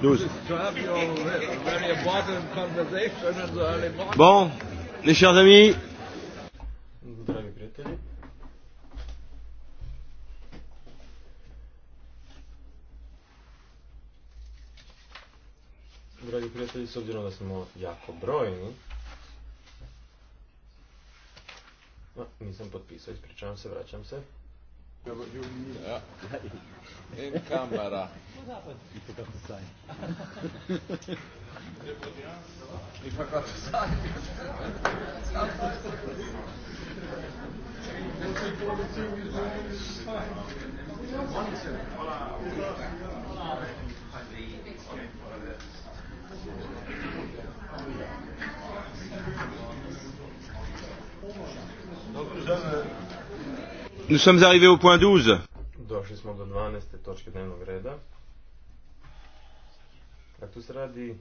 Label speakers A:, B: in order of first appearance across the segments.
A: 12. Uh, uh, bon, mes chers amis. Dragi prijatelji.
B: Dragi prijatelji, s obzirom da smo jako brojni, no, nisam potpisao, ispričavam se, vraćam
A: se. Ja. In camera. Doktor Nous sommes arrivés au point 12.
B: Došli smo do 12. točke dnevnog reda. A tu se radi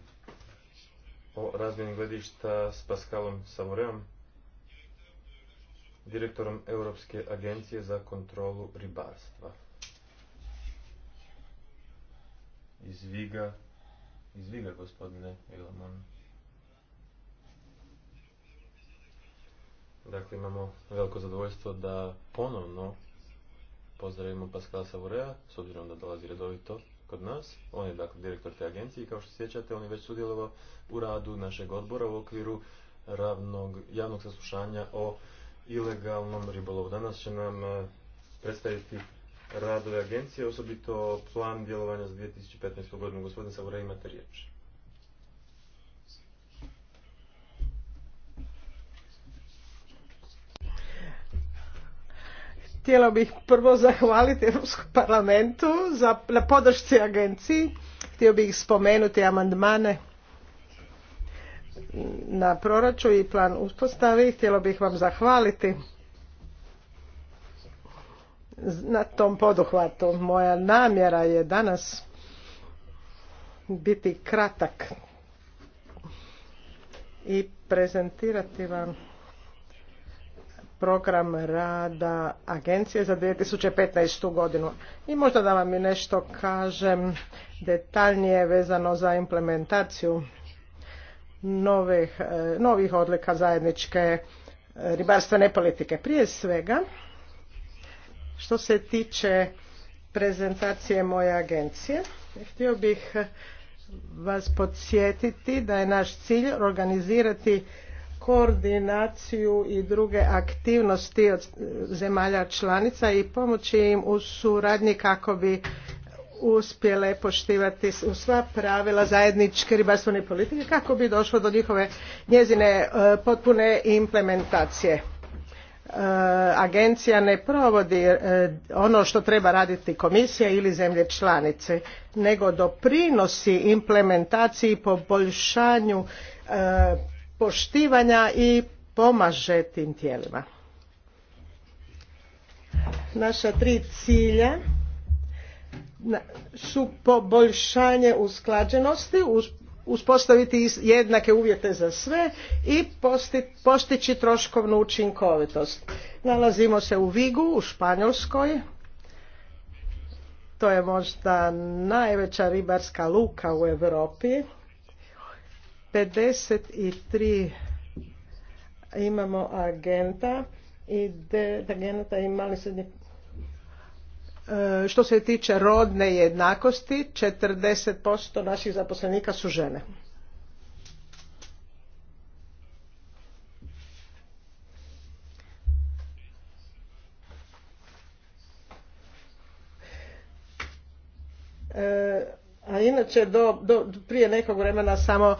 B: o razmjeni gledišta s Pascalom Savoreom, direktorom Europske agencije za kontrolu ribarstva. iz izviga gospodine Ilamon. Dakle, imamo veliko zadovoljstvo da ponovno pozdravimo Pascala Savorea, s obzirom da dolazi redovito kod nas. On je dakle direktor te agencije i kao što sjećate, on je već sudjelovao u radu našeg odbora u okviru ravnog, javnog saslušanja o ilegalnom ribolovu. Danas će nam eh, predstaviti radove agencije, osobito plan djelovanja za 2015. godinu. Gospodin Savorea, imate riječ.
C: Htjela bih prvo zahvaliti Europskom parlamentu za, na podršci agenciji. Htio bih spomenuti amandmane na proračun i plan uspostavi. Htjela bih vam zahvaliti na tom poduhvatu. Moja namjera je danas biti kratak i prezentirati vam program rada agencije za 2015. godinu. I možda da vam i nešto kažem detaljnije vezano za implementaciju novih, e, novih odlika zajedničke e, ribarstvene politike. Prije svega, što se tiče prezentacije moje agencije, htio bih vas podsjetiti da je naš cilj organizirati koordinaciju i druge aktivnosti od zemalja članica i pomoći im u suradnji kako bi uspjele poštivati sva pravila zajedničke ribarstvene politike kako bi došlo do njihove njezine e, potpune implementacije. E, agencija ne provodi e, ono što treba raditi komisija ili zemlje članice, nego doprinosi implementaciji i poboljšanju poštivanja i pomaže tim tijelima. Naša tri cilja su poboljšanje usklađenosti, uspostaviti jednake uvjete za sve i postići troškovnu učinkovitost. Nalazimo se u Vigu, u Španjolskoj. To je možda najveća ribarska luka u Europi 53 imamo agenta i 9 agenta i mali srednji e, što se tiče rodne jednakosti, 40% naših zaposlenika su žene. E, a inače do, do prije nekog vremena samo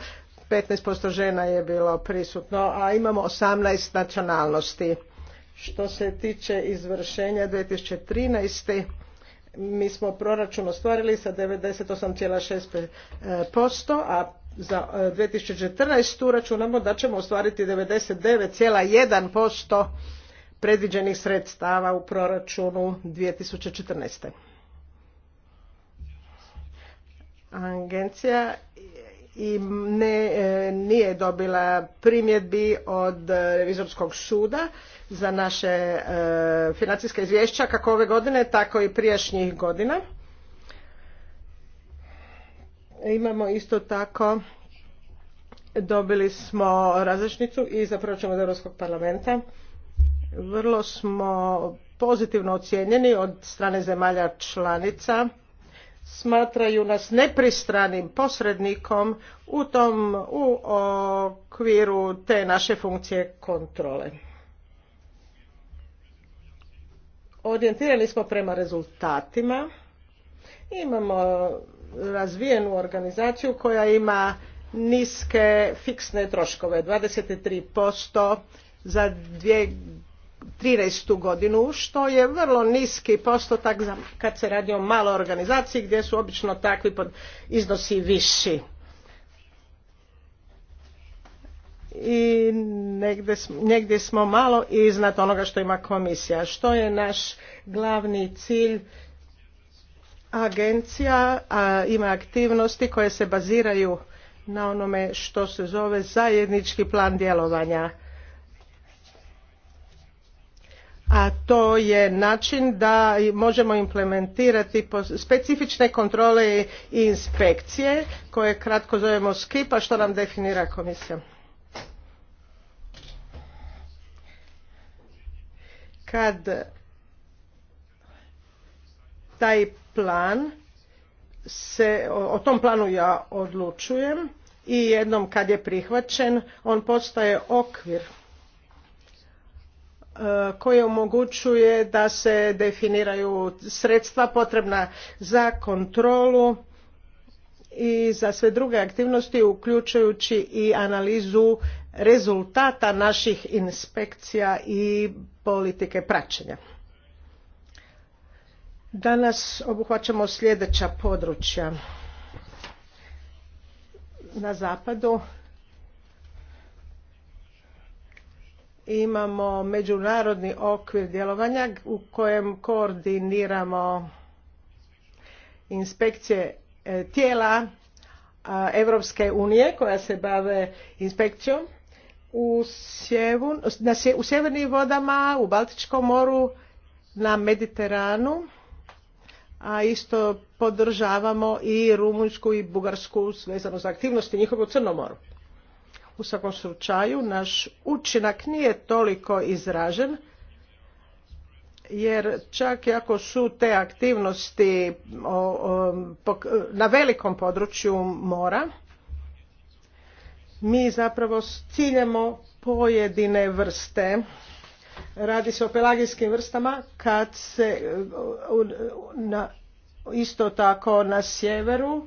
C: 15% žena je bilo prisutno, a imamo 18 nacionalnosti. Što se tiče izvršenja 2013. mi smo proračun ostvarili sa 98,6%, a za 2014. E, računamo da ćemo ostvariti 99,1% predviđenih sredstava u proračunu 2014. Agencija i ne, e, nije dobila primjedbi od e, revizorskog suda za naše financijske financijska izvješća kako ove godine tako i prijašnjih godina. Imamo isto tako dobili smo različnicu i za proračun od Europskog parlamenta. Vrlo smo pozitivno ocijenjeni od strane zemalja članica smatraju nas nepristranim posrednikom u tom u okviru te naše funkcije kontrole. Orijentirani smo prema rezultatima. Imamo razvijenu organizaciju koja ima niske fiksne troškove, 23% za dvije 2013. godinu, što je vrlo niski postotak kad se radi o maloj organizaciji gdje su obično takvi iznosi viši. i negdje, negdje smo malo iznad onoga što ima komisija. Što je naš glavni cilj? Agencija a, ima aktivnosti koje se baziraju na onome što se zove zajednički plan djelovanja a to je način da možemo implementirati specifične kontrole i inspekcije koje kratko zovemo skip a što nam definira komisija kad taj plan se o tom planu ja odlučujem i jednom kad je prihvaćen on postaje okvir Eh, koje omogućuje da se definiraju sredstva potrebna za kontrolu i za sve druge aktivnosti uključujući i analizu rezultata naših inspekcija i politike praćenja. Danas obuhvaćamo sljedeća područja. Na zapadu imamo međunarodni okvir djelovanja u kojem koordiniramo inspekcije e, tijela Europske unije koja se bave inspekcijom u, sjevernim vodama, u Baltičkom moru, na Mediteranu, a isto podržavamo i Rumunjsku i Bugarsku vezano za aktivnosti njihovu Crnomoru. U svakom slučaju naš učinak nije toliko izražen jer čak i ako su te aktivnosti na velikom području mora, mi zapravo ciljemo pojedine vrste. Radi se o pelagijskim vrstama kad se isto tako na sjeveru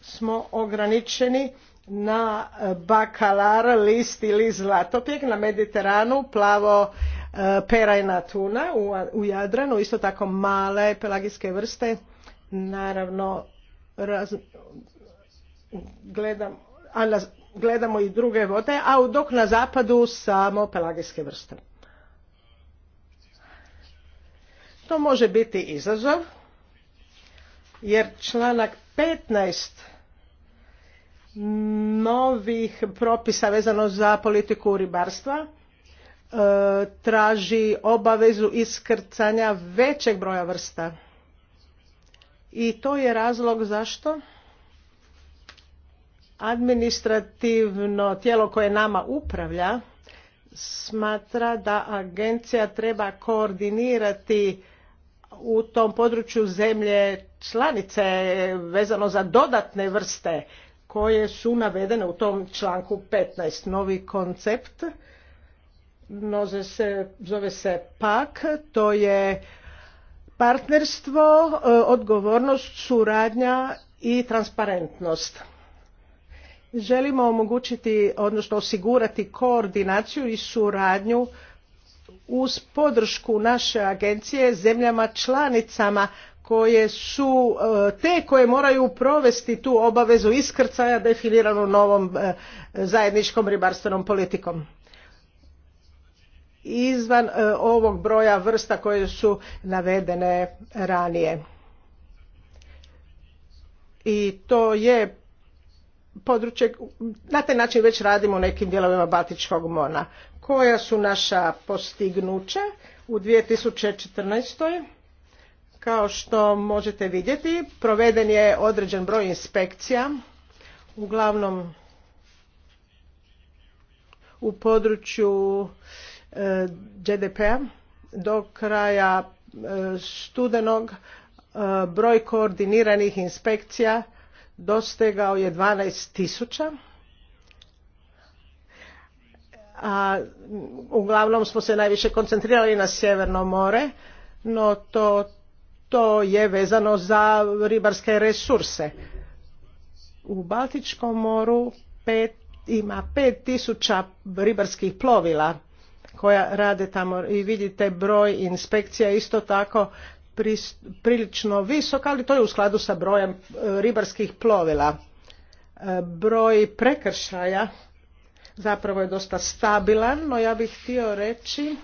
C: smo ograničeni na e, Bakalar list ili zlatopjek na Mediteranu, plavo e, perajna tuna u Jadranu, isto tako male pelagijske vrste. Naravno, gledam, gledamo i druge vode, a dok na zapadu samo pelagijske vrste. To može biti izazov, jer članak 15 novih propisa vezano za politiku ribarstva e, traži obavezu iskrcanja većeg broja vrsta. I to je razlog zašto administrativno tijelo koje nama upravlja smatra da agencija treba koordinirati u tom području zemlje članice vezano za dodatne vrste koje su navedene u tom članku 15. Novi koncept zove se PAK, to je partnerstvo, e, odgovornost, suradnja i transparentnost. Želimo omogućiti, odnosno osigurati koordinaciju i suradnju uz podršku naše agencije zemljama članicama koje su e, te koje moraju provesti tu obavezu iskrcaja definiranu novom e, zajedničkom ribarstvenom politikom izvan e, ovog broja vrsta koje su navedene ranije. I to je područje, na taj način već radimo u nekim dijelovima Baltičkog mona. Koja su naša postignuća u 2014. Kao što možete vidjeti, proveden je određen broj inspekcija, uglavnom u području e, gdp p-a, do kraja e, studenog e, broj koordiniranih inspekcija dostegao je 12 tisuća a uglavnom smo se najviše koncentrirali na sjeverno more no to to je vezano za ribarske resurse. U Baltičkom moru pet, ima 5000 ribarskih plovila koja rade tamo i vidite broj inspekcija isto tako prilično visok, ali to je u skladu sa brojem e, ribarskih plovila. E, broj prekršaja zapravo je dosta stabilan, no ja bih htio reći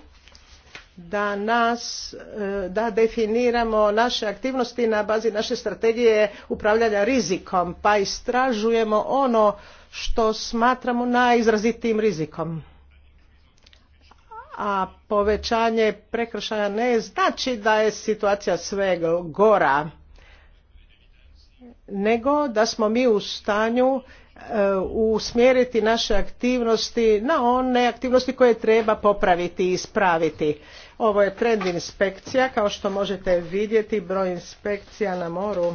C: da nas, eh, da definiramo naše aktivnosti na bazi naše strategije upravljanja rizikom, pa istražujemo ono što smatramo najizrazitijim rizikom. A povećanje prekršaja ne znači da je situacija sve gora, nego da smo mi u stanju eh, usmjeriti naše aktivnosti na one aktivnosti koje treba popraviti i ispraviti ovo je trend inspekcija. Kao što možete vidjeti, broj inspekcija na moru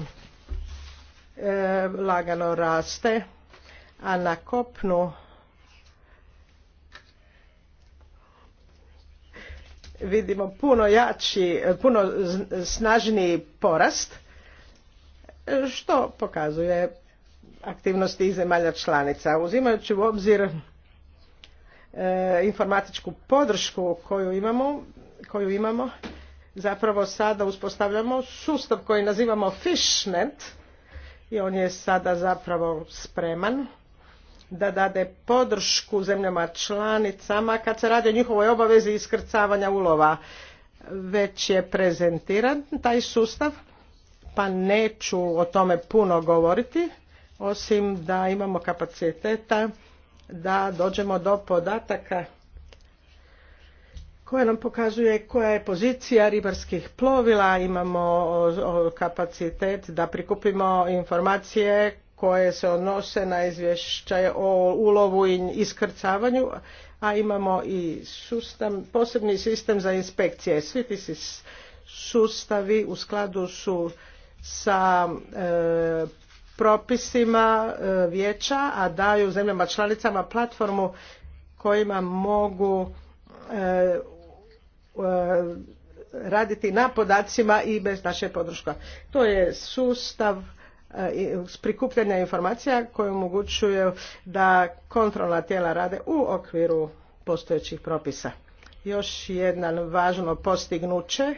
C: e, lagano raste, a na kopnu vidimo puno jači, puno snažniji porast, što pokazuje aktivnosti zemalja članica. Uzimajući u obzir e, informatičku podršku koju imamo, koju imamo zapravo sada uspostavljamo sustav koji nazivamo fishnet i on je sada zapravo spreman da dade podršku zemljama članicama kad se radi o njihovoj obavezi iskrcavanja ulova. Već je prezentiran taj sustav, pa neću o tome puno govoriti, osim da imamo kapaciteta da dođemo do podataka koja nam pokazuje koja je pozicija ribarskih plovila, imamo kapacitet da prikupimo informacije koje se odnose na izvješće o ulovu i iskrcavanju, a imamo i sustav, posebni sistem za inspekcije. Svi ti sustavi u skladu su sa e, propisima e, vijeća, a daju zemljama članicama platformu kojima mogu e, E, raditi na podacima i bez naše podrška. To je sustav e, prikupljanja informacija koje omogućuje da kontrolna tijela rade u okviru postojećih propisa. Još jedna važno postignuće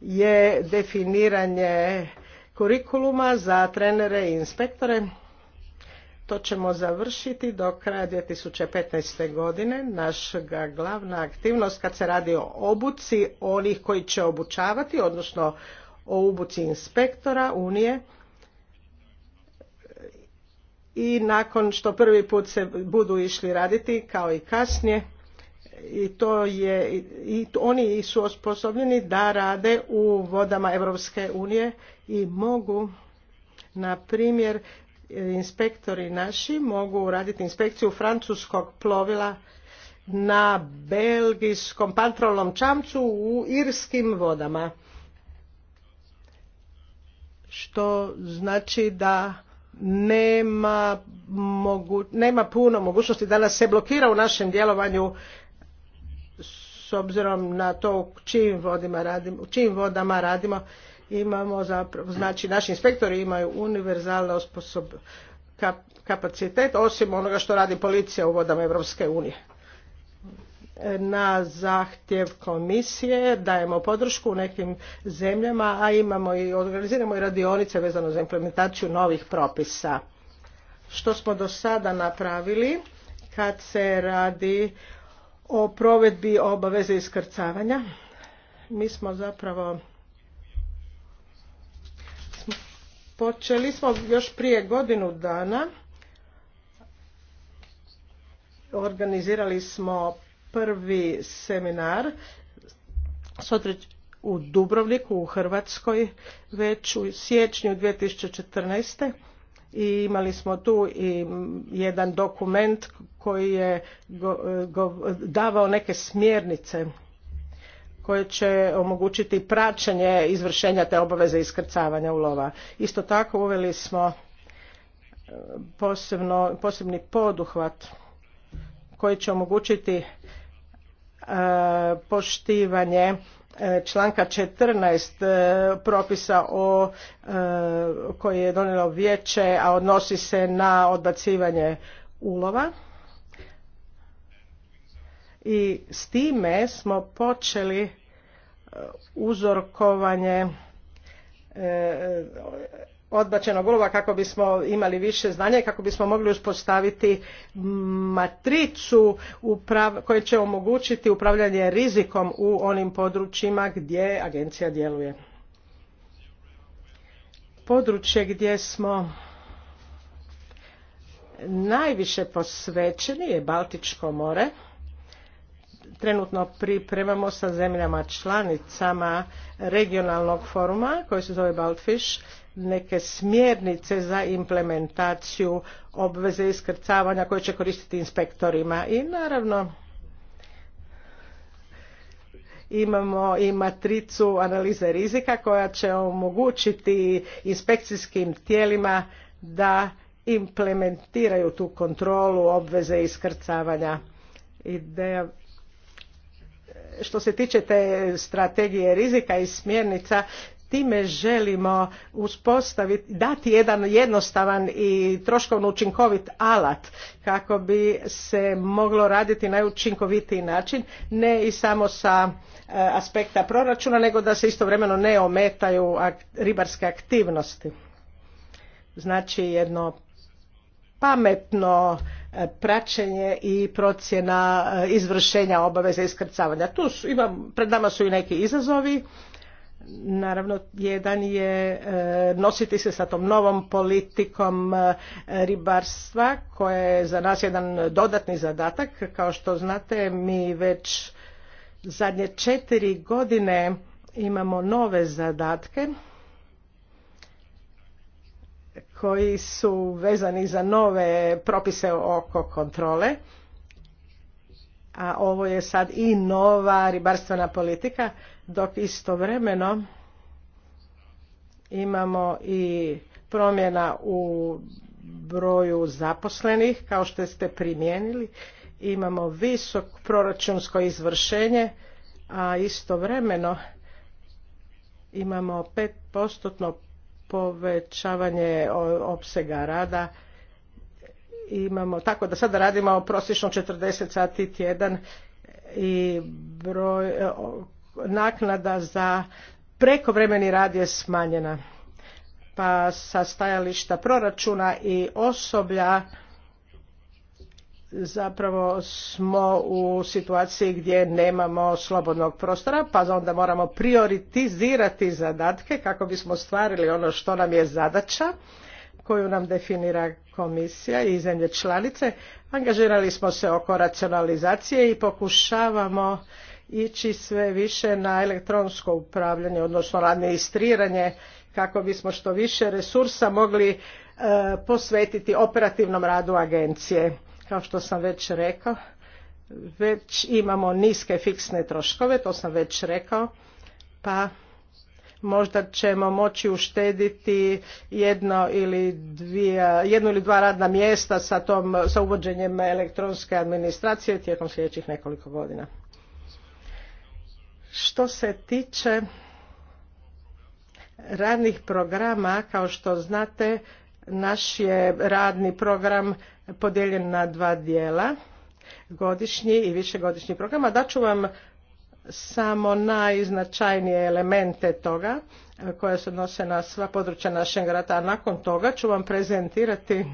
C: je definiranje kurikuluma za trenere i inspektore to ćemo završiti do kraja 2015. godine. Naša glavna aktivnost kad se radi o obuci onih koji će obučavati, odnosno o obuci inspektora Unije, i nakon što prvi put se budu išli raditi kao i kasnije i to je i oni su osposobljeni da rade u vodama Europske unije i mogu na primjer inspektori naši mogu raditi inspekciju francuskog plovila na belgijskom patrolnom čamcu u irskim vodama. Što znači da nema, mogu, nema puno mogućnosti. da nas se blokira u našem djelovanju s obzirom na to u čijim, radimo, u čijim vodama radimo imamo zapravo, znači naši inspektori imaju univerzalne osposob, kapacitet osim onoga što radi policija u vodama Evropske unije. Na zahtjev komisije dajemo podršku u nekim zemljama, a imamo i organiziramo i radionice vezano za implementaciju novih propisa. Što smo do sada napravili kad se radi o provedbi obaveze iskrcavanja? Mi smo zapravo Počeli smo još prije godinu dana. Organizirali smo prvi seminar u Dubrovniku u Hrvatskoj već u siječnju 2014 i imali smo tu i jedan dokument koji je davao neke smjernice koje će omogućiti praćenje izvršenja te obaveze iskrcavanja ulova. Isto tako uveli smo e, posebno, posebni poduhvat koji će omogućiti e, poštivanje e, članka 14 propisa o koji je donijelo vijeće, a odnosi se na odbacivanje ulova i s time smo počeli e, uzorkovanje e, odbačenog ulova kako bismo imali više znanja i kako bismo mogli uspostaviti matricu koja će omogućiti upravljanje rizikom u onim područjima gdje agencija djeluje. Područje gdje smo najviše posvećeni je Baltičko more trenutno pripremamo sa zemljama članicama regionalnog foruma koji se zove Baltfish neke smjernice za implementaciju obveze iskrcavanja koje će koristiti inspektorima i naravno imamo i matricu analize rizika koja će omogućiti inspekcijskim tijelima da implementiraju tu kontrolu obveze iskrcavanja ideja što se tiče te strategije rizika i smjernica time želimo uspostaviti, dati jedan jednostavan i troškovno učinkovit alat kako bi se moglo raditi na učinkovitiji način, ne i samo sa e, aspekta proračuna, nego da se istovremeno ne ometaju ribarske aktivnosti. Znači jedno pametno e, praćenje i procjena e, izvršenja obaveza iskrcavanja. Tu su, imam, pred nama su i neki izazovi. Naravno, jedan je e, nositi se sa tom novom politikom ribarstva koja je za nas jedan dodatni zadatak. Kao što znate, mi već zadnje četiri godine imamo nove zadatke koji su vezani za nove propise oko kontrole. A ovo je sad i nova ribarstvena politika, dok istovremeno imamo i promjena u broju zaposlenih, kao što ste primijenili. Imamo visok proračunsko izvršenje, a istovremeno imamo 5% povećavanje opsega rada imamo tako da sada radimo prosječno 40 sati tjedan i broj naknada za prekovremeni rad je smanjena pa sa stajališta proračuna i osoblja zapravo smo u situaciji gdje nemamo slobodnog prostora pa onda moramo prioritizirati zadatke kako bismo stvarili ono što nam je zadaća koju nam definira komisija i zemlje članice. Angažirali smo se oko racionalizacije i pokušavamo ići sve više na elektronsko upravljanje, odnosno administriranje kako bismo što više resursa mogli e, posvetiti operativnom radu agencije kao što sam već rekao, već imamo niske fiksne troškove, to sam već rekao, pa možda ćemo moći uštediti jedno ili jedno ili dva radna mjesta sa, tom, sa uvođenjem elektronske administracije tijekom sljedećih nekoliko godina. Što se tiče radnih programa, kao što znate, naš je radni program podijeljen na dva dijela, godišnji i višegodišnji program, a ću vam samo najznačajnije elemente toga e, koje se odnose na sva područja našeg rata, a nakon toga ću vam prezentirati e,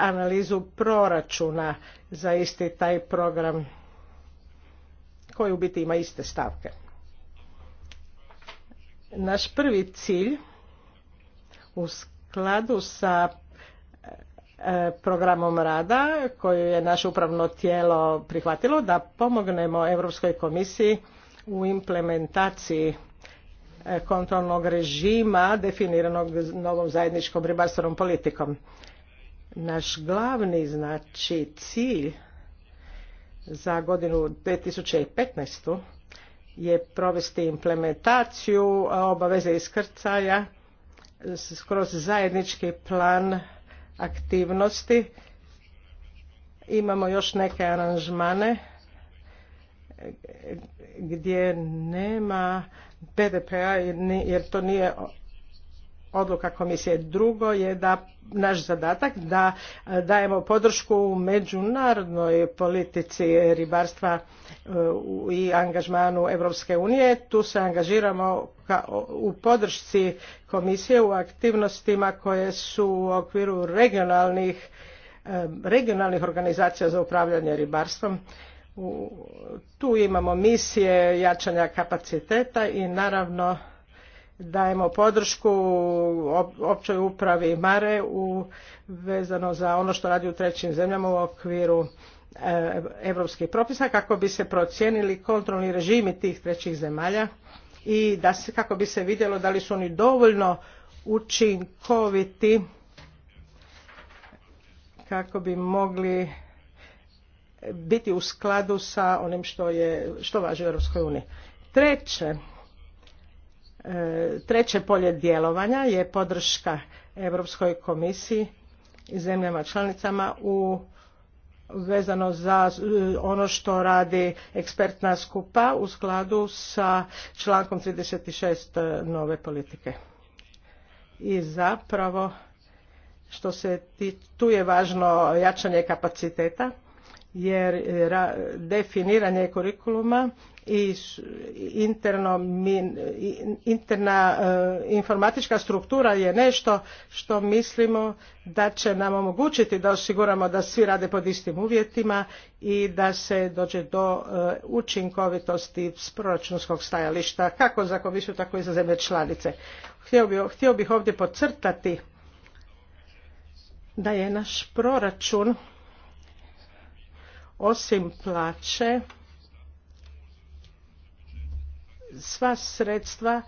C: analizu proračuna za isti taj program koji u biti ima iste stavke. Naš prvi cilj u skladu sa e, programom rada koju je naše upravno tijelo prihvatilo da pomognemo Europskoj komisiji u implementaciji e, kontrolnog režima definiranog novom zajedničkom ribarstvenom politikom. Naš glavni znači cilj za godinu 2015 je provesti implementaciju obaveze iskrcaja kroz zajednički plan aktivnosti. Imamo još neke aranžmane gdje nema BDP-a jer to nije odluka komisije. Drugo je da naš zadatak da e, dajemo podršku u međunarodnoj politici ribarstva e, i angažmanu Europske unije. Tu se angažiramo u podršci komisije u aktivnostima koje su u okviru regionalnih, e, regionalnih organizacija za upravljanje ribarstvom. Tu imamo misije jačanja kapaciteta i naravno dajemo podršku općoj upravi Mare u, vezano za ono što radi u trećim zemljama u okviru europskih propisa kako bi se procijenili kontrolni režimi tih trećih zemalja i da se, kako bi se vidjelo da li su oni dovoljno učinkoviti kako bi mogli biti u skladu sa onim što, je, što važi u Europskoj uniji. Treće, Treće polje djelovanja je podrška Europskoj komisiji i zemljama članicama u vezano za e, ono što radi ekspertna skupa u skladu sa člankom 36 e, nove politike. I zapravo što se tu je važno jačanje kapaciteta jer e, definiranje kurikuluma i interna e, informatička struktura je nešto što mislimo da će nam omogućiti da osiguramo da svi rade pod istim uvjetima i da se dođe do e, učinkovitosti s proračunskog stajališta kako za komisiju tako i za zemlje članice. Htio bih, htio bih ovdje podcrtati da je naš proračun osim plaće sva sredstva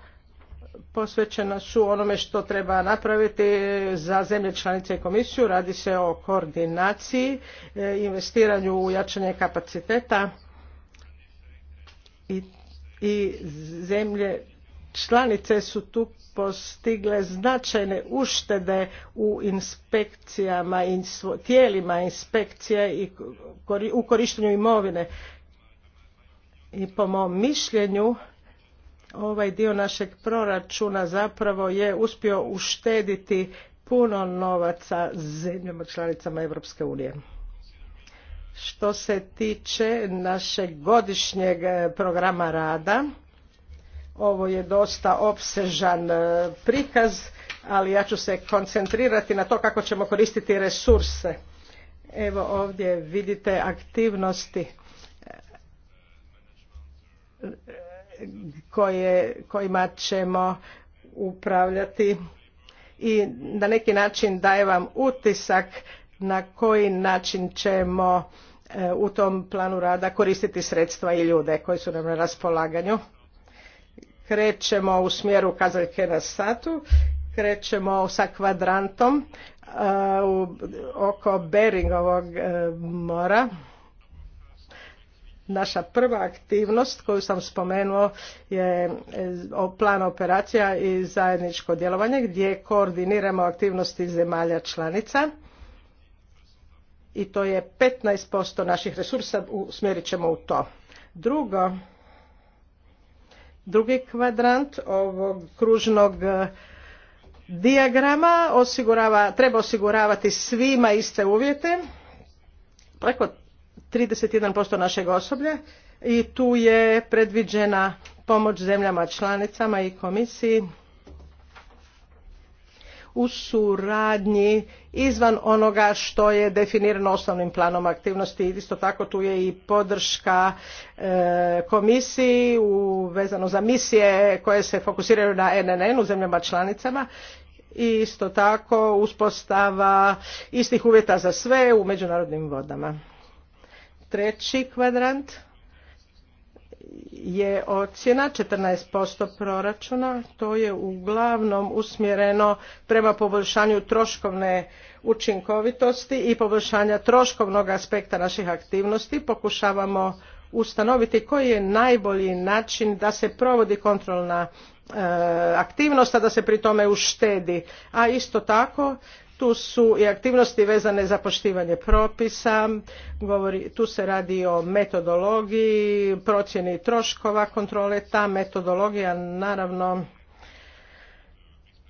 C: posvećena su onome što treba napraviti za zemlje članice i komisiju. Radi se o koordinaciji, e, investiranju u jačanje kapaciteta i, zemlje članice su tu postigle značajne uštede u inspekcijama i tijelima inspekcije i u korištenju imovine. I po mom mišljenju ovaj dio našeg proračuna zapravo je uspio uštediti puno novaca zemljama članicama Europske unije. Što se tiče našeg godišnjeg eh, programa rada, ovo je dosta opsežan eh, prikaz, ali ja ću se koncentrirati na to kako ćemo koristiti resurse. Evo ovdje vidite aktivnosti koje, kojima ćemo upravljati i na neki način daje vam utisak na koji način ćemo e, u tom planu rada koristiti sredstva i ljude koji su nam na raspolaganju. Krećemo u smjeru kazaljke na satu, krećemo sa kvadrantom e, oko Beringovog e, mora. Naša prva aktivnost koju sam spomenuo je e, plan operacija i zajedničko djelovanje gdje koordiniramo aktivnosti zemalja članica i to je 15% naših resursa usmjerit ćemo u to. Drugo, drugi kvadrant ovog kružnog e, dijagrama treba osiguravati svima iste uvjete. Preko 31% našeg osoblja i tu je predviđena pomoć zemljama članicama i komisiji u suradnji izvan onoga što je definirano osnovnim planom aktivnosti. Isto tako tu je i podrška e, komisiji u, vezano za misije koje se fokusiraju na NNN u zemljama članicama isto tako uspostava istih uvjeta za sve u međunarodnim vodama. Treći kvadrant je ocjena 14% proračuna. To je uglavnom usmjereno prema poboljšanju troškovne učinkovitosti i poboljšanja troškovnog aspekta naših aktivnosti. Pokušavamo ustanoviti koji je najbolji način da se provodi kontrolna e, aktivnost, a da se pri tome uštedi. A isto tako tu su i aktivnosti vezane za poštivanje propisa, tu se radi o metodologiji, procjeni troškova kontrole, ta metodologija naravno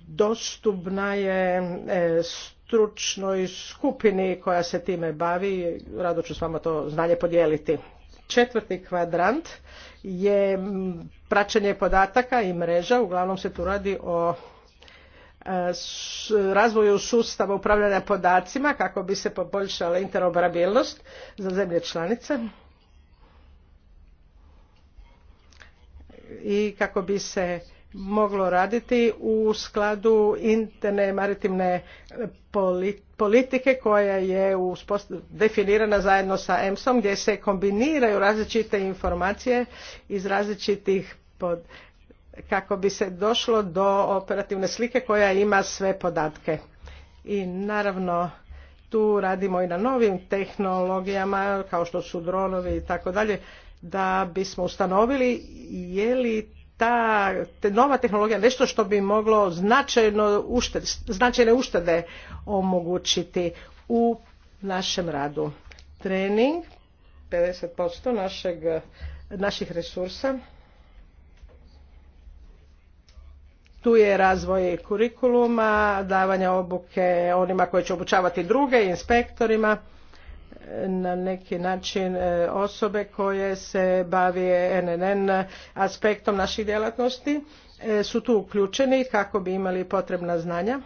C: dostupna je e, stručnoj skupini koja se time bavi, rado ću s vama to znanje podijeliti. Četvrti kvadrant je praćenje podataka i mreža, uglavnom se tu radi o E, razvoju sustava upravljanja podacima kako bi se poboljšala interoperabilnost za zemlje članice i kako bi se moglo raditi u skladu interne maritimne politike koja je definirana zajedno sa EMS-om gdje se kombiniraju različite informacije iz različitih pod kako bi se došlo do operativne slike koja ima sve podatke. I naravno tu radimo i na novim tehnologijama kao što su dronovi i tako dalje da bismo ustanovili je li ta te nova tehnologija nešto što bi moglo značajno značajne uštede omogućiti u našem radu. Trening 50% našeg, naših resursa tu je razvoj kurikuluma, davanje obuke onima koji će obučavati druge, inspektorima, na neki način e, osobe koje se bavije NNN aspektom naših djelatnosti e, su tu uključeni kako bi imali potrebna znanja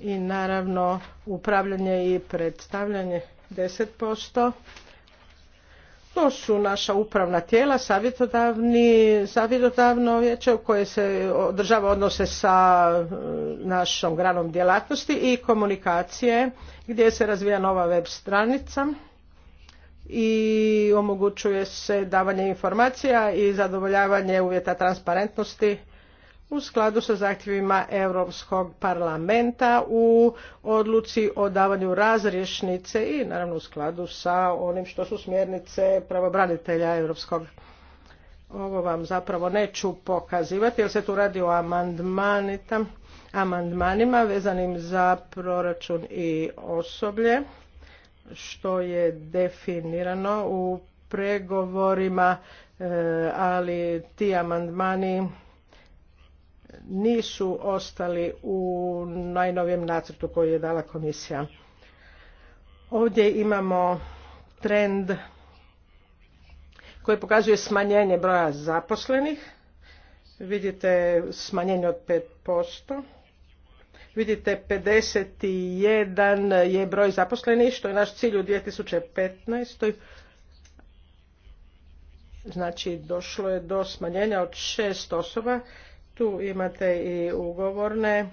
C: i naravno upravljanje i predstavljanje 10%. To su naša upravna tijela, savjetodavni, savjetodavno vijeće koje se održava odnose sa e, našom granom djelatnosti i komunikacije gdje se razvija nova web stranica i omogućuje se davanje informacija i zadovoljavanje uvjeta transparentnosti u skladu sa zahtjevima Europskog parlamenta u odluci o davanju razrješnice i naravno u skladu sa onim što su smjernice pravobranitelja Europskog ovo vam zapravo neću pokazivati jer se tu radi o amandmanima vezanim za proračun i osoblje što je definirano u pregovorima e, ali ti amandmani nisu ostali u najnovijem nacrtu koji je dala komisija. Ovdje imamo trend koji pokazuje smanjenje broja zaposlenih. Vidite smanjenje od 5%. Vidite 51 je broj zaposlenih što je naš cilj u 2015. Znači došlo je do smanjenja od 6 osoba tu imate i ugovorne e,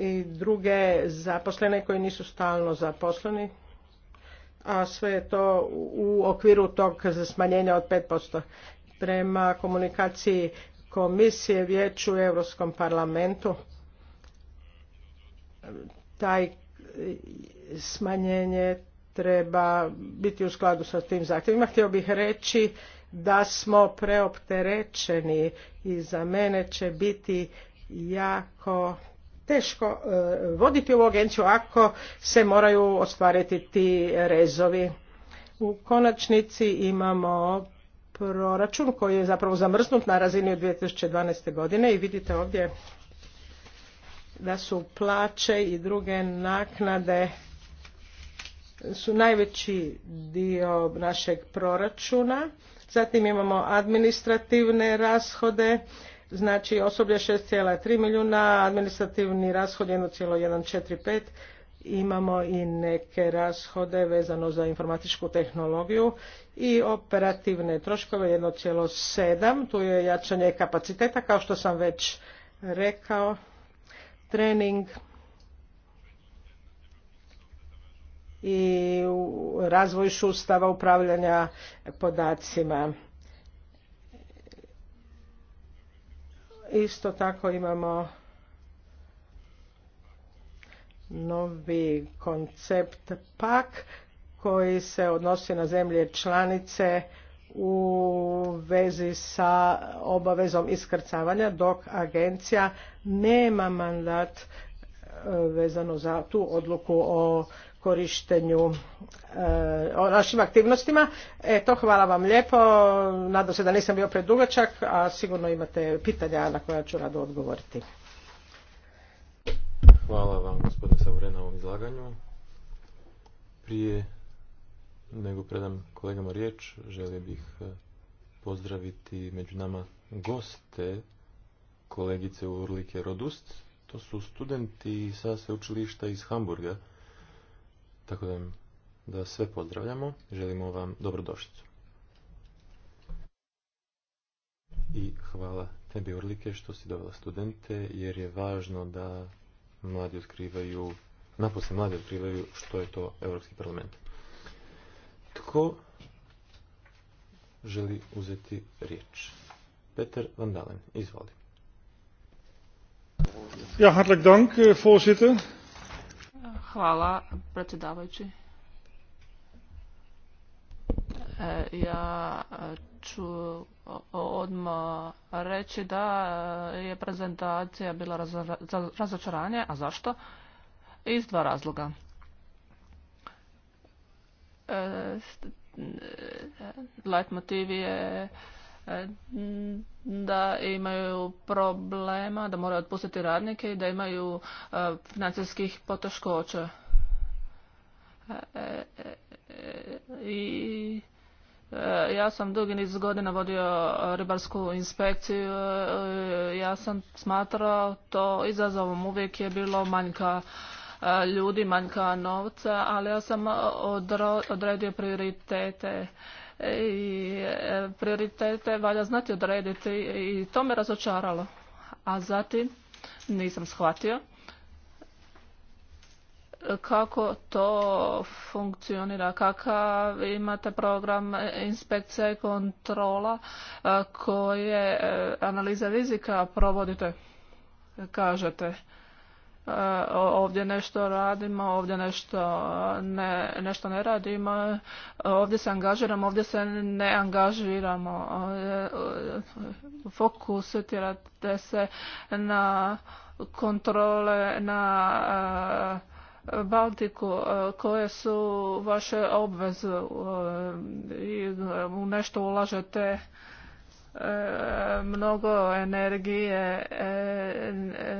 C: i druge zaposlene koji nisu stalno zaposleni, a sve je to u okviru tog smanjenja od 5%. Prema komunikaciji komisije vijeću u Europskom parlamentu taj smanjenje treba biti u skladu sa tim zahtjevima. Htio bih reći da smo preopterećeni i za mene će biti jako teško e, voditi ovu agenciju ako se moraju ostvariti ti rezovi. U konačnici imamo proračun koji je zapravo zamrznut na razini od 2012. godine i vidite ovdje da su plaće i druge naknade su najveći dio našeg proračuna Zatim imamo administrativne rashode, znači osoblje 6,3 milijuna, administrativni rashod five imamo i neke rashode vezano za informatičku tehnologiju i operativne troškove seven Tu je jačanje kapaciteta, kao što sam već rekao, trening i razvoj sustava upravljanja podacima. Isto tako imamo novi koncept PAK koji se odnosi na zemlje članice u vezi sa obavezom iskrcavanja dok agencija nema mandat e, vezano za tu odluku o korištenju e, o našim aktivnostima. Eto, hvala vam lijepo. Nadam se da nisam bio predugačak, a sigurno imate pitanja na koja ću rado odgovoriti.
B: Hvala vam gospodine Savore na ovom izlaganju. Prije nego predam kolegama riječ, želio bih e, pozdraviti među nama goste kolegice Urlike Rodust. To su studenti sa sveučilišta iz Hamburga tako da, sve pozdravljamo, želimo vam dobrodošlicu. I hvala tebi Orlike što si dovela studente, jer je važno da mladi otkrivaju, naposle mladi otkrivaju što je to Europski parlament. Tko želi uzeti riječ? Peter Vandalen, izvoli. Ja, hartelijk dank, eh,
A: voorzitter.
D: Hvala, predsjedavajući. E, ja e, ću odmah reći da e, je prezentacija bila razočaranje, a zašto? Iz dva razloga. Leitmotiv je E, da imaju problema, da moraju otpustiti radnike i da imaju e, financijskih poteškoća. E, I ja sam dugi niz godina vodio ribarsku inspekciju. Ja sam smatrao to izazovom. Uvijek je bilo manjka ljudi, manjka novca, ali ja sam odredio prioritete i e, prioritete valja znati odrediti i to me razočaralo. A zatim nisam shvatio kako to funkcionira, kakav imate program inspekcija i kontrola e, koje e, analize rizika provodite, kažete E, ovdje nešto radimo, ovdje nešto e, ne, nešto ne radimo, e, ovdje se angažiramo, ovdje se ne angažiramo. Fokusirate se na kontrole, na Baltiku, koje su vaše obveze i u nešto ulažete E, mnogo energije e,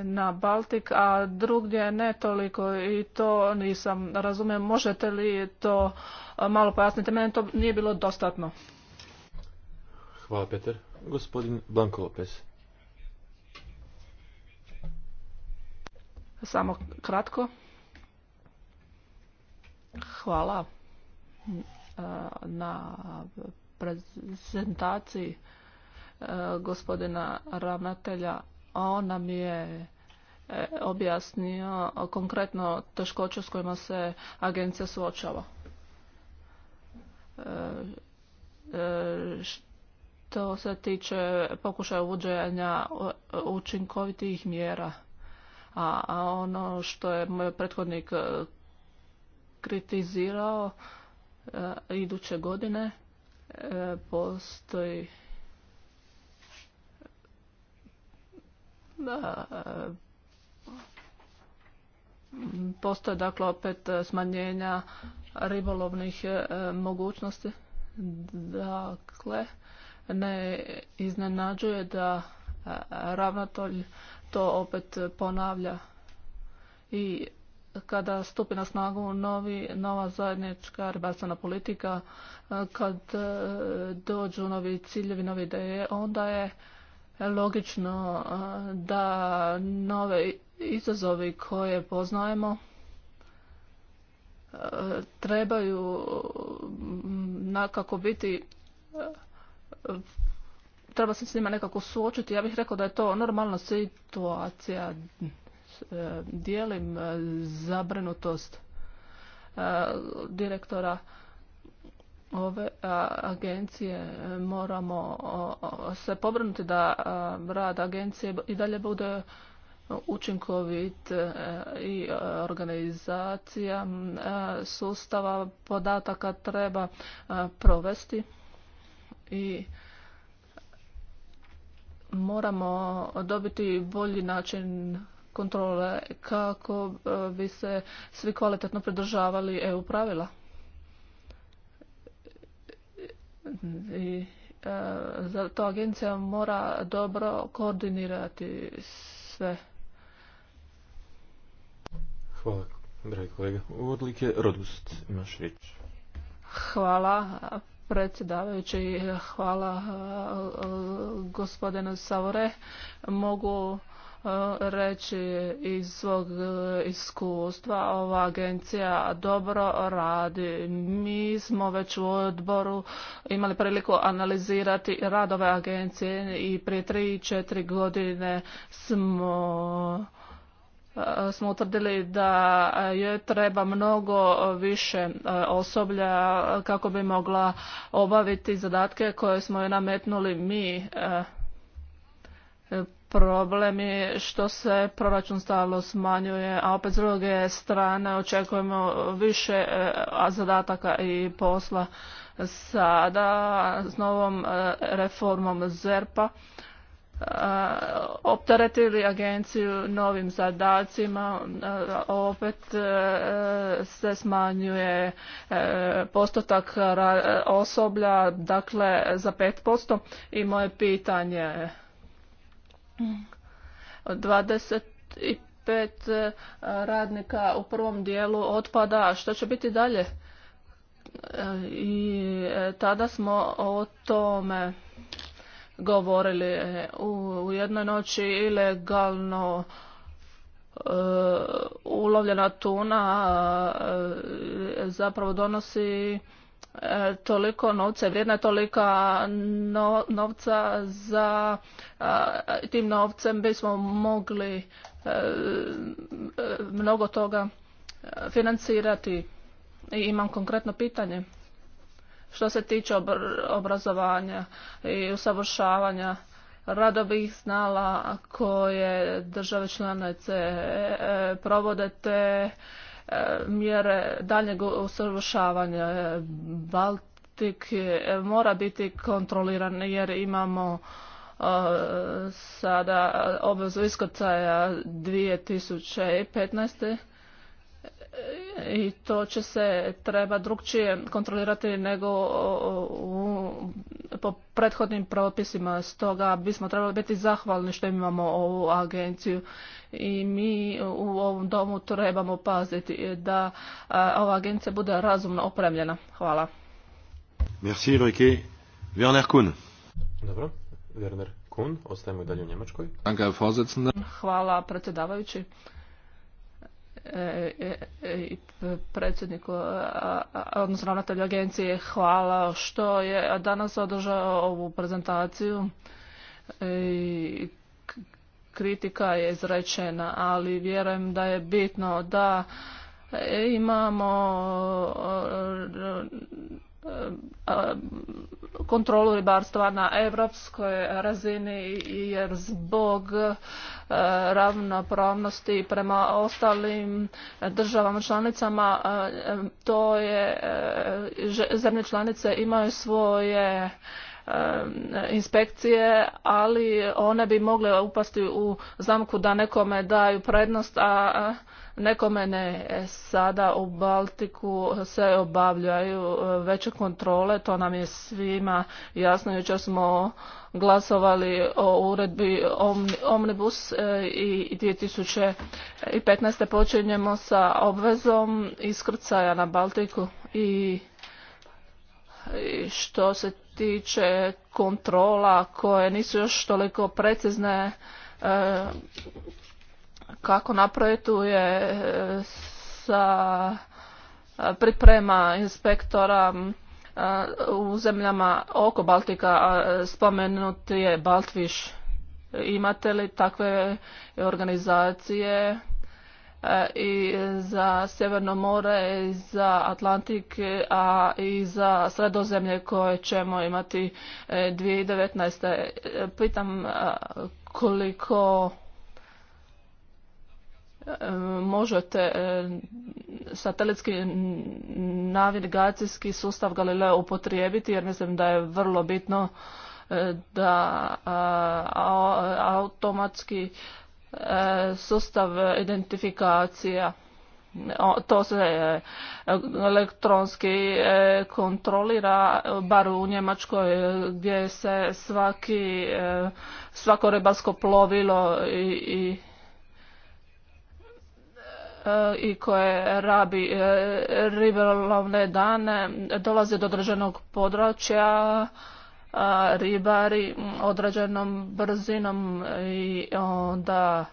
D: na Baltik, a drugdje ne toliko i to nisam razumijem. Možete li to malo pojasniti? Meni to nije bilo dostatno.
B: Hvala Peter. Gospodin Blanko Lopez.
D: Samo kratko. Hvala e, na prezentaciji gospodina ravnatelja, a on nam je e, objasnio konkretno teškoće s kojima se agencija suočava. E, e, to se tiče pokušaja uvođenja učinkovitih mjera, a ono što je moj prethodnik kritizirao iduće godine postoji postoje dakle opet e, smanjenja ribolovnih e, mogućnosti. Dakle, ne iznenađuje da e, ravnatolj to opet ponavlja i kada stupi na snagu novi, nova zajednička ribarstvena politika, kad dođu novi ciljevi, nove ideje, onda je logično da nove izazovi koje poznajemo trebaju nekako biti treba se s njima nekako suočiti. Ja bih rekao da je to normalna situacija. E, dijelim e, zabrinutost e, direktora ove agencije e, moramo se pobrinuti da rad agencije i dalje bude učinkovit e, i e, organizacija sustava podataka treba provesti i moramo dobiti bolji način kontrole kako bi se svi kvalitetno pridržavali EU pravila i e, to agencija mora dobro koordinirati sve.
B: Hvala, dragi kolega. U Odlike, Rodust, imaš riječ.
D: Hvala predsjedavajući, hvala e, e, gospodine Savore. Mogu E, reći iz svog e, iskustva. Ova agencija dobro radi. Mi smo već u odboru imali priliku analizirati radove agencije i prije 3-4 godine smo e, smo utvrdili da je treba mnogo više osoblja kako bi mogla obaviti zadatke koje smo nametnuli mi Problem je što se proračun stalno smanjuje, a opet s druge strane očekujemo više e, zadataka i posla sada s novom e, reformom ZERPA e, opteretili agenciju novim zadacima, opet se smanjuje postotak osoblja, dakle za 5% i moje pitanje 25 eh, radnika u prvom dijelu otpada, a što će biti dalje? Eh, I eh, tada smo o tome govorili u jednoj noći ilegalno ulovljena tuna zapravo donosi toliko novca je vrijedna tolika novca za tim novcem bismo mogli e, e, mnogo toga e, financirati i imam konkretno pitanje što se tiče obrazovanja i usavršavanja rado bih znala koje države članice provode te E, mjere daljnjeg usavršavanja. E, Baltik e, mora biti kontroliran jer imamo sada obvezu iskrcaja 2015 i to će se treba drugčije kontrolirati nego u, po prethodnim propisima. Stoga bismo trebali biti zahvalni što imamo ovu agenciju i mi u ovom domu trebamo paziti da ova agencija bude razumno opremljena. Hvala.
A: Merci Werner Kuhn.
B: Dobro, Werner
D: Hvala predsjedavajući. E, e, e, predsjedniku, odnosno ravnatelju agencije, hvala što je danas održao ovu prezentaciju. I kritika je izrečena, ali vjerujem da je bitno da imamo kontrolu ribarstva na europskoj razini jer zbog ravnopravnosti prema ostalim državama članicama to je e, zemlje članice imaju svoje e, inspekcije ali one bi mogle upasti u zamku da nekome daju prednost a ne, e, sada u Baltiku se obavljaju e, veće kontrole, to nam je svima jasno. Jučer smo glasovali o uredbi Omnibus e, i 2015. počinjemo sa obvezom iskrcaja na Baltiku i što se tiče kontrola koje nisu još toliko precizne kako napreduje e, sa e, priprema inspektora e, u zemljama oko Baltika, spomenuti je Baltviš. Imate li takve organizacije i za Sjeverno more, i za Atlantik, a i za sredozemlje koje ćemo imati 2019. Pitam koliko možete e, satelitski navigacijski sustav Galileo upotrijebiti jer mislim da je vrlo bitno e, da automatski e, sustav identifikacija to se elektronski kontrolira, bar u Njemačkoj gdje se svaki, svako rebarsko plovilo i E, i koje rabi e, ribolovne dane dolaze do određenog područja ribari određenom brzinom i onda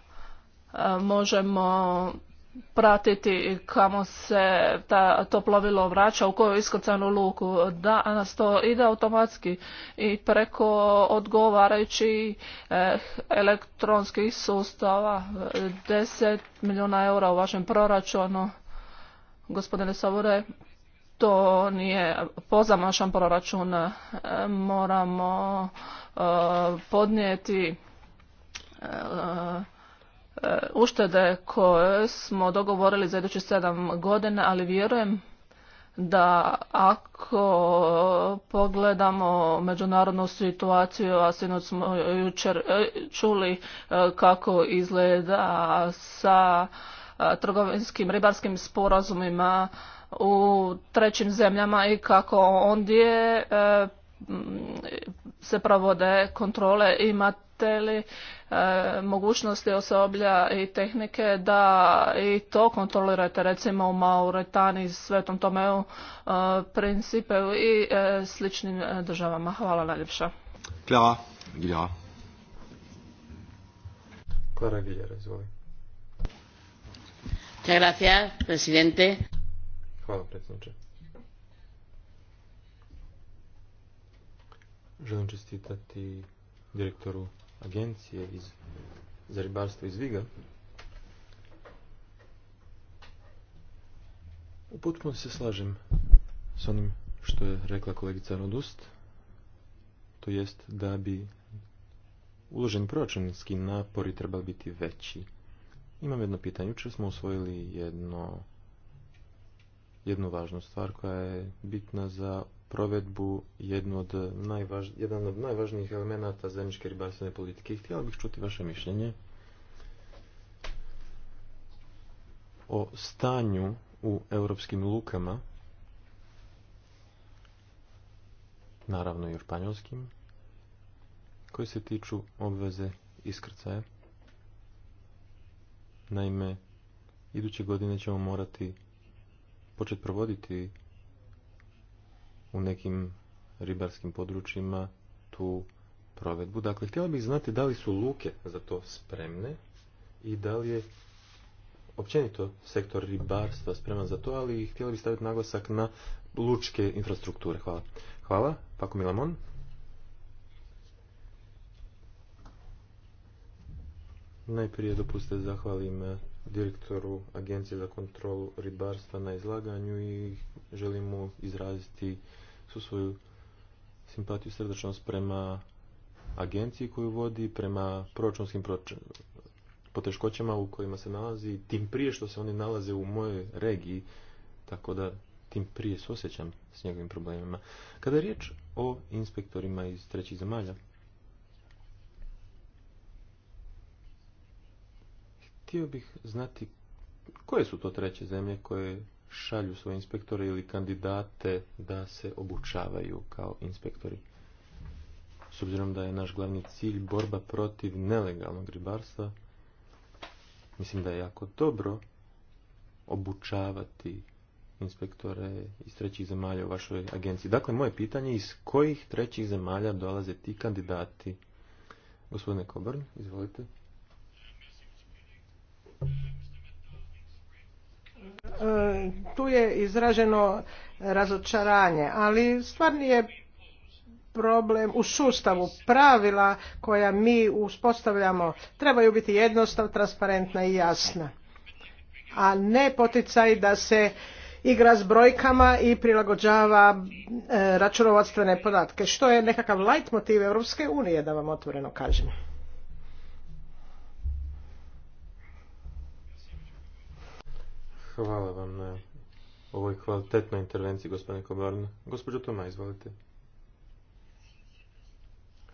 D: možemo pratiti kamo se ta, to plovilo vraća, u koju iskrcanu luku. Danas to ide automatski i preko odgovarajućih eh, elektronskih sustava. 10 milijuna eura u vašem proračunu, gospodine Savure, to nije pozamašan proračun. Eh, moramo eh, podnijeti eh, Eh, uštede koje smo dogovorili za idući sedam godina, ali vjerujem da ako pogledamo međunarodnu situaciju, a sinoć smo jučer eh, čuli eh, kako izgleda sa trgovinskim ribarskim sporazumima u trećim zemljama i kako ondje se provode kontrole imat te e, mogućnosti osoblja i tehnike da i to kontrolirate recimo u Mauretaniji, Svetom Tomeu, e, Principe i e, sličnim e, državama. Hvala najljepša.
A: Klara Giljera.
B: Klara Giljera, izvoli.
D: Gracias, presidente.
B: Hvala predsjedniče. Želim čestitati direktoru agencije iz, za ribarstvo iz Viga u se slažem s onim što je rekla kolegica Rodust to jest da bi uloženi proračunski napori trebali biti veći imam jedno pitanje jučer smo usvojili jedno jednu važnu stvar koja je bitna za provedbu jednu od najvaž, jedan od najvažnijih elemenata zemljiške ribarstvene politike. Htjela bih čuti vaše mišljenje o stanju u europskim lukama, naravno i u španjolskim, koji se tiču obveze iskrcaja. Naime, iduće godine ćemo morati početi provoditi u nekim ribarskim područjima tu provedbu. Dakle, htjela bih znati da li su luke za to spremne i da li je općenito sektor ribarstva spreman za to, ali htjela bih staviti naglasak na lučke infrastrukture. Hvala. Hvala, Pako Milamon. Najprije dopustite zahvalim direktoru Agencije za kontrolu ribarstva na izlaganju i želim mu izraziti su svoju simpatiju i srdačnost prema agenciji koju vodi, prema proračunskim poteškoćama u kojima se nalazi, tim prije što se oni nalaze u mojoj regiji, tako da tim prije se osjećam s njegovim problemima. Kada je riječ o inspektorima iz trećih zemalja, htio bih znati koje su to treće zemlje koje šalju svoje inspektore ili kandidate da se obučavaju kao inspektori. S obzirom da je naš glavni cilj borba protiv nelegalnog ribarstva, mislim da je jako dobro obučavati inspektore iz trećih zemalja u vašoj agenciji. Dakle, moje pitanje je iz kojih trećih zemalja dolaze ti kandidati? Gospodine Koborn, izvolite
C: tu je izraženo razočaranje, ali stvarni je problem u sustavu pravila koja mi uspostavljamo trebaju biti jednostavna, transparentna i jasna, a ne poticaj da se igra s brojkama i prilagođava e, računovodstvene podatke, što je nekakav light motiv Europske unije, da vam otvoreno kažem.
B: Hvala vam na ovoj kvalitetnoj intervenciji, gospodine Kobarno. Gospođo Toma, izvolite.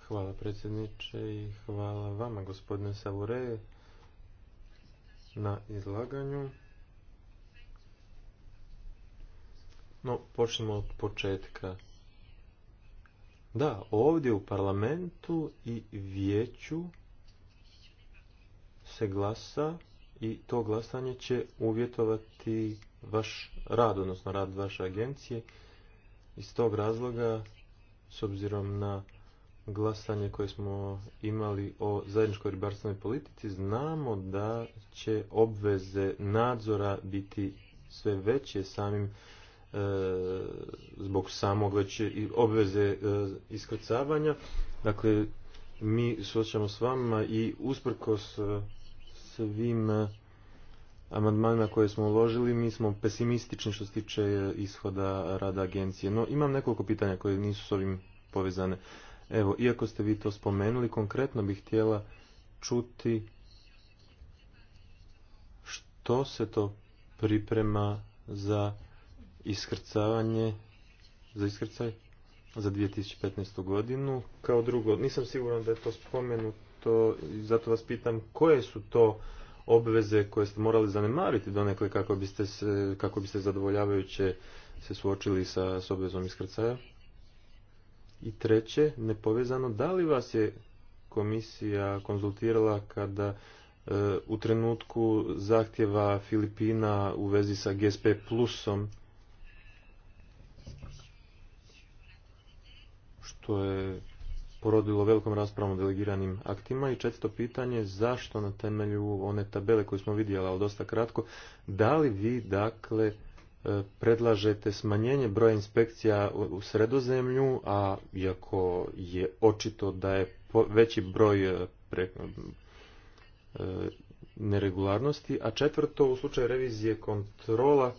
B: Hvala predsjedniče i hvala vama, gospodine Savure, na izlaganju. No, počnemo od početka. Da, ovdje u parlamentu i vijeću se glasa i to glasanje će uvjetovati vaš rad, odnosno rad vaše agencije. Iz tog razloga, s obzirom na glasanje koje smo imali o zajedničkoj ribarstvenoj politici, znamo da će obveze nadzora biti sve veće samim e, zbog samog već i obveze e, iskrcavanja. Dakle, mi suočamo s vama i usprkos ovim eh, amandmanima koje smo uložili, mi smo pesimistični što se tiče eh, ishoda rada agencije. No, imam nekoliko pitanja koje nisu s ovim povezane. Evo, iako ste vi to spomenuli, konkretno bih htjela čuti što se to priprema za iskrcavanje, za iskrcaj za 2015. godinu. Kao drugo, nisam siguran da je to spomenuto to, zato vas pitam koje su to obveze koje ste morali zanemariti donekle kako biste, se, kako biste zadovoljavajuće se suočili sa, s obvezom iskrcaja? I treće, nepovezano, da li vas je komisija konzultirala kada e, u trenutku zahtjeva Filipina u vezi sa GSP plusom što je porodilo velikom raspravom o delegiranim aktima. I četvrto pitanje, zašto na temelju one tabele koju smo vidjeli, ali dosta kratko, da li vi, dakle, e, predlažete smanjenje broja inspekcija u sredozemlju, a iako je očito da je veći broj e, e, neregularnosti, a četvrto u slučaju revizije kontrola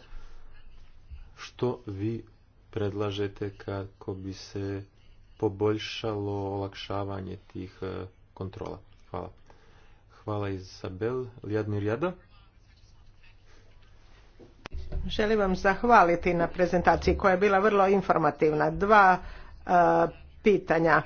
B: što vi predlažete kako bi se poboljšalo olakšavanje tih e, kontrola. Hvala. Hvala Izabel. Lijadni Rijada.
C: Želim vam zahvaliti na prezentaciji koja je bila vrlo informativna. Dva e, pitanja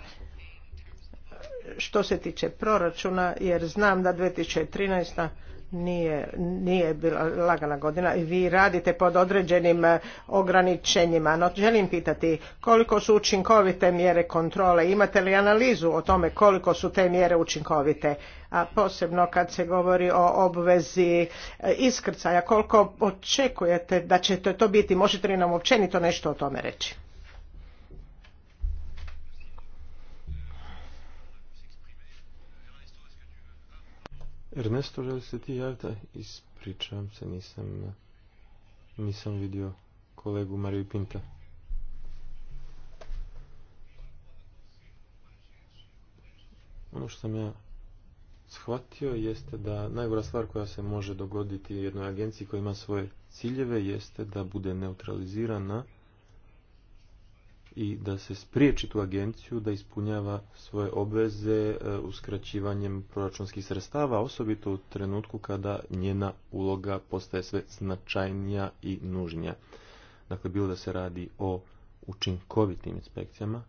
C: što se tiče proračuna jer znam da 2013 nije, nije bila lagana godina i vi radite pod određenim e, ograničenjima. No, želim pitati koliko su učinkovite mjere kontrole, imate li analizu o tome koliko su te mjere učinkovite, a posebno kad se govori o obvezi e, iskrcaja, koliko očekujete da će to biti, možete li nam općenito nešto o tome reći?
B: Ernesto, želi se ti javiti? Ispričavam se, nisam, nisam vidio kolegu Mariju Pinta. Ono što sam ja shvatio jeste da najgora stvar koja se može dogoditi jednoj agenciji koja ima svoje ciljeve jeste da bude neutralizirana i da se spriječi tu agenciju da ispunjava svoje obveze e, uskraćivanjem proračunskih sredstava, osobito u trenutku kada njena uloga postaje sve značajnija i nužnija. Dakle, bilo da se radi o učinkovitim inspekcijama,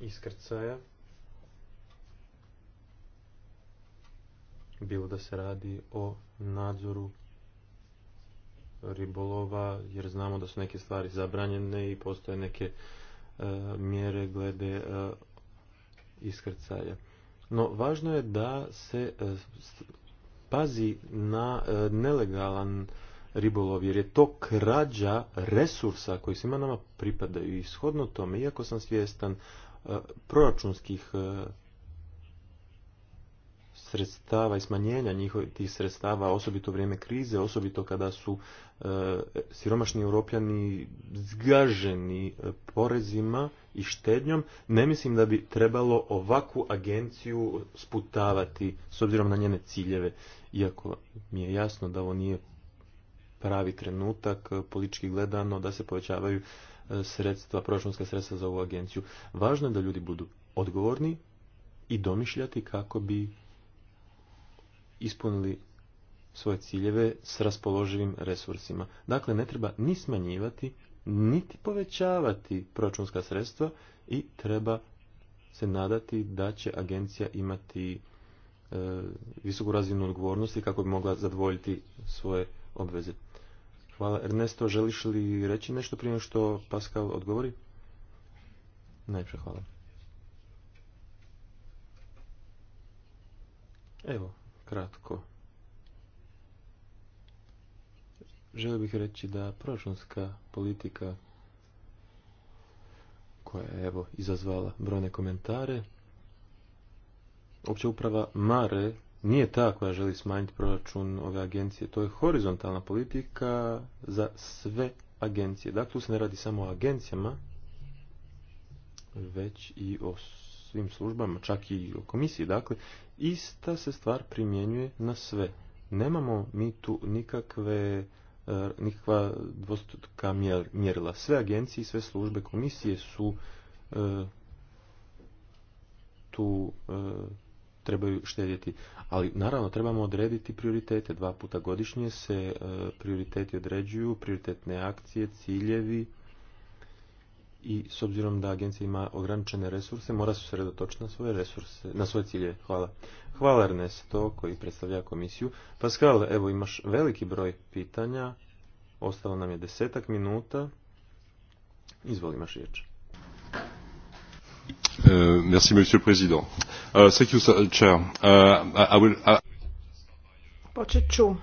B: iskrcaja bilo da se radi o nadzoru ribolova, jer znamo da su neke stvari zabranjene i postoje neke e, mjere glede e, iskrcaja. No, važno je da se e, pazi na nelegalan ribolov, jer je to krađa resursa koji svima nama pripadaju. I shodno tome, iako sam svjestan proračunskih sredstava i smanjenja njihovih tih sredstava, osobito u vrijeme krize, osobito kada su e, siromašni europljani zgaženi e, porezima i štednjom, ne mislim da bi trebalo ovakvu agenciju sputavati s obzirom na njene ciljeve. Iako mi je jasno da ovo nije pravi trenutak e, politički gledano da se povećavaju sredstva, proračunska sredstva za ovu agenciju. Važno je da ljudi budu odgovorni i domišljati kako bi ispunili svoje ciljeve s raspoloživim resursima. Dakle, ne treba ni smanjivati, niti povećavati proračunska sredstva i treba se nadati da će agencija imati e, visoku razinu odgovornosti kako bi mogla zadovoljiti svoje obveze. Hvala. Ernesto, želiš li reći nešto prije što Pascal odgovori? Najpše hvala. Evo, kratko. Želio bih reći da proračunska politika koja je evo izazvala brojne komentare, opća uprava Mare nije ta koja želi smanjiti proračun ove agencije. To je horizontalna politika za sve agencije. Dakle, tu se ne radi samo o agencijama, već i o svim službama, čak i o komisiji. Dakle, ista se stvar primjenjuje na sve. Nemamo mi tu nikakve e, nikakva dvostotka mjerila. Sve agencije i sve službe komisije su e, tu e, trebaju štedjeti. Ali naravno trebamo odrediti prioritete. Dva puta godišnje se prioriteti određuju, prioritetne akcije, ciljevi i s obzirom da agencija ima ograničene resurse, mora se sredotočiti na svoje resurse, na svoje cilje. Hvala. Hvala Ernesto koji predstavlja komisiju. Pascal, evo imaš veliki broj pitanja, ostalo nam je desetak minuta. Izvoli imaš riječ.
A: Uh, merci, monsieur président.
C: Počet ću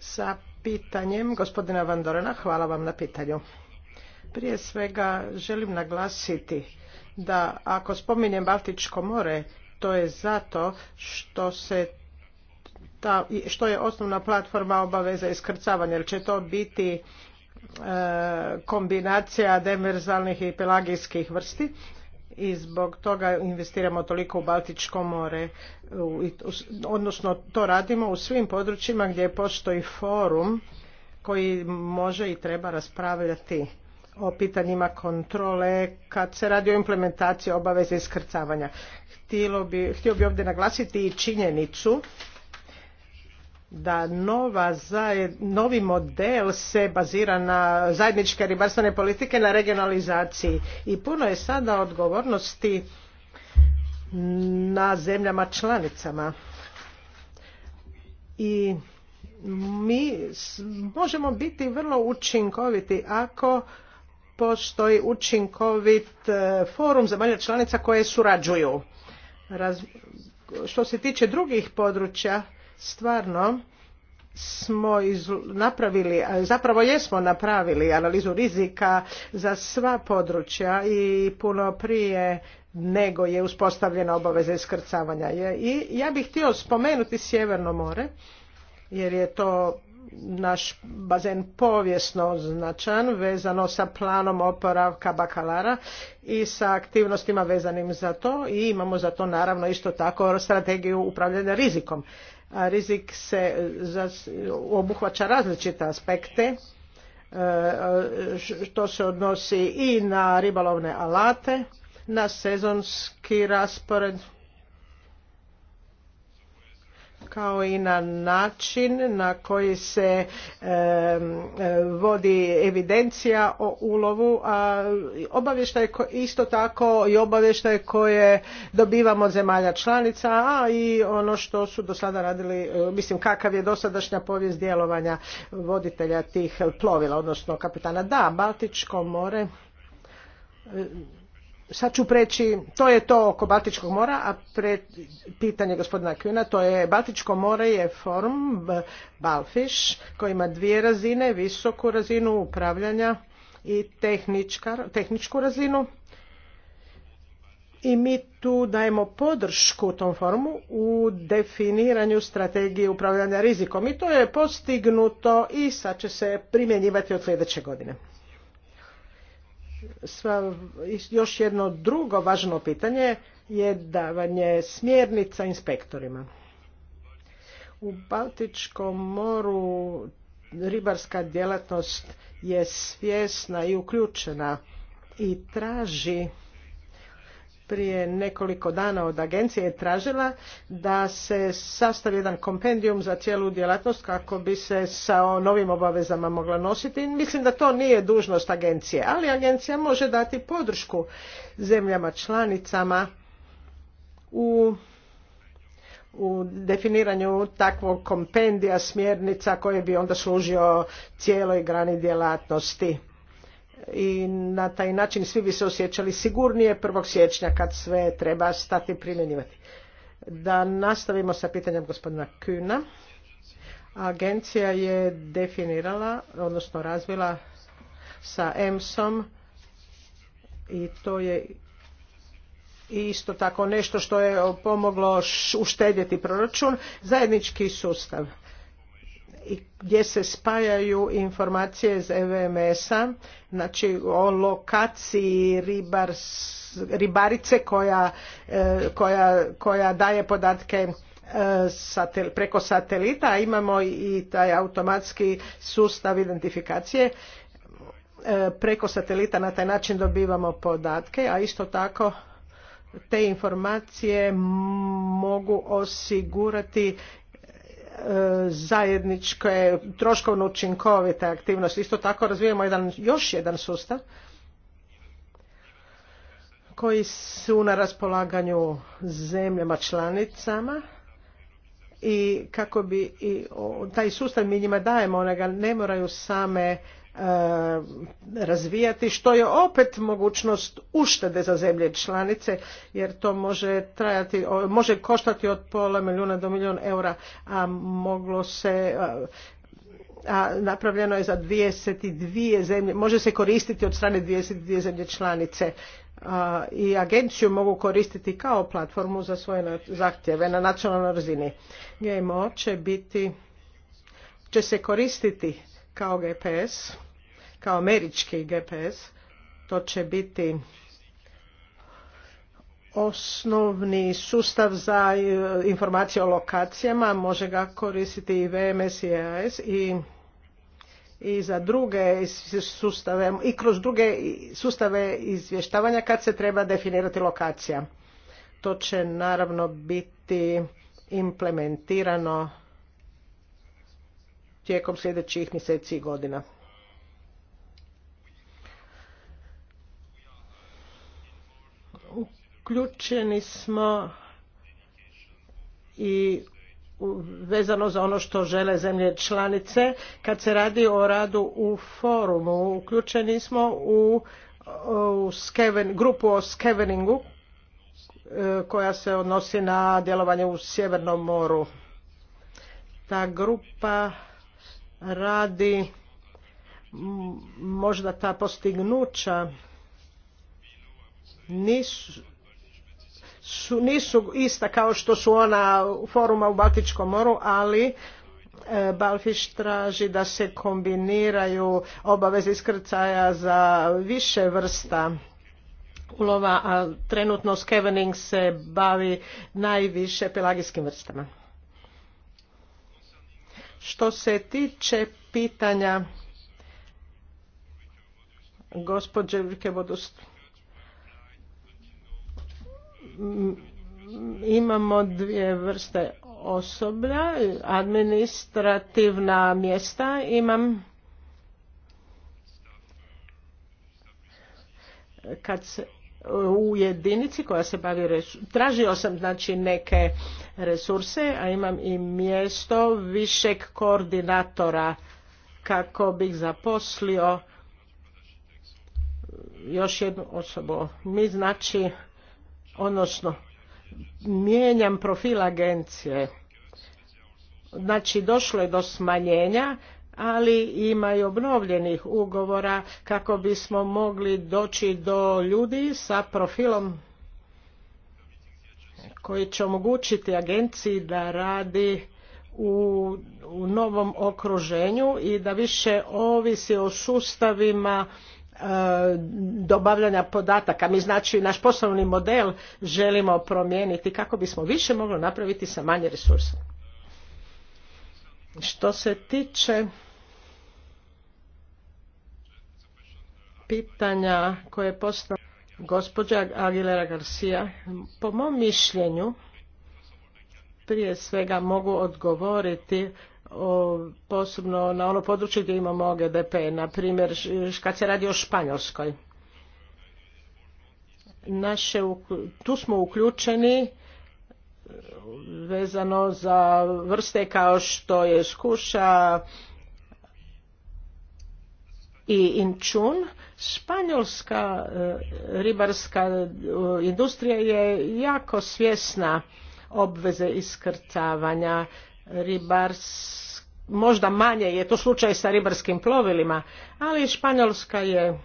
C: sa pitanjem gospodina Vandorena. Hvala vam na pitanju. Prije svega želim naglasiti da ako spominjem Baltičko more, to je zato što se ta, što je osnovna platforma obaveza iskrcavanja, jer će to biti e, kombinacija demerzalnih i pelagijskih vrsti i zbog toga investiramo toliko u Baltičko more, u, odnosno to radimo u svim područjima gdje postoji forum koji može i treba raspravljati o pitanjima kontrole kad se radi o implementaciji obaveze iskrcavanja. Htio bi, htio ovdje naglasiti i činjenicu da nova zajed, novi model se bazira na zajedničke ribarstvene politike na regionalizaciji i puno je sada odgovornosti na zemljama članicama i mi možemo biti vrlo učinkoviti ako postoji učinkovit e, forum zemalja članica koje surađuju. što se tiče drugih područja, stvarno smo napravili, zapravo jesmo napravili analizu rizika za sva područja i puno prije nego je uspostavljena obaveza iskrcavanja. I ja bih htio spomenuti Sjeverno more, jer je to naš bazen povijesno značan vezano sa planom oporavka bakalara i sa aktivnostima vezanim za to i imamo za to naravno isto tako strategiju upravljanja rizikom. rizik se obuhvaća različite aspekte e, što se odnosi i na ribolovne alate, na sezonski raspored kao i na način na koji se vodi evidencija o ulovu a obavještaj isto tako i obavještaj koje dobivamo od zemalja članica a i ono što su do sada radili e, mislim kakav je dosadašnja povijest djelovanja voditelja tih plovila odnosno kapitana da Baltičko more Sad ću preći, to je to oko Baltičkog mora, a pre, pitanje gospodina Kjuna, to je Baltičko more je forum Balfiš koji ima dvije razine, visoku razinu upravljanja i tehničku razinu. I mi tu dajemo podršku tom formu u definiranju strategije upravljanja rizikom. I to je postignuto i sad će se primjenjivati od sljedeće godine. Sva, još jedno drugo važno pitanje je davanje smjernica inspektorima. U Baltičkom moru ribarska djelatnost je svjesna i uključena i traži prije nekoliko dana od agencije je tražila da se sastavi jedan kompendijum za cijelu djelatnost kako bi se sa novim obavezama mogla nositi. Mislim da to nije dužnost agencije, ali agencija može dati podršku zemljama članicama u u definiranju takvog kompendija smjernica koje bi onda služio cijeloj grani djelatnosti i na taj način svi bi se osjećali sigurnije 1. siječnja kad sve treba stati primjenjivati. Da nastavimo sa pitanjem gospodina Kuna. Agencija je definirala, odnosno razvila sa EMS-om i to je isto tako nešto što je pomoglo uštedjeti proračun, zajednički sustav gdje se spajaju informacije iz EVMS-a, znači o lokaciji ribarice koja, e, koja, koja daje podatke e, satel, preko satelita, a imamo i taj automatski sustav identifikacije e, preko satelita na taj način dobivamo podatke, a isto tako te informacije mogu osigurati zajedničke troškovno učinkovite aktivnosti. Isto tako razvijemo jedan, još jedan sustav koji su na raspolaganju zemljama članicama i kako bi i taj sustav mi njima dajemo, one ga ne moraju same E, razvijati, što je opet mogućnost uštede za zemlje članice, jer to može, trajati, može koštati od pola milijuna do milijun eura, a moglo se a napravljeno je za 22 zemlje, može se koristiti od strane 22 zemlje članice i agenciju mogu koristiti kao platformu za svoje zahtjeve na nacionalnoj razini. GMO će biti će se koristiti kao GPS, kao američki GPS, to će biti osnovni sustav za e, informacije o lokacijama, može ga koristiti i VMS i e i i za druge sustave i kroz druge sustave izvještavanja kad se treba definirati lokacija. To će naravno biti implementirano tijekom sljedećih mjeseci i godina. Uključeni smo i vezano za ono što žele zemlje članice kad se radi o radu u forumu. Uključeni smo u, u grupu o skeveningu e, koja se odnosi na djelovanje u Sjevernom moru. Ta grupa radi možda ta postignuća nisu nisu ista kao što su ona foruma u Baltičkom moru, ali e, Balfiš traži da se kombiniraju obaveze iskrcaja za više vrsta ulova, a trenutno Skevening se bavi najviše pelagijskim vrstama. Što se tiče pitanja gospođe Vrke imamo dvije vrste osoblja, administrativna mjesta imam kad se u jedinici koja se bavi tražio sam znači neke resurse a imam i mjesto višeg koordinatora kako bih zaposlio još jednu osobu mi znači odnosno mijenjam profil agencije znači došlo je do smanjenja ali ima i obnovljenih ugovora kako bismo mogli doći do ljudi sa profilom koji će omogućiti agenciji da radi u, u novom okruženju i da više ovisi o sustavima e, dobavljanja podataka. Mi znači naš poslovni model želimo promijeniti kako bismo više mogli napraviti sa manje resursa. Što se tiče pitanja koje je postavila gospođa Aguilera Garcia. Po mom mišljenju, prije svega mogu odgovoriti o, posebno na ono područje gdje imamo OGDP, na primjer kad se radi o Španjolskoj. Naše, tu smo uključeni e, vezano za vrste kao što je skuša i inčun Španjolska e, ribarska e, industrija je jako svjesna obveze iskrcavanja ribarska, možda manje je to slučaj sa ribarskim plovilima, ali Španjolska je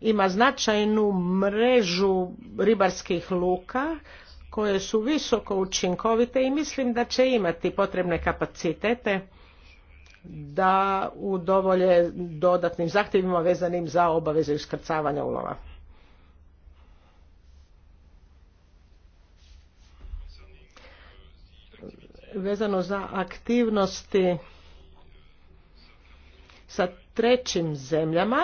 C: ima značajnu mrežu ribarskih luka koje su visoko učinkovite i mislim da će imati potrebne kapacitete da udovolje dodatnim zahtjevima vezanim za obaveze iskrcavanja ulova. Vezano za aktivnosti sa trećim zemljama,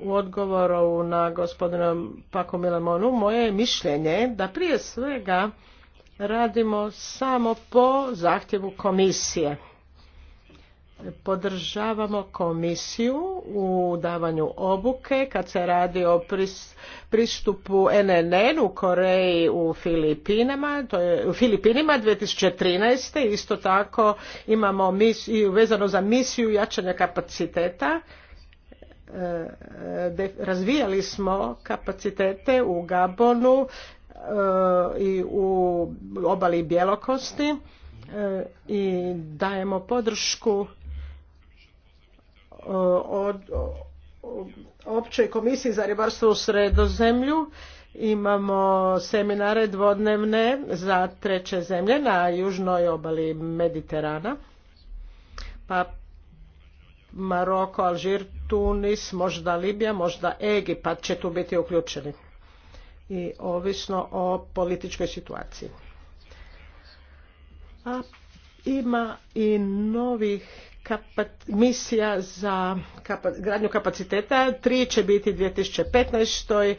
C: u odgovoru na gospodina Paku Milamonu, moje je mišljenje da prije svega radimo samo po zahtjevu komisije podržavamo komisiju u davanju obuke kad se radi o pristupu NNN u Koreji u Filipinama, to je u Filipinima 2013. Isto tako imamo misiju, vezano za misiju jačanja kapaciteta e, razvijali smo kapacitete u Gabonu e, i u obali Bjelokosti e, i dajemo podršku od općoj komisiji za ribarstvo u sredozemlju imamo seminare dvodnevne za treće zemlje na južnoj obali Mediterana pa Maroko, Alžir, Tunis, možda Libija, možda Egipat će tu biti uključeni i ovisno o političkoj situaciji. A ima i novih misija za gradnju kapaciteta, tri će biti 2015. E,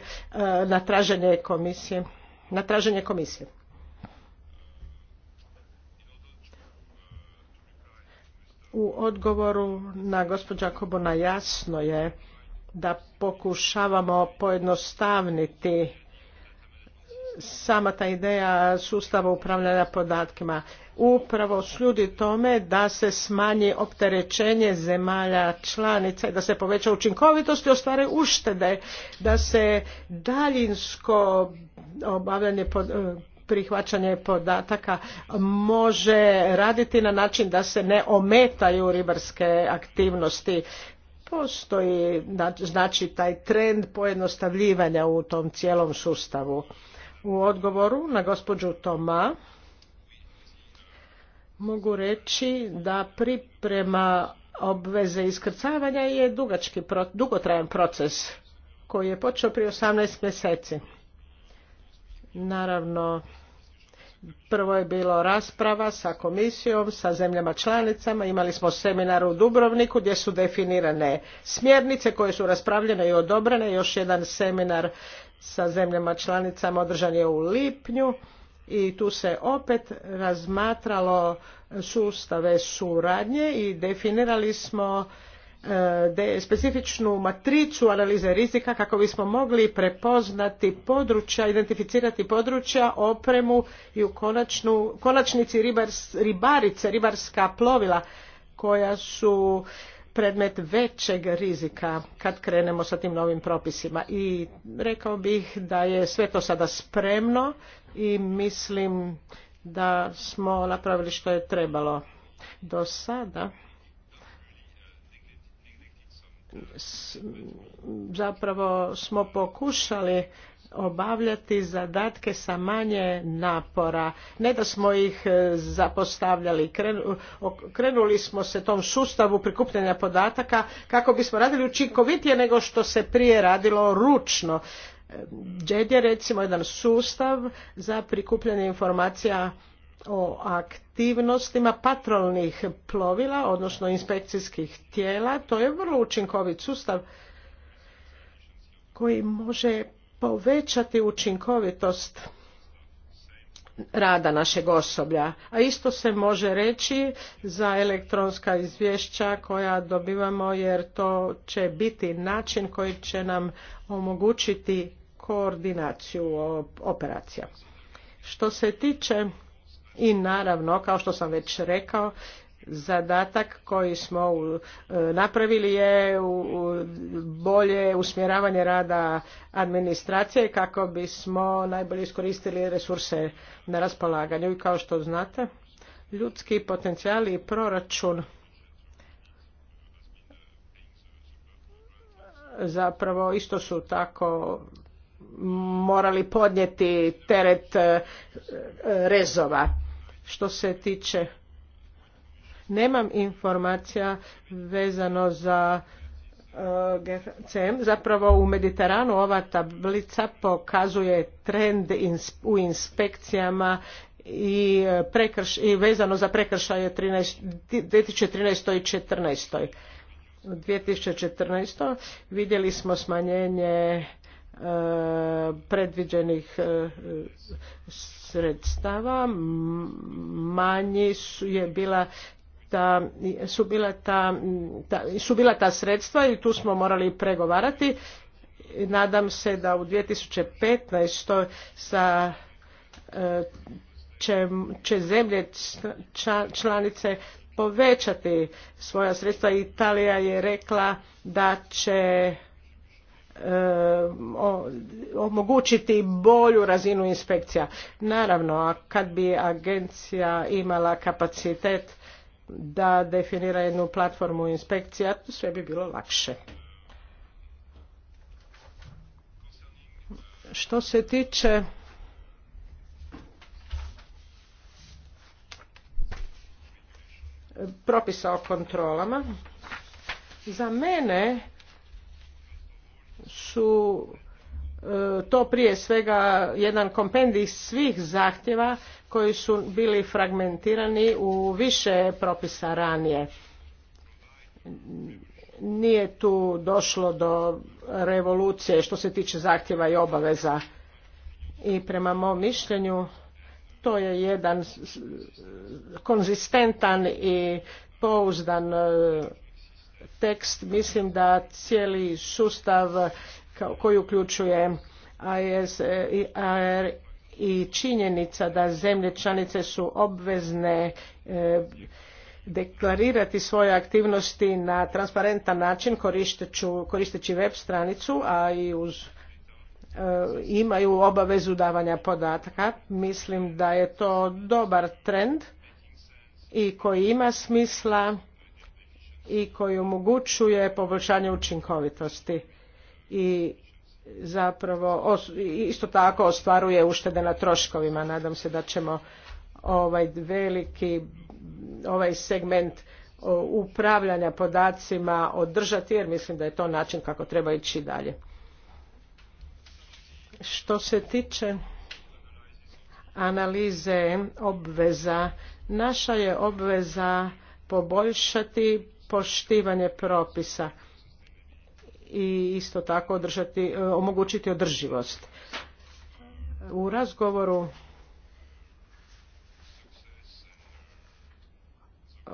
C: na traženje komisije. Na traženje komisije. U odgovoru na gospođa Kobona jasno je da pokušavamo pojednostavniti sama ta ideja sustava upravljanja podatkima upravo sljudi tome da se smanji opterećenje zemalja članica i da se poveća učinkovitost i ostvare uštede, da se daljinsko obavljanje pod, eh, prihvaćanje podataka može raditi na način da se ne ometaju ribarske aktivnosti. Postoji znači, znači taj trend pojednostavljivanja u tom cijelom sustavu. U odgovoru na gospođu Toma mogu reći da priprema obveze iskrcavanja je dugački, dugotrajan proces koji je počeo prije 18 mjeseci. Naravno, prvo je bilo rasprava sa komisijom, sa zemljama članicama, imali smo seminar u Dubrovniku gdje su definirane smjernice koje su raspravljene i odobrene, još jedan seminar sa zemljama članicama održan je u lipnju i tu se opet razmatralo sustave suradnje i definirali smo e, specifičnu matricu analize rizika kako bismo mogli prepoznati područja, identificirati područja, opremu i u konačnu, konačnici ribarice, ribarska plovila koja su predmet većeg rizika kad krenemo sa tim novim propisima i rekao bih da je sve to sada spremno i mislim da smo napravili što je trebalo do sada zapravo smo pokušali obavljati zadatke sa manje napora. Ne da smo ih e, zapostavljali, krenuli smo se tom sustavu prikupljanja podataka kako bismo radili učinkovitije nego što se prije radilo ručno. JED e, je recimo jedan sustav za prikupljanje informacija o aktivnostima patrolnih plovila, odnosno inspekcijskih tijela. To je vrlo učinkovit sustav koji može povećati učinkovitost rada našeg osoblja. A isto se može reći za elektronska izvješća koja dobivamo jer to će biti način koji će nam omogućiti koordinaciju operacija. Što se tiče i naravno, kao što sam već rekao, zadatak koji smo e, napravili je bolje usmjeravanje rada administracije kako bismo najbolje iskoristili resurse na raspolaganju i kao što znate ljudski potencijal i proračun zapravo isto su tako morali podnijeti teret e, rezova što se tiče Nemam informacija vezano za e, GCM. Zapravo u Mediteranu ova tablica pokazuje trend u inspekcijama i, e, i vezano za prekršaje 2013. i 2014. U 2014. vidjeli smo smanjenje e, predviđenih sredstava manji je bila da su, bila ta, su bila ta sredstva i tu smo morali pregovarati. Nadam se da u 2015. sa e, će, će zemlje članice povećati svoja sredstva. Italija je rekla da će e, omogućiti bolju razinu inspekcija. Naravno, kad bi agencija imala kapacitet da definira jednu platformu inspekcija, sve bi bilo lakše. Što se tiče propisa o kontrolama, za mene su to prije svega jedan kompendij svih zahtjeva koji su bili fragmentirani u više propisa ranije. Nije tu došlo do revolucije što se tiče zahtjeva i obaveza i prema mom mišljenju to je jedan konzistentan i pouzdan e, tekst. Mislim da cijeli sustav koji uključuje e e, i činjenica da zemlje članice su obvezne e, deklarirati svoje aktivnosti na transparentan način koristeći web stranicu, a i uz imaju obavezu davanja podataka. Mislim da je to dobar trend i koji ima smisla i koji omogućuje poboljšanje učinkovitosti i zapravo isto tako ostvaruje uštede na troškovima. Nadam se da ćemo ovaj veliki ovaj segment upravljanja podacima održati jer mislim da je to način kako treba ići dalje. Što se tiče analize obveza, naša je obveza poboljšati poštivanje propisa i isto tako održati, e, omogućiti održivost. U razgovoru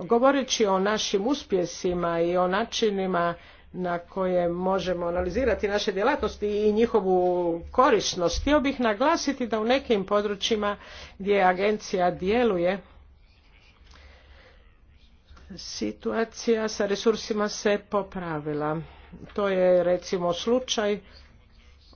C: govoreći o našim uspjesima i o načinima na koje možemo analizirati naše djelatnosti i njihovu korisnost, htio bih naglasiti da u nekim područjima gdje agencija djeluje situacija sa resursima se popravila. To je recimo slučaj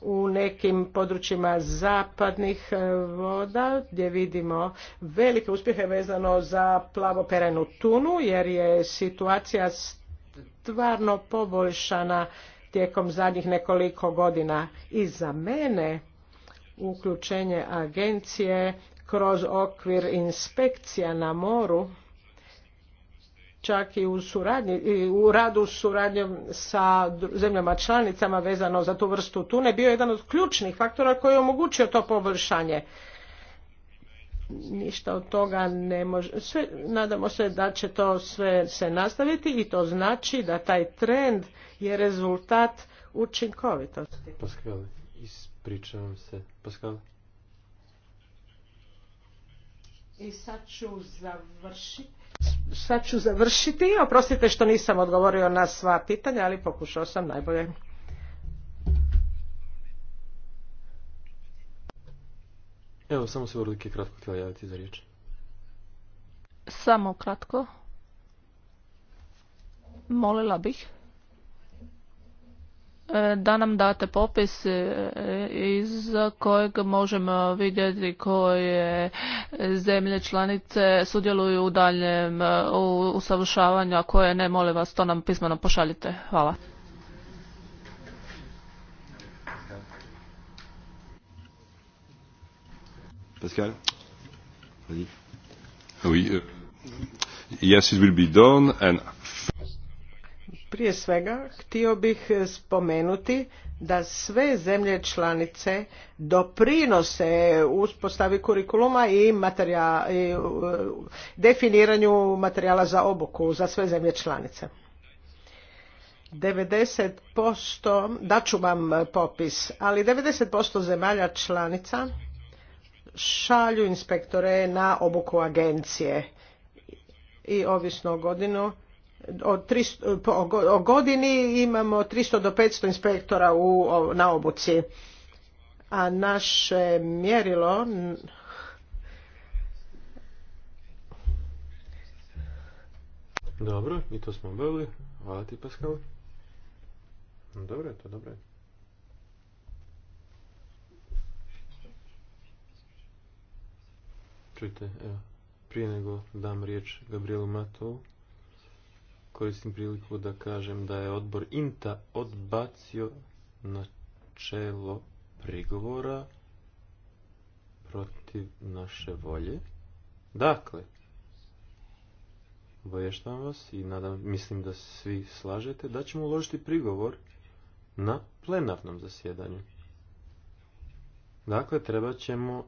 C: u nekim područjima zapadnih e, voda gdje vidimo velike uspjehe vezano za plavoperenu tunu jer je situacija stvarno poboljšana tijekom zadnjih nekoliko godina. I za mene uključenje agencije kroz okvir inspekcija na moru čak i u, suradnji, u radu s suradnjom sa zemljama članicama vezano za tu vrstu tune bio jedan od ključnih faktora koji je omogućio to poboljšanje ništa od toga ne može. Sve, nadamo se da će to sve se nastaviti i to znači da taj trend je rezultat učinkovitosti. Pascal,
B: ispričavam se. Pascal.
C: I sad ću završiti. Sad ću završiti. Oprostite što nisam odgovorio na sva pitanja, ali pokušao sam najbolje.
B: Evo, samo se vrlike kratko htjela javiti za
E: riječ.
D: Samo kratko. Molila bih E, da nam date popis e, iz kojeg možemo vidjeti koje zemlje članice sudjeluju u daljem e, usavršavanju, a koje ne, molim vas, to nam pismeno pošaljite. Hvala.
E: Pascal
A: vas euh, Yes, it will be done and
C: prije svega, htio bih spomenuti da sve zemlje članice doprinose uspostavi kurikuluma i, e, definiranju materijala za obuku za sve zemlje članice. 90%, daću vam popis, ali 90% zemalja članica šalju inspektore na obuku agencije i ovisno godinu od o godini imamo 300 do 500 inspektora u, na obuci. A naše mjerilo
B: Dobro, i to smo obavili. Hvala ti, Pascal. Dobro je to, dobro je. Čujte, evo, prije nego dam riječ Gabrielu Matovu koristim priliku da kažem da je odbor INTA odbacio načelo prigovora protiv naše volje. Dakle, obavještavam vas i nadam, mislim da svi slažete da ćemo uložiti prigovor na plenarnom zasjedanju. Dakle, treba ćemo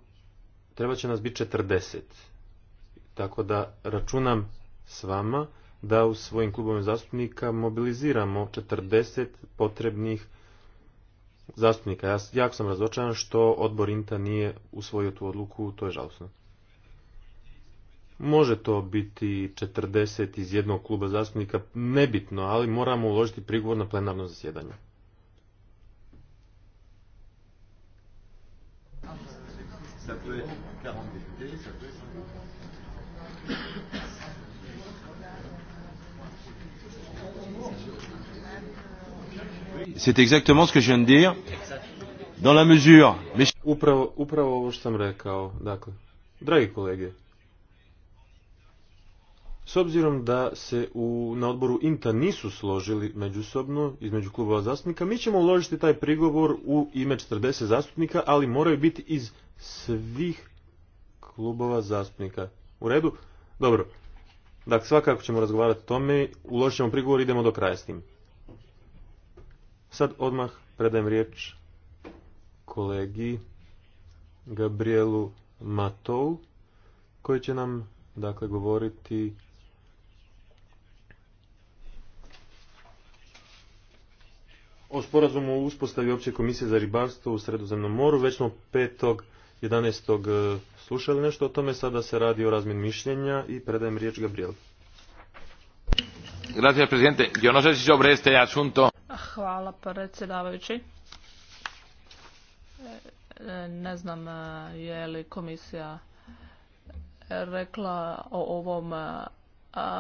B: treba će nas biti 40. Tako da računam s vama da u svojim klubovima zastupnika mobiliziramo 40 potrebnih zastupnika. Ja jako sam razočaran što odbor INTA nije usvojio tu odluku, to je žalosno. Može to biti 40 iz jednog kluba zastupnika, nebitno, ali moramo uložiti prigovor na plenarno zasjedanje.
A: C'est exactement ce que je viens de dire.
B: Dans la mesure. Upravo, upravo ovo što sam rekao. Dakle, dragi kolege, s obzirom da se u, na odboru INTA nisu složili međusobno između klubova zastupnika, mi ćemo uložiti taj prigovor u ime 40 zastupnika, ali moraju biti iz svih klubova zastupnika. U redu? Dobro. Dakle, svakako ćemo razgovarati o tome, uložit ćemo prigovor i idemo do kraja s tim. Sad odmah predajem riječ kolegi Gabrielu Matou koji će nam dakle govoriti o sporazumu o uspostavi opće komisije za ribarstvo u Sredozemnom moru. Već smo 5.11. E, slušali nešto o tome, sada se radi o razmjeni mišljenja i predajem riječ Gabrielu. Gracias, presidente.
A: Yo no sé si sobre este asunto...
D: Hvala predsjedavajući. E, ne znam e, je li komisija rekla o ovom e,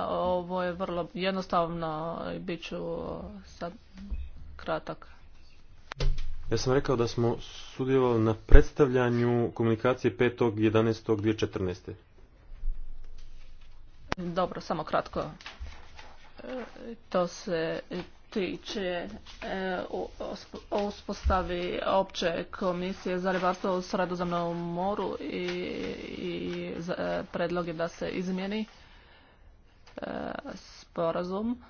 D: ovo je vrlo jednostavno i bit ću sad kratak.
B: Ja sam rekao da smo sudjelovali na predstavljanju komunikacije 5.11.2014.
D: Dobro, samo kratko. To se tiče e, o uspostavi opće komisije za ribarstvo u Sredozemnom moru i, i e, predloge da se izmjeni e, sporazum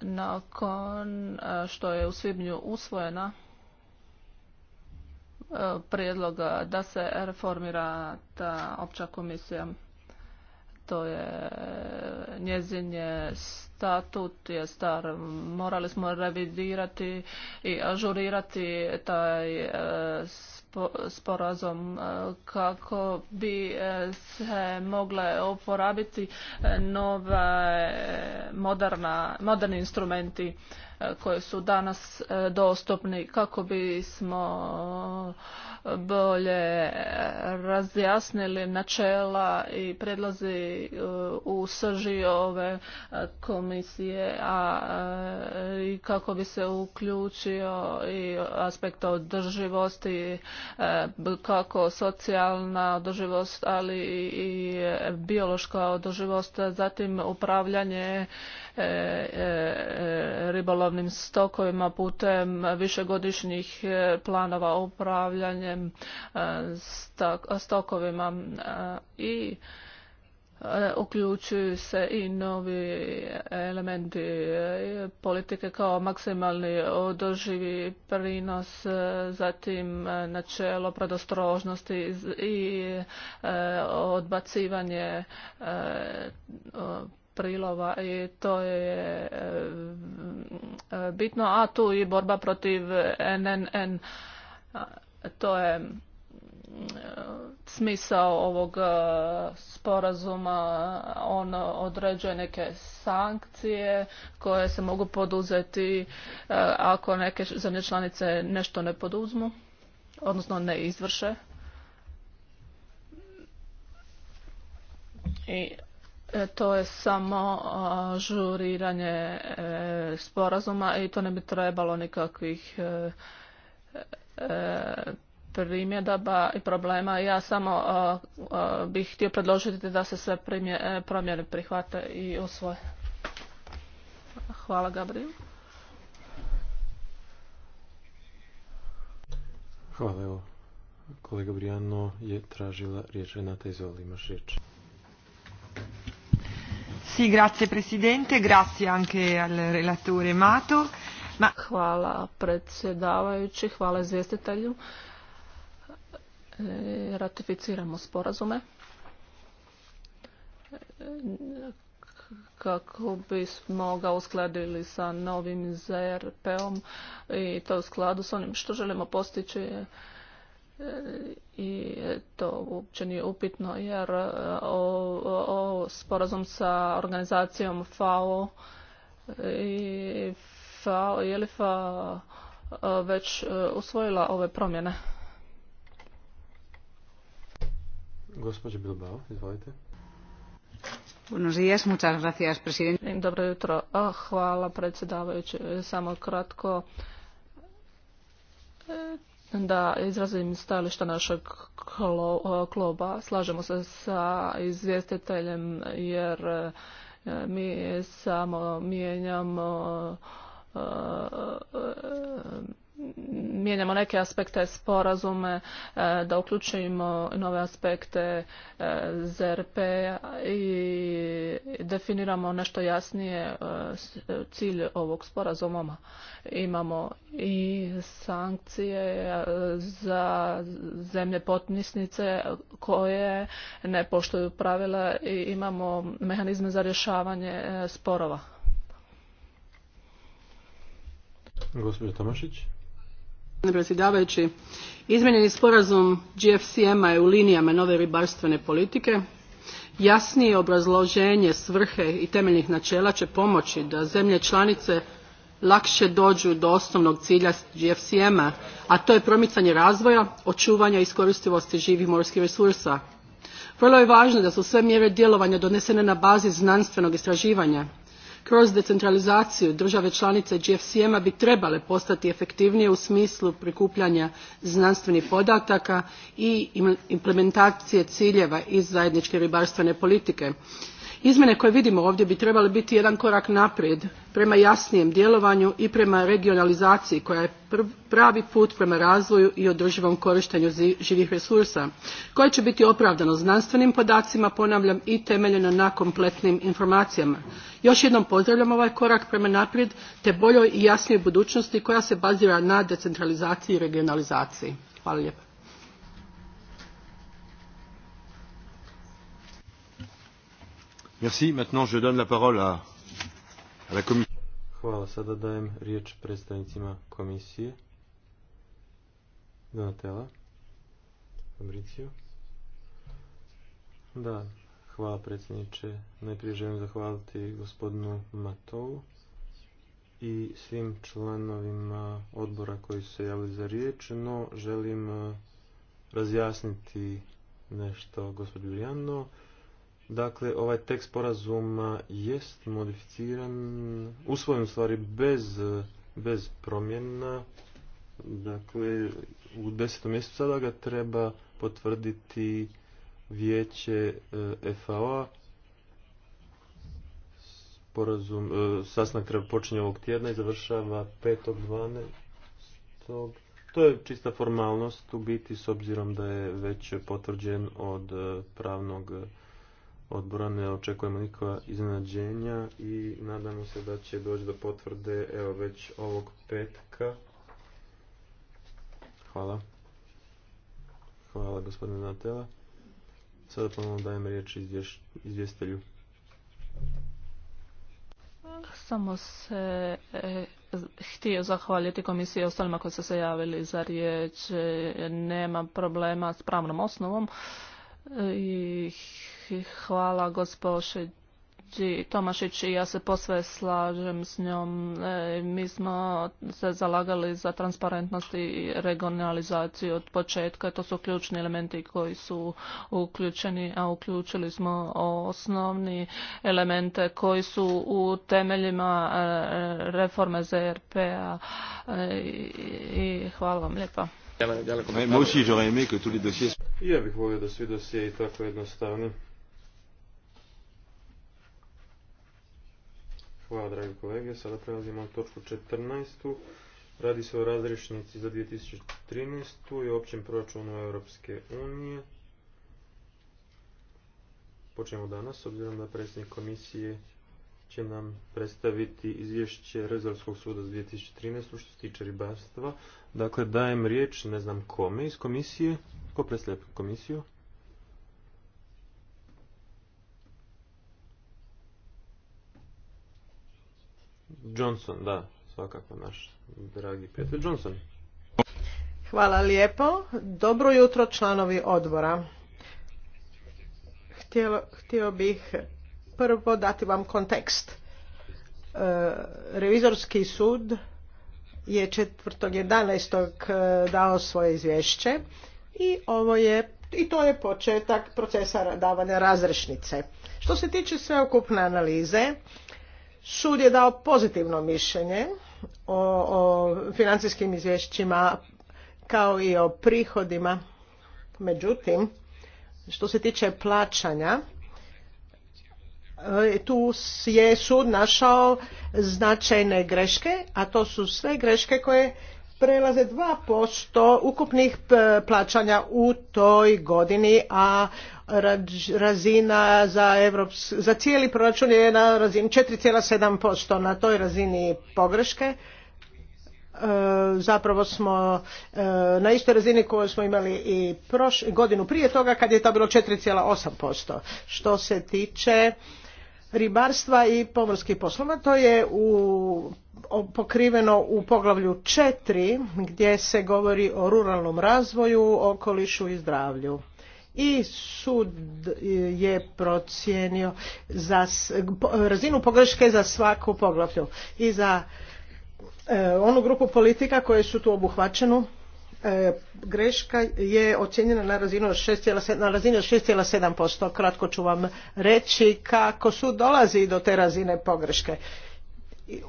D: nakon što je u svibnju usvojena prijedloga da se reformira ta opća komisija to je njezin statut je star. Morali smo revidirati i ažurirati taj e, sporazum e, kako bi e, se mogle oporabiti nove moderna, moderni instrumenti koje su danas e, dostupni kako bismo bolje razjasnili načela i predlazi e, u srži ove e, komisije a i kako bi se uključio i aspekt održivosti kako socijalna održivost ali i biološka održivost zatim upravljanje E, e, ribolovnim stokovima putem višegodišnjih e, planova upravljanjem stokovima i uključuju se i novi elementi politike kao maksimalni održivi prinos, zatim načelo predostrožnosti i odbacivanje prilova i to je e, e, bitno, a tu i borba protiv NNN. To je e, smisao ovog sporazuma. On određuje neke sankcije koje se mogu poduzeti ako neke zemlje članice nešto ne poduzmu, odnosno ne izvrše. I E, to je samo žuriranje e, sporazuma i to ne bi trebalo nikakvih e, primjedaba i problema. Ja samo bih htio predložiti da se sve promjene prihvate i osvoje. Hvala Gabriel.
B: Hvala evo. Kolega Brijano je tražila riječ. Renata, izvoli, imaš riječ.
D: Sì, grazie Presidente, grazie anche al relatore Mato. Ma... Hvala predsjedavajući, hvala izvjestitelju. E, ratificiramo sporazume e, kako bismo ga uskladili sa novim ZRP-om i to u skladu s onim što želimo postići i to uopće nije upitno jer e, o, o sporazum sa organizacijom FAO e, i FAO je li FAO e, već usvojila ove promjene?
B: Gospođa Bilbao, izvolite.
D: Buenos días, muchas gracias, presidente. Dobro jutro. Hvala, predsjedavajući. Samo kratko da izrazim stajališta našeg e, kluba. Slažemo se sa izvjestiteljem jer e, mi samo mijenjamo e, mijenjamo neke aspekte sporazume, e, da uključujemo nove aspekte e, ZRP i definiramo nešto jasnije e, cilj ovog sporazuma. Imamo i sankcije za zemlje potpisnice koje ne poštuju pravila i imamo mehanizme za rješavanje sporova.
B: Tomašić
E: predsjedavajući izmijenjeni sporazum gfcm a je u linijama nove ribarstvene politike jasnije obrazloženje svrhe i temeljnih načela će pomoći da zemlje članice lakše dođu do osnovnog cilja gfcm a a to je promicanje razvoja očuvanja i iskoristivosti živih morskih resursa. vrlo je važno da su sve mjere djelovanja donesene na bazi znanstvenog istraživanja kroz decentralizaciju države članice GFCM-a bi trebale postati efektivnije u smislu prikupljanja znanstvenih podataka i implementacije ciljeva iz zajedničke ribarstvene politike. Izmjene koje vidimo ovdje bi trebale biti jedan korak naprijed prema jasnijem djelovanju i prema regionalizaciji koja je pravi put prema razvoju i održivom korištenju živih resursa koje će biti opravdano znanstvenim podacima ponavljam i temeljeno na kompletnim informacijama još jednom pozdravljam ovaj korak prema naprijed te boljoj i jasnijoj budućnosti koja se bazira na decentralizaciji i regionalizaciji. Hvala lijepa.
A: je
B: Sada dajem riječ predstavnicima komisije. Donatella. Fabricio. Da, Hvala predsjedniče. Najprije želim zahvaliti gospodinu Matovu i svim članovima odbora koji su se javili za riječ, no želim eh, razjasniti nešto gospođu Julijano. Dakle, ovaj tekst sporazuma jest modificiran, u u stvari bez, bez promjena. Dakle, u desetom mjestu sada ga treba potvrditi vijeće e, FAO-a sporazum, e, sastanak treba počinje ovog tjedna i završava 5.12. To je čista formalnost u biti s obzirom da je već potvrđen od e, pravnog odbora, ne očekujemo nikakva iznenađenja i nadamo se da će doći do potvrde evo već ovog petka. Hvala. Hvala gospodine Natela. Sada ponovno dajem riječ izvjestelju.
D: Samo se e, htio zahvaliti komisiji i ostalima koji su se javili za riječ. E, nema problema s pravnom osnovom e, i hvala gospoši gospođi Tomašić i ja se posve slažem s njom. Mi smo se zalagali za transparentnost i regionalizaciju od početka. To su ključni elementi koji su uključeni, a uključili smo osnovni elemente koji su u temeljima reforme ZRP-a. I hvala vam lijepa.
B: Ja bih volio da svi dosije tako jednostavno Hvala, dragi kolege. Sada prelazimo na točku 14. Radi se o razrešnici za 2013. i općem proračunu Europske unije. Počnemo danas, s obzirom da predsjednik komisije će nam predstaviti izvješće Rezorskog suda za 2013. što se tiče ribarstva. Dakle, dajem riječ, ne znam kome iz komisije. Ko predstavlja komisiju? Johnson, da, svakako naš dragi prijatelj Johnson.
C: Hvala lijepo. Dobro jutro članovi odbora. Htio, htio bih prvo dati vam kontekst. E, revizorski sud je 4.11. E, dao svoje izvješće i ovo je i to je početak procesa davanja razrešnice. Što se tiče sveokupne analize, Sud je dao pozitivno mišljenje o, o financijskim izvješćima kao i o prihodima. Međutim, što se tiče plaćanja, e, tu je sud našao značajne greške, a to su sve greške koje prelaze 2% ukupnih plaćanja u toj godini, a razina za, Evrops, za cijeli proračun je na razini 4,7%. Na toj razini pogreške e, zapravo smo e, na istoj razini koju smo imali i proš, godinu prije toga kad je to bilo 4,8%. Što se tiče ribarstva i pomorskih poslova, to je u, pokriveno u poglavlju 4 gdje se govori o ruralnom razvoju, okolišu i zdravlju i sud je procijenio za razinu pogreške za svaku poglavlju i za e, onu grupu politika koje su tu obuhvaćenu e, greška je ocijenjena na razinu od 6,7 na razini od 6,7%. Kratko ću vam reći kako su dolazi do te razine pogreške.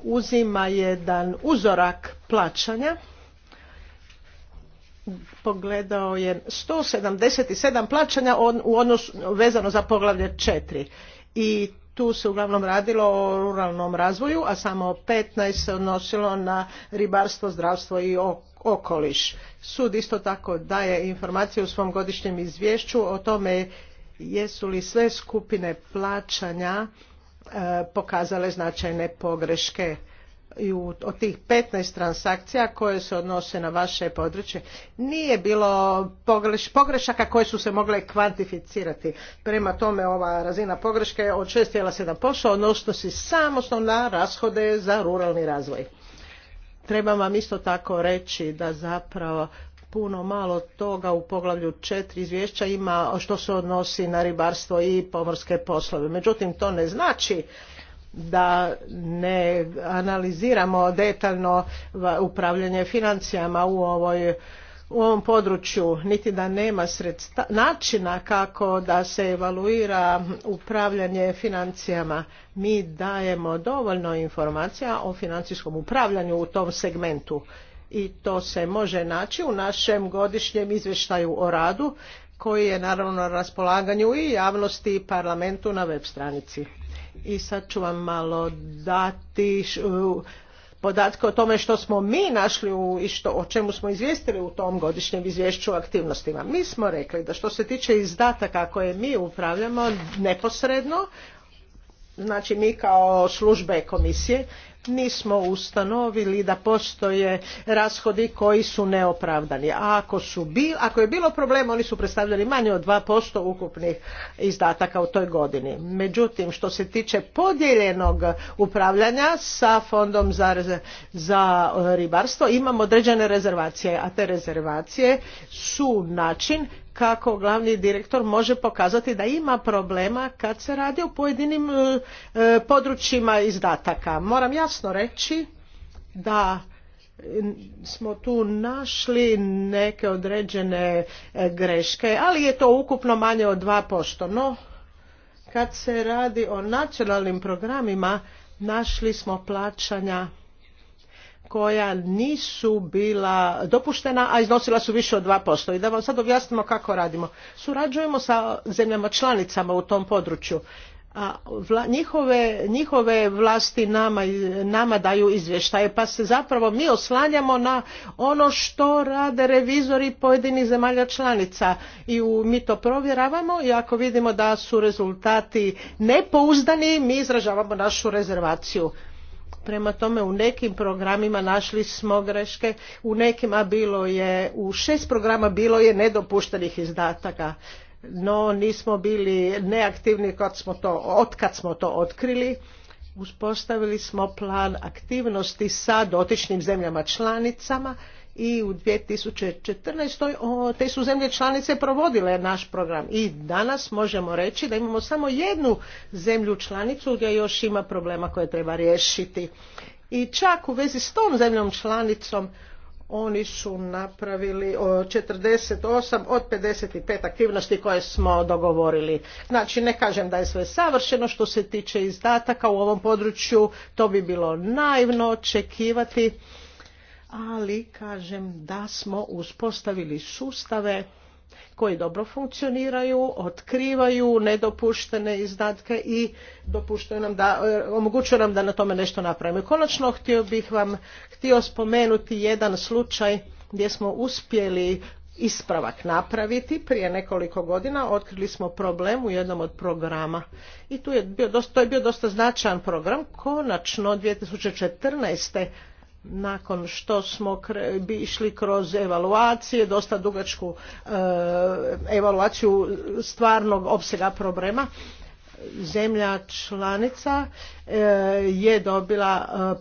C: Uzima jedan uzorak plaćanja pogledao je 177 plaćanja u odnosu vezano za poglavlje 4 i tu se uglavnom radilo o ruralnom razvoju, a samo 15 se odnosilo na ribarstvo, zdravstvo i okoliš. Sud isto tako daje informacije u svom godišnjem izvješću o tome jesu li sve skupine plaćanja e, pokazale značajne pogreške i od tih 15 transakcija koje se odnose na vaše područje nije bilo pogrešaka koje su se mogle kvantificirati. Prema tome ova razina pogreške od 6,7% odnosno si samo na rashode za ruralni razvoj. Trebam vam isto tako reći da zapravo puno malo toga u poglavlju četiri izvješća ima što se odnosi na ribarstvo i pomorske poslove. Međutim, to ne znači da ne analiziramo detaljno upravljanje financijama u ovoj u ovom području niti da nema sredsta, načina kako da se evaluira upravljanje financijama. Mi dajemo dovoljno informacija o financijskom upravljanju u tom segmentu i to se može naći u našem godišnjem izvještaju o radu koji je naravno na raspolaganju i javnosti i parlamentu na web stranici i sad ću vam malo dati podatke o tome što smo mi našli u, i što, o čemu smo izvijestili u tom godišnjem izvješću o aktivnostima. Mi smo rekli da što se tiče izdataka koje mi upravljamo neposredno, znači mi kao službe komisije nismo ustanovili da postoje rashodi koji su neopravdani. A ako, su ako je bilo problema, oni su predstavljali manje od 2% ukupnih izdataka u toj godini. Međutim, što se tiče podijeljenog upravljanja sa fondom za, za e, ribarstvo, imamo određene rezervacije, a te rezervacije su način kako glavni direktor može pokazati da ima problema kad se radi o pojedinim e, e, područjima izdataka. Moram jasno reći da smo tu našli neke određene e, greške, ali je to ukupno manje od 2%. No, kad se radi o nacionalnim programima, našli smo plaćanja koja nisu bila dopuštena, a iznosila su više od 2%. I da vam sad objasnimo kako radimo. Surađujemo sa zemljama članicama u tom području. A njihove, njihove vlasti nama, nama daju izvještaje, pa se zapravo mi oslanjamo na ono što rade revizori pojedinih zemalja članica i u, mi to provjeravamo i ako vidimo da su rezultati nepouzdani, mi izražavamo našu rezervaciju. Prema tome u nekim programima našli smo greške, u nekima bilo je, u šest programa bilo je nedopuštenih izdataka. No nismo bili neaktivni kad smo to, otkad smo to otkrili. Uspostavili smo plan aktivnosti sa dotičnim zemljama članicama i u 2014. te su zemlje članice provodile naš program i danas možemo reći da imamo samo jednu zemlju članicu gdje još ima problema koje treba riješiti. I čak u vezi s tom zemljom članicom oni su napravili 48 od 55 aktivnosti koje smo dogovorili. Znači ne kažem da je sve savršeno što se tiče izdataka u ovom području, to bi bilo naivno očekivati ali kažem da smo uspostavili sustave koji dobro funkcioniraju, otkrivaju nedopuštene izdatke i dopuštaju nam da, e, omogućuju nam da na tome nešto napravimo. Konačno htio bih vam htio spomenuti jedan slučaj gdje smo uspjeli ispravak napraviti. Prije nekoliko godina otkrili smo problem u jednom od programa i tu je bio, to je bio dosta značajan program. Konačno 2014 nakon što smo bi išli kroz evaluacije, dosta dugačku e, evaluaciju stvarnog opsega problema, zemlja članica e, je dobila e,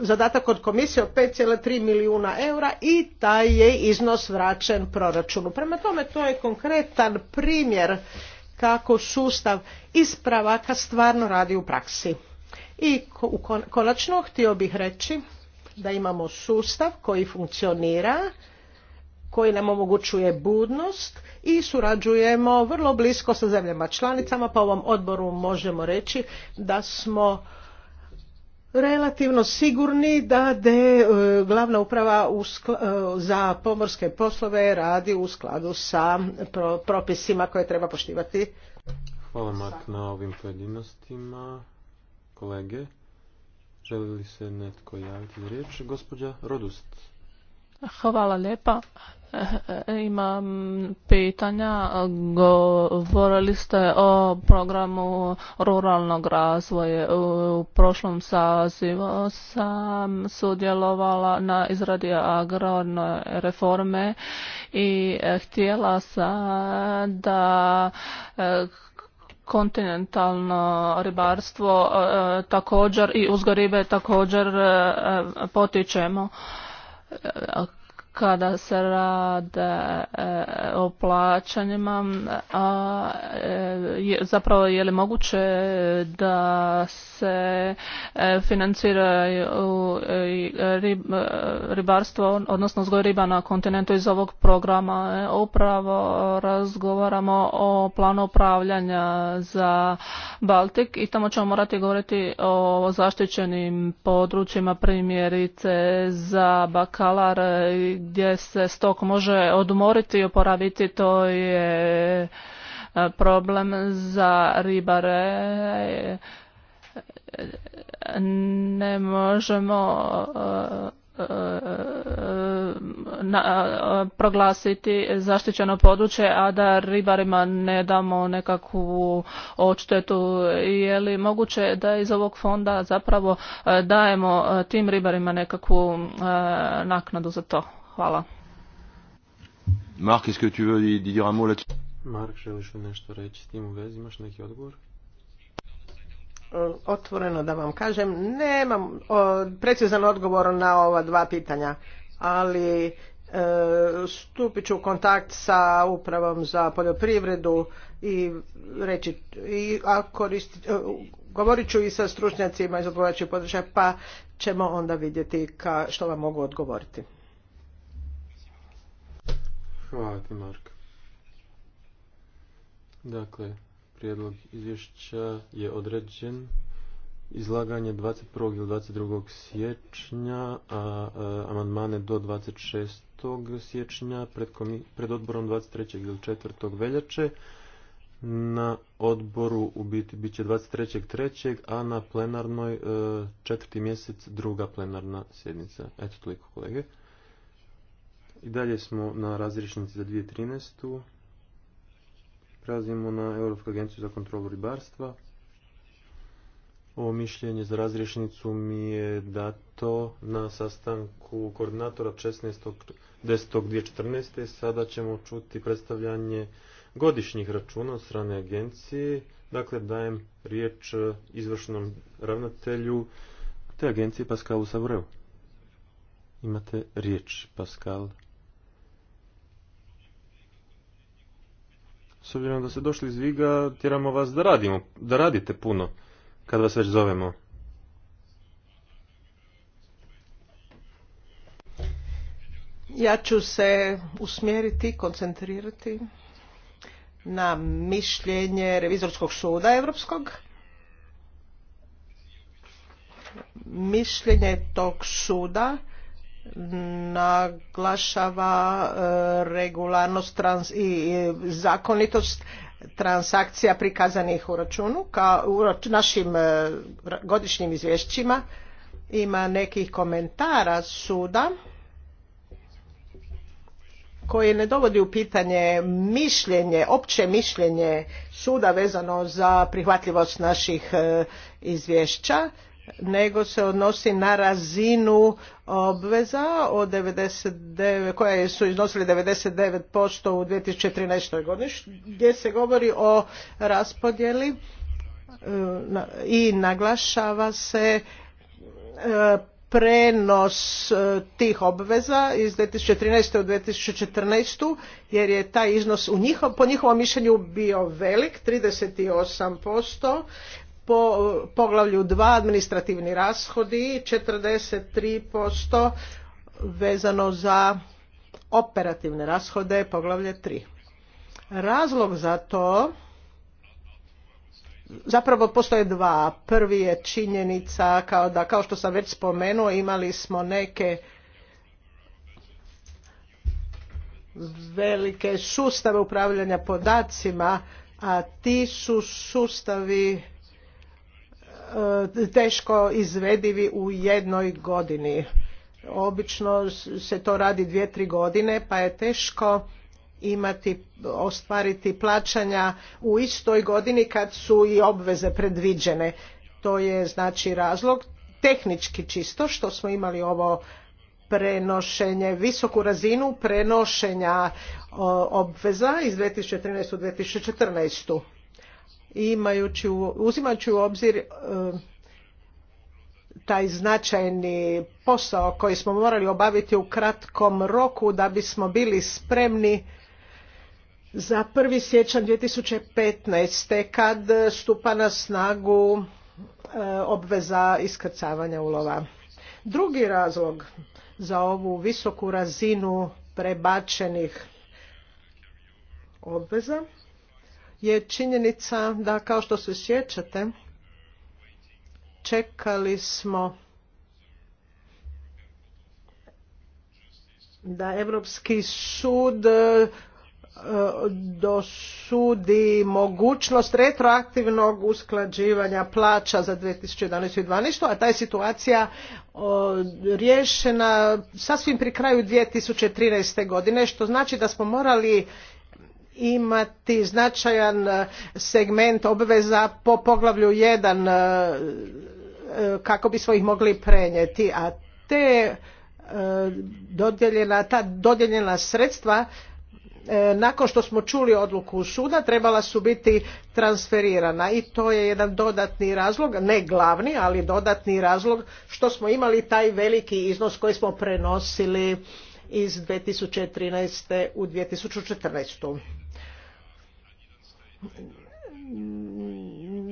C: zadatak od komisije od 5,3 milijuna eura i taj je iznos vraćen proračunu. Prema tome to je konkretan primjer kako sustav ispravaka stvarno radi u praksi. I konačno htio bih reći da imamo sustav koji funkcionira, koji nam omogućuje budnost i surađujemo vrlo blisko sa zemljama članicama, pa ovom odboru možemo reći da smo relativno sigurni da de e, glavna uprava e, za pomorske poslove radi u skladu sa propisima koje treba poštivati.
B: Hvala Mat na ovim pojedinostima kolege. Želi li se netko javiti za riječ? Gospodja Rodust.
D: Hvala lijepa. Imam pitanja. Govorili ste o programu ruralnog razvoja. U prošlom sazivu sam sudjelovala na izradi agrarne reforme i htjela sam da kontinentalno ribarstvo e, također i uzgoj ribe također e, e, potičemo kada se rade e, o plaćanjima, a e, zapravo je li moguće da se e, financiraju ribarstvo, odnosno zgoj riba na kontinentu iz ovog programa. Upravo razgovaramo o planu upravljanja za Baltik i tamo ćemo morati govoriti o zaštićenim područjima, primjerice za bakalar i gdje se stok može odmoriti i oporaviti, to je e, problem za ribare. Ne možemo e, e, proglasiti zaštićeno područje, a da ribarima ne damo nekakvu odštetu. Je li moguće da iz ovog fonda zapravo dajemo tim ribarima nekakvu naknadu za to? Hvala.
A: Mark, Mark, želiš li
B: nešto reći s tim u Imaš neki odgovor?
C: E, otvoreno da vam kažem, nemam precizan odgovor na ova dva pitanja, ali e, stupit ću u kontakt sa upravom za poljoprivredu i reći i ako e, govorit ću i sa stručnjacima iz odgovarajućih područja pa ćemo onda vidjeti ka, što vam mogu odgovoriti.
B: Hvala ti, Marko. Dakle, prijedlog izvješća je određen izlaganje 21. ili 22. siječnja, a amandmane do 26. siječnja pred, odborom 23. ili 4. veljače. Na odboru u biti bit će 23.3. a na plenarnoj e, četvrti mjesec druga plenarna sjednica. Eto toliko kolege. I dalje smo na razrišnici za 2013. Prelazimo na Europsku agenciju za kontrolu ribarstva. Ovo mišljenje za razrješnicu mi je dato na sastanku koordinatora 16.10.2014. Sada ćemo čuti predstavljanje godišnjih računa od strane agencije. Dakle, dajem riječ izvršnom ravnatelju te agencije Paskalu Savreu. Imate riječ, Paskal. S obzirom da ste došli iz Viga, tjeramo vas da radimo, da radite puno, kad vas već zovemo.
C: Ja ću se usmjeriti, koncentrirati na mišljenje Revizorskog suda Europskog. Mišljenje tog suda naglašava e, regularnost i zakonitost transakcija prikazanih u računu kao u našim e, godišnjim izvješćima ima nekih komentara suda koji ne dovodi u pitanje mišljenje, opće mišljenje suda vezano za prihvatljivost naših e, izvješća nego se odnosi na razinu obveza od 99, koje su iznosili 99% u 2013. godini gdje se govori o raspodjeli e, i naglašava se e, prenos e, tih obveza iz 2013. u 2014. jer je taj iznos u njihov, po njihovom mišljenju bio velik, 38%, po poglavlju dva administrativni rashodi 43% vezano za operativne rashode poglavlje tri. Razlog za to zapravo postoje dva. Prvi je činjenica kao da kao što sam već spomenuo imali smo neke velike sustave upravljanja podacima, a ti su sustavi E, teško izvedivi u jednoj godini. Obično se to radi dvije, tri godine pa je teško imati, ostvariti plaćanja u istoj godini kad su i obveze predviđene. To je znači razlog tehnički čisto što smo imali ovo prenošenje, visoku razinu prenošenja obveza iz 2013. u 2014 imajući, uzimajući u obzir e, taj značajni posao koji smo morali obaviti u kratkom roku da bismo bili spremni za 1. siječanj 2015. kad stupa na snagu e, obveza iskrcavanja ulova. Drugi razlog za ovu visoku razinu prebačenih obveza je činjenica da kao što se sjećate čekali smo da Europski sud e, dosudi mogućnost retroaktivnog usklađivanja plaća za 2011. i 2012. a ta je situacija e, riješena sasvim pri kraju 2013. godine što znači da smo morali imati značajan e, segment obveza po poglavlju jedan e, e, kako bismo ih mogli prenijeti, a te dodijeljena ta dodijeljena sredstva nakon što smo čuli odluku suda trebala su biti transferirana i to je jedan dodatni razlog, ne glavni, ali dodatni razlog što smo imali taj veliki iznos koji smo prenosili iz 2013. u 2014.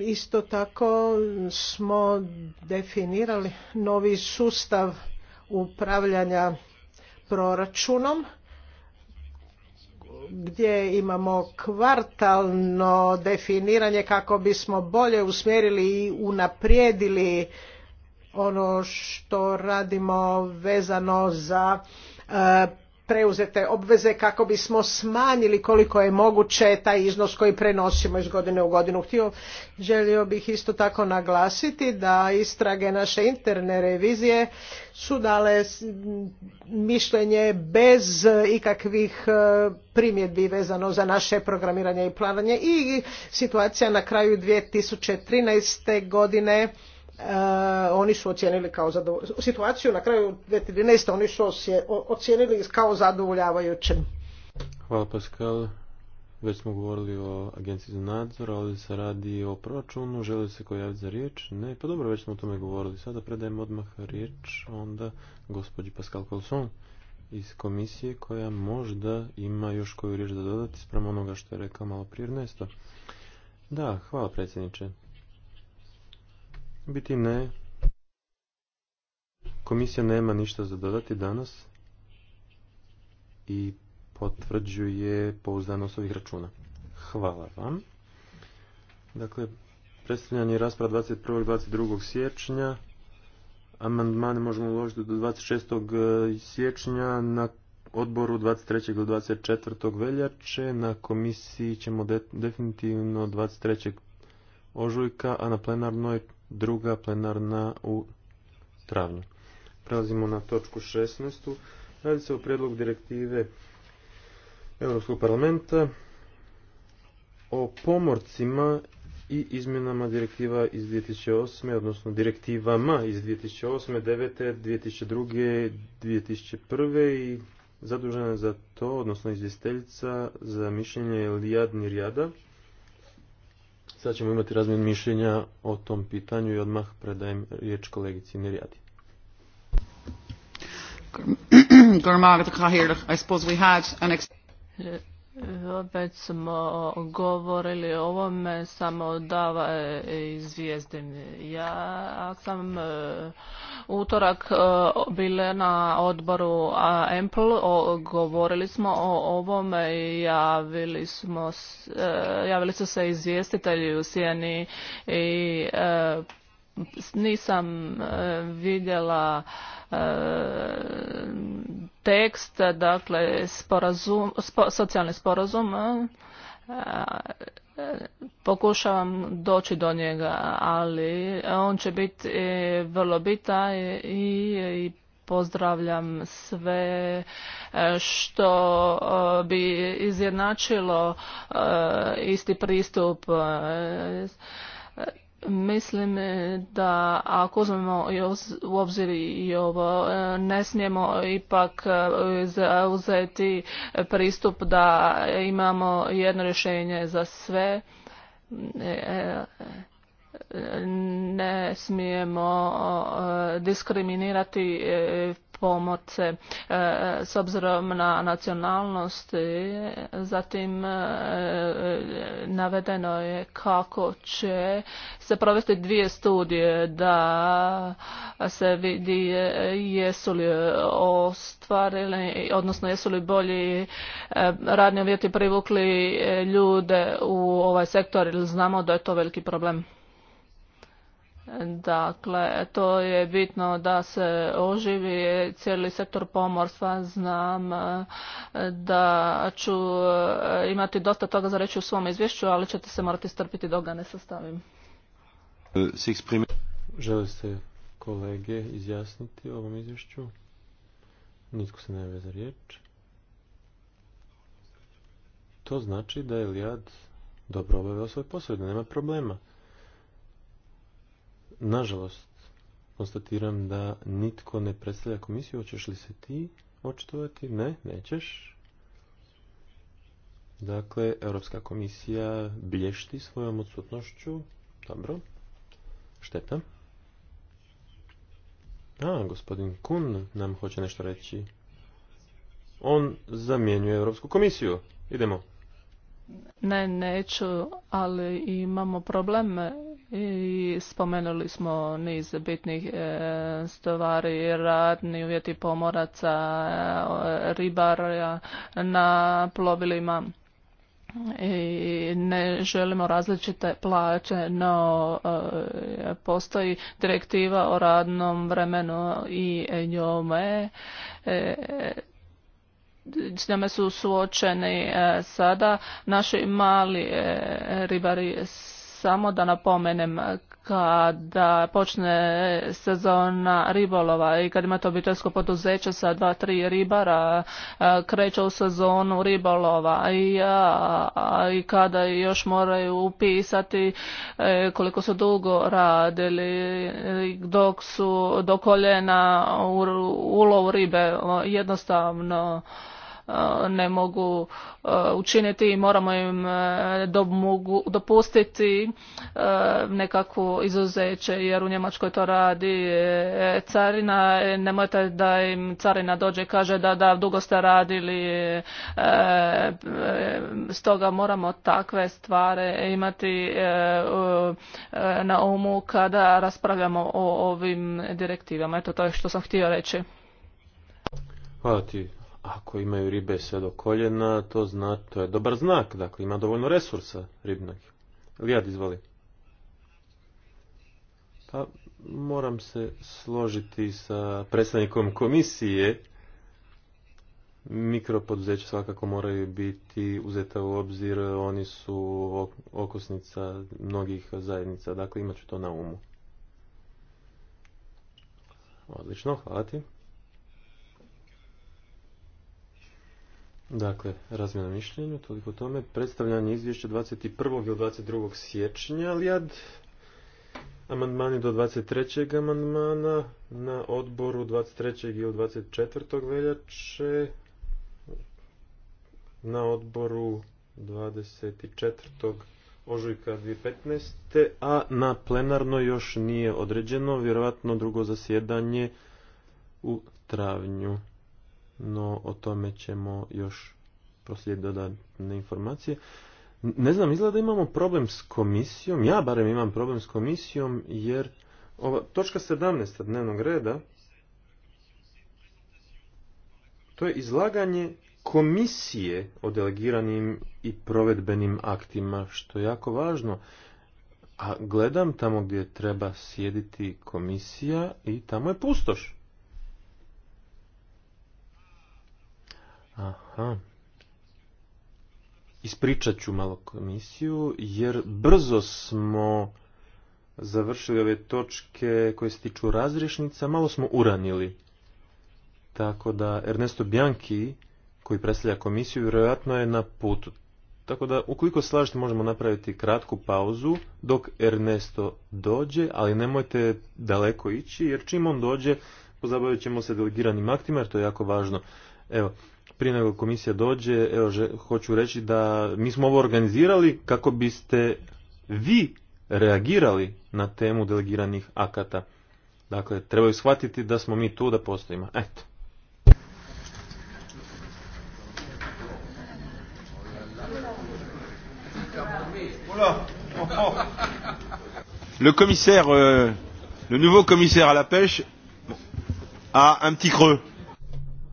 C: Isto tako smo definirali novi sustav upravljanja proračunom gdje imamo kvartalno definiranje kako bismo bolje usmjerili i unaprijedili ono što radimo vezano za e, preuzete obveze kako bismo smanjili koliko je moguće taj iznos koji prenosimo iz godine u godinu. Htio, želio bih isto tako naglasiti da istrage naše interne revizije su dale mišljenje bez ikakvih e, primjedbi vezano za naše programiranje i plananje i situacija na kraju 2013. godine oni su ocijenili kao zadovoljavajućim. Situaciju na kraju 2013. oni su ocijenili kao zadovoljavajuće
B: Hvala Pascal. Već smo govorili o agenciji za nadzor, ali se radi o proračunu. Želi se ko javiti za riječ? Ne, pa dobro, već smo o tome govorili. Sada predajem odmah riječ onda gospođi Pascal Colson iz komisije koja možda ima još koju riječ da dodati sprem onoga što je rekao malo prije Ernesto. Da, hvala predsjedniče. Biti ne. Komisija nema ništa za dodati danas i potvrđuje pouzdanost ovih računa. Hvala vam. Dakle, predstavljanje rasprava 21. i 22. siječnja. Amandmane možemo uložiti do 26. E, siječnja na odboru 23. do 24. veljače. Na komisiji ćemo definitivno 23. ožujka, a na plenarnoj druga plenarna u travnju. Prelazimo na točku 16. Radi se o prijedlogu direktive Europskog parlamenta o pomorcima i izmjenama direktiva iz 2008. odnosno direktivama iz 2008. 9. 2002. 2001. i zadužena je za to, odnosno izvjestiteljica za mišljenje Lijad Nirjada. Sad ćemo imati razmjen mišljenja o tom pitanju i odmah predajem riječ kolegici Nerijadi.
D: Opet smo govorili o ovome, samo dava izvijestim. Ja sam utorak e, bile na odboru EMPL, govorili smo o ovom, javili, smo, e, javili su se izvjestitelji u Sijeni i e, nisam vidjela tekst, dakle sporazum, socijalni sporazum pokušavam doći do njega, ali on će biti e, vrlo bitan i pozdravljam sve e, što e, bi izjednačilo isti pristup Mislim e, da ako uzmemo u obzir i ovo, e, ne smijemo ipak e, uzeti pristup da imamo jedno rješenje za sve. Ne smijemo diskriminirati pomoć e, s obzirom na nacionalnost. Zatim e, navedeno je kako će se provesti dvije studije da se vidi jesu li ostvarili, odnosno jesu li bolji e, radni uvjeti privukli ljude u ovaj sektor jer znamo da je to veliki problem. Dakle, to je bitno da se oživi cijeli sektor pomorstva. Znam e, da ću e, imati dosta toga za reći u svom izvješću, ali ćete se morati strpiti dok ga ne sastavim.
B: Želi se kolege izjasniti o ovom izvješću? Nitko se ne veze za riječ. To znači da je Lijad dobro obavio svoj posao, da nema problema. Nažalost, konstatiram da nitko ne predstavlja komisiju. Hoćeš li se ti očitovati? Ne, nećeš. Dakle, Europska komisija blješti svojom odsutnošću. Dobro. Šteta. A, gospodin Kun nam hoće nešto reći. On zamjenjuje Europsku komisiju. Idemo.
D: Ne, neću, ali imamo probleme i spomenuli smo niz bitnih e, stvari, radni uvjeti pomoraca, e, ribara na plovilima i ne želimo različite plaće, no e, postoji direktiva o radnom vremenu i njome s njome su suočeni sada naši mali ribari samo da napomenem kada počne sezona ribolova i kad imate obiteljsko poduzeće sa dva, tri ribara e, kreće u sezonu ribolova i, i kada još moraju upisati e, koliko su dugo radili e, dok su do koljena u ulovu ribe jednostavno E, ne mogu e, učiniti i moramo im e, dopustiti nekakvo izuzeće jer u Njemačkoj to radi carina. Nemojte da im carina dođe i kaže da, da dugo ste radili stoga moramo takve stvari imati na umu kada raspravljamo o ovim direktivama. Eto to je što sam htio reći.
B: Hvala ti ako imaju ribe sve do koljena, to, zna, to je dobar znak, dakle ima dovoljno resursa ribnog. Lijad izvoli. Pa moram se složiti sa predstavnikom komisije. Mikropoduzeća svakako moraju biti uzeta u obzir, oni su okosnica mnogih zajednica, dakle imat ću to na umu. Odlično, hvala ti. Dakle, razmjena mišljenja, toliko o tome. Predstavljanje izvješća 21. ili 22. siječnja, ali jad amandmani do 23. amandmana na odboru 23. ili 24. veljače na odboru 24. ožujka 2015. a na plenarno još nije određeno, vjerojatno drugo zasjedanje u travnju no o tome ćemo još proslijediti dodatne informacije. Ne znam, izgleda da imamo problem s komisijom, ja barem imam problem s komisijom, jer ova, točka 17. dnevnog reda, to je izlaganje komisije o delegiranim i provedbenim aktima, što je jako važno. A gledam tamo gdje treba sjediti komisija i tamo je pustoš. Aha. Ispričat ću malo komisiju, jer brzo smo završili ove točke koje se tiču razrješnica, malo smo uranili. Tako da Ernesto Bianchi, koji predstavlja komisiju, vjerojatno je na putu. Tako da, ukoliko slažete, možemo napraviti kratku pauzu dok Ernesto dođe, ali nemojte daleko ići, jer čim on dođe, pozabavit ćemo se delegiranim aktima, jer to je jako važno. Evo, prije nego komisija dođe, evo, hoću reći da mi smo ovo organizirali kako biste vi reagirali na temu delegiranih akata. Dakle, trebaju shvatiti da smo mi tu da postojimo. Eto.
A: Le commissaire, euh, le nouveau commissaire à la
B: pêche a un petit creux.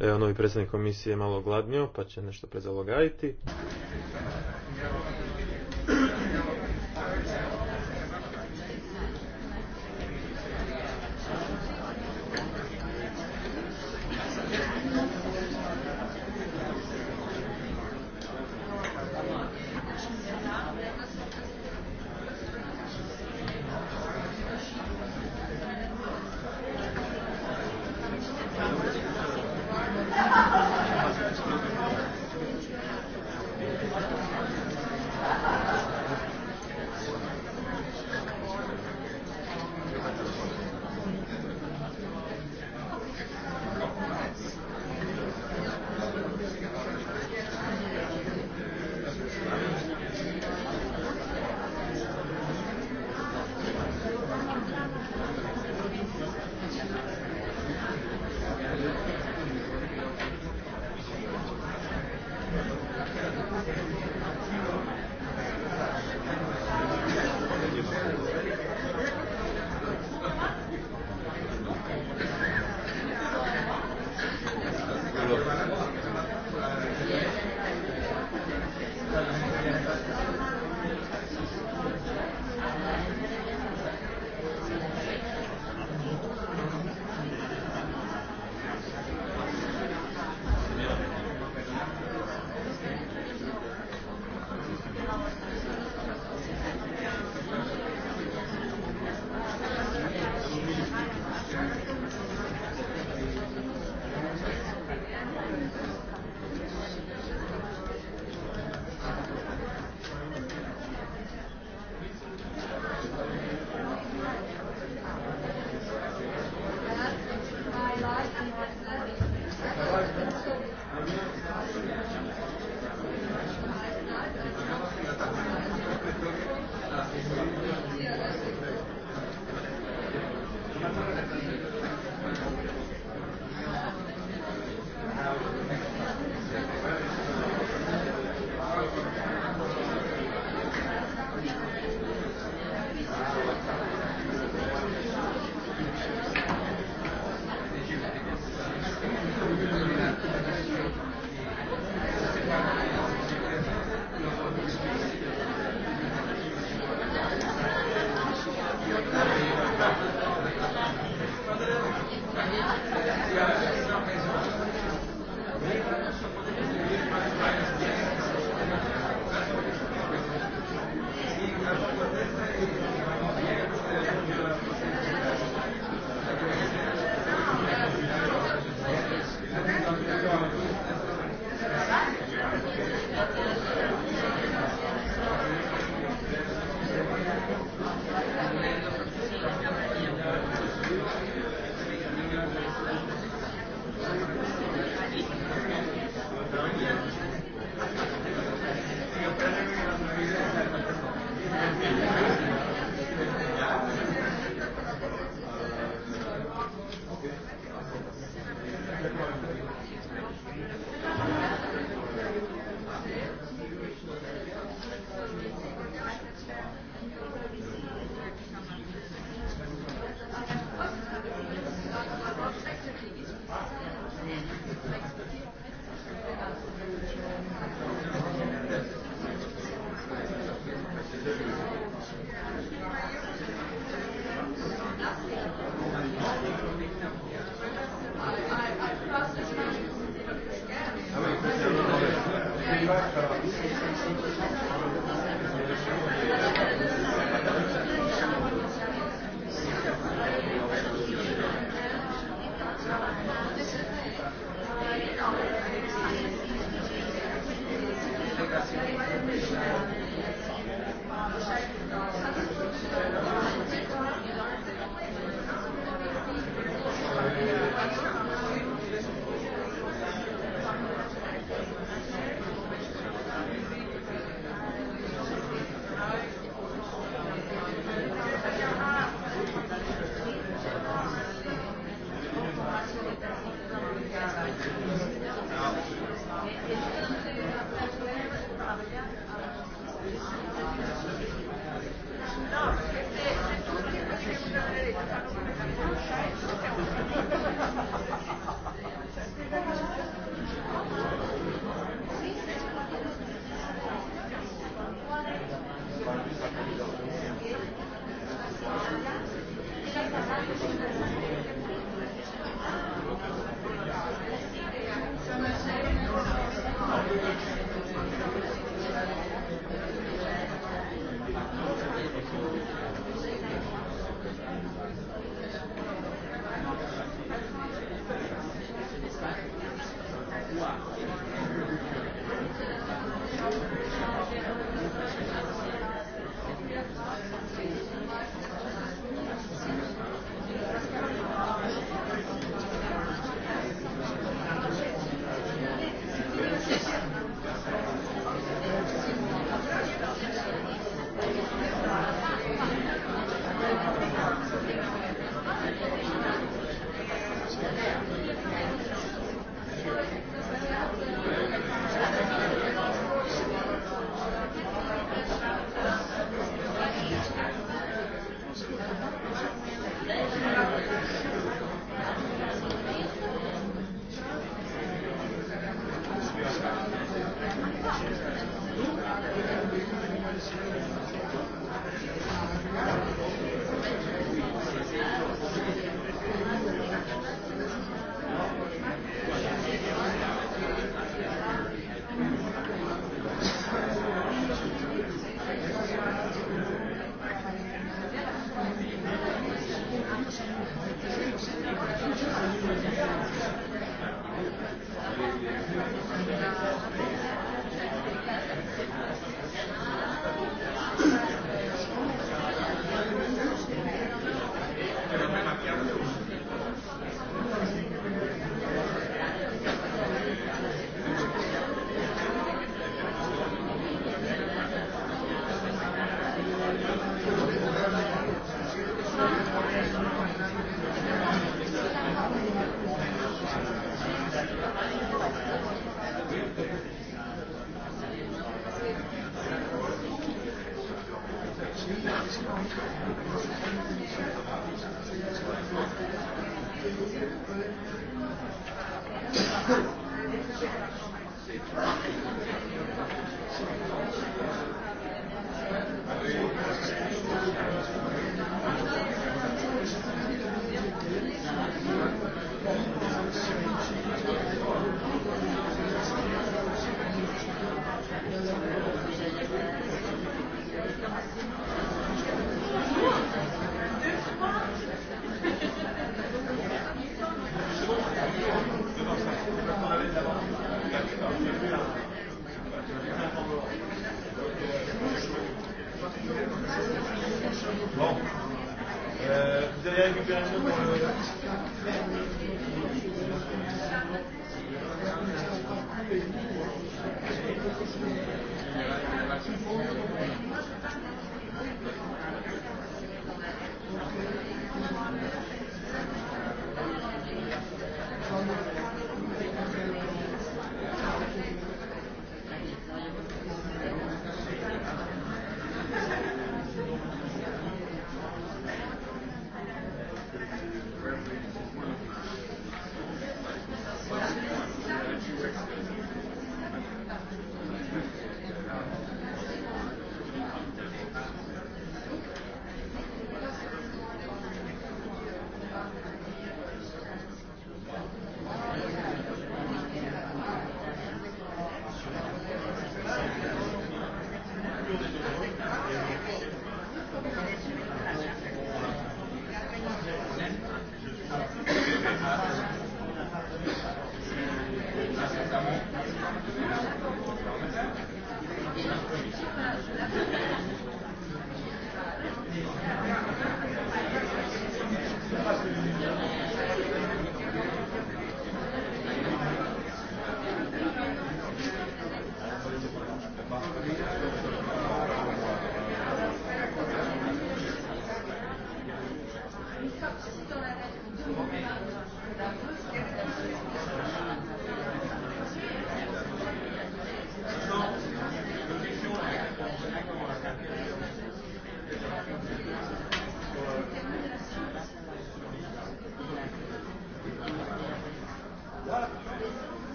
B: Evo, novi predsjednik komisije je malo gladnio, pa će nešto prezalogajiti.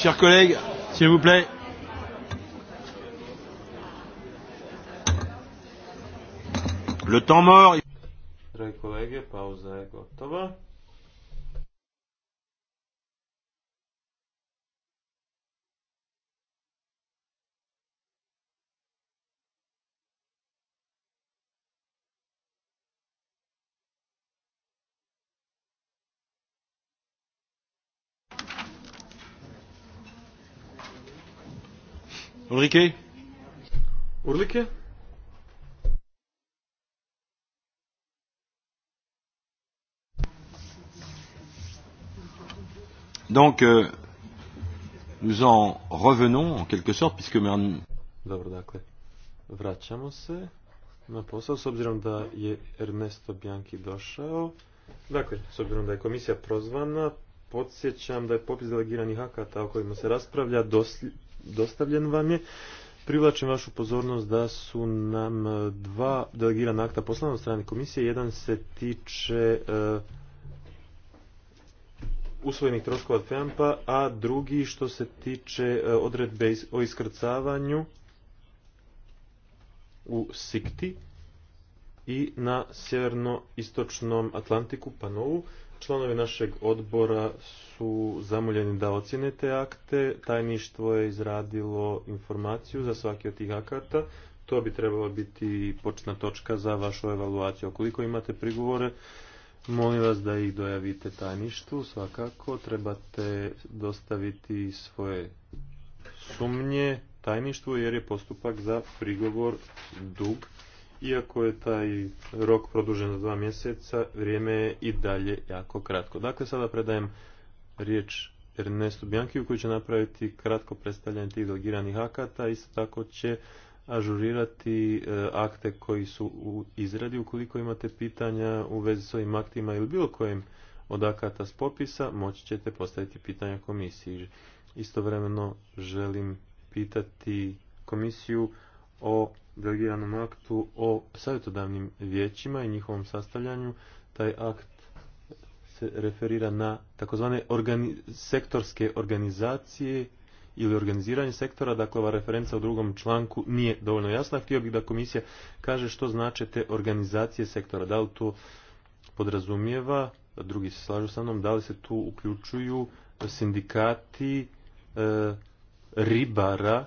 A: Chers collègues, s'il vous plaît. Le temps mort.
B: Ulrike? Ulrike?
A: Donc, euh, nous en revenons en quelque sorte, puisque...
B: Dobro, dakle, vraćamo se na posao, s obzirom da je Ernesto Bianchi došao. Dakle, s obzirom da je komisija prozvana, podsjećam da je popis delegiranih akata o kojima se raspravlja dostavljen vam je. Privlačim vašu pozornost da su nam e, dva delegirana akta poslana od strane komisije. Jedan se tiče e, usvojenih troškova od a drugi što se tiče e, odredbe o iskrcavanju u Sikti i na sjeverno-istočnom Atlantiku, Panovu. Članovi našeg odbora su zamoljeni da ocjene te akte. Tajništvo je izradilo informaciju za svaki od tih akata. To bi trebalo biti početna točka za vašu evaluaciju. Ukoliko imate prigovore, molim vas da ih dojavite tajništvu. Svakako trebate dostaviti svoje sumnje tajništvu jer je postupak za prigovor dug iako je taj rok produžen za dva mjeseca, vrijeme je i dalje jako kratko. Dakle, sada predajem riječ Ernestu Bjankiju koji će napraviti kratko predstavljanje tih delegiranih akata. Isto tako će ažurirati e, akte koji su u izradi. Ukoliko imate pitanja u vezi s ovim aktima ili bilo kojim od akata s popisa, moći ćete postaviti pitanja komisiji. Istovremeno želim pitati komisiju o delegiranom aktu o savjetodavnim vijećima i njihovom sastavljanju. Taj akt se referira na takozvane sektorske organizacije ili organiziranje sektora, dakle ova referenca u drugom članku nije dovoljno jasna. Htio bih da komisija kaže što znače te organizacije sektora, da li to podrazumijeva, drugi se slažu sa mnom, da li se tu uključuju sindikati e, ribara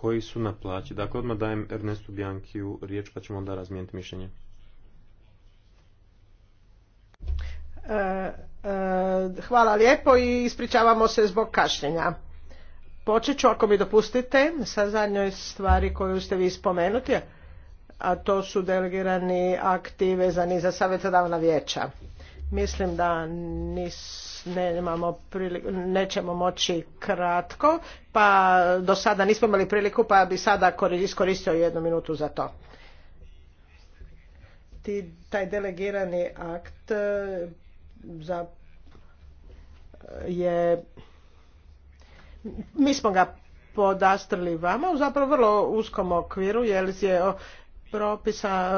B: koji su na plaći. Dakle, odmah dajem Ernestu Bjankiju riječ pa ćemo onda razmijeniti mišljenje.
C: E, e, hvala lijepo i ispričavamo se zbog kašnjenja. Počet ću, ako mi dopustite, sa zadnjoj stvari koju ste vi spomenuti, a to su delegirani akti vezani za savjetodavna vijeća. Mislim da nis nemamo priliku, nećemo moći kratko, pa do sada nismo imali priliku, pa bi sada iskoristio jednu minutu za to. taj delegirani akt e, za je mi smo ga podastrli vama u zapravo vrlo uskom okviru jer je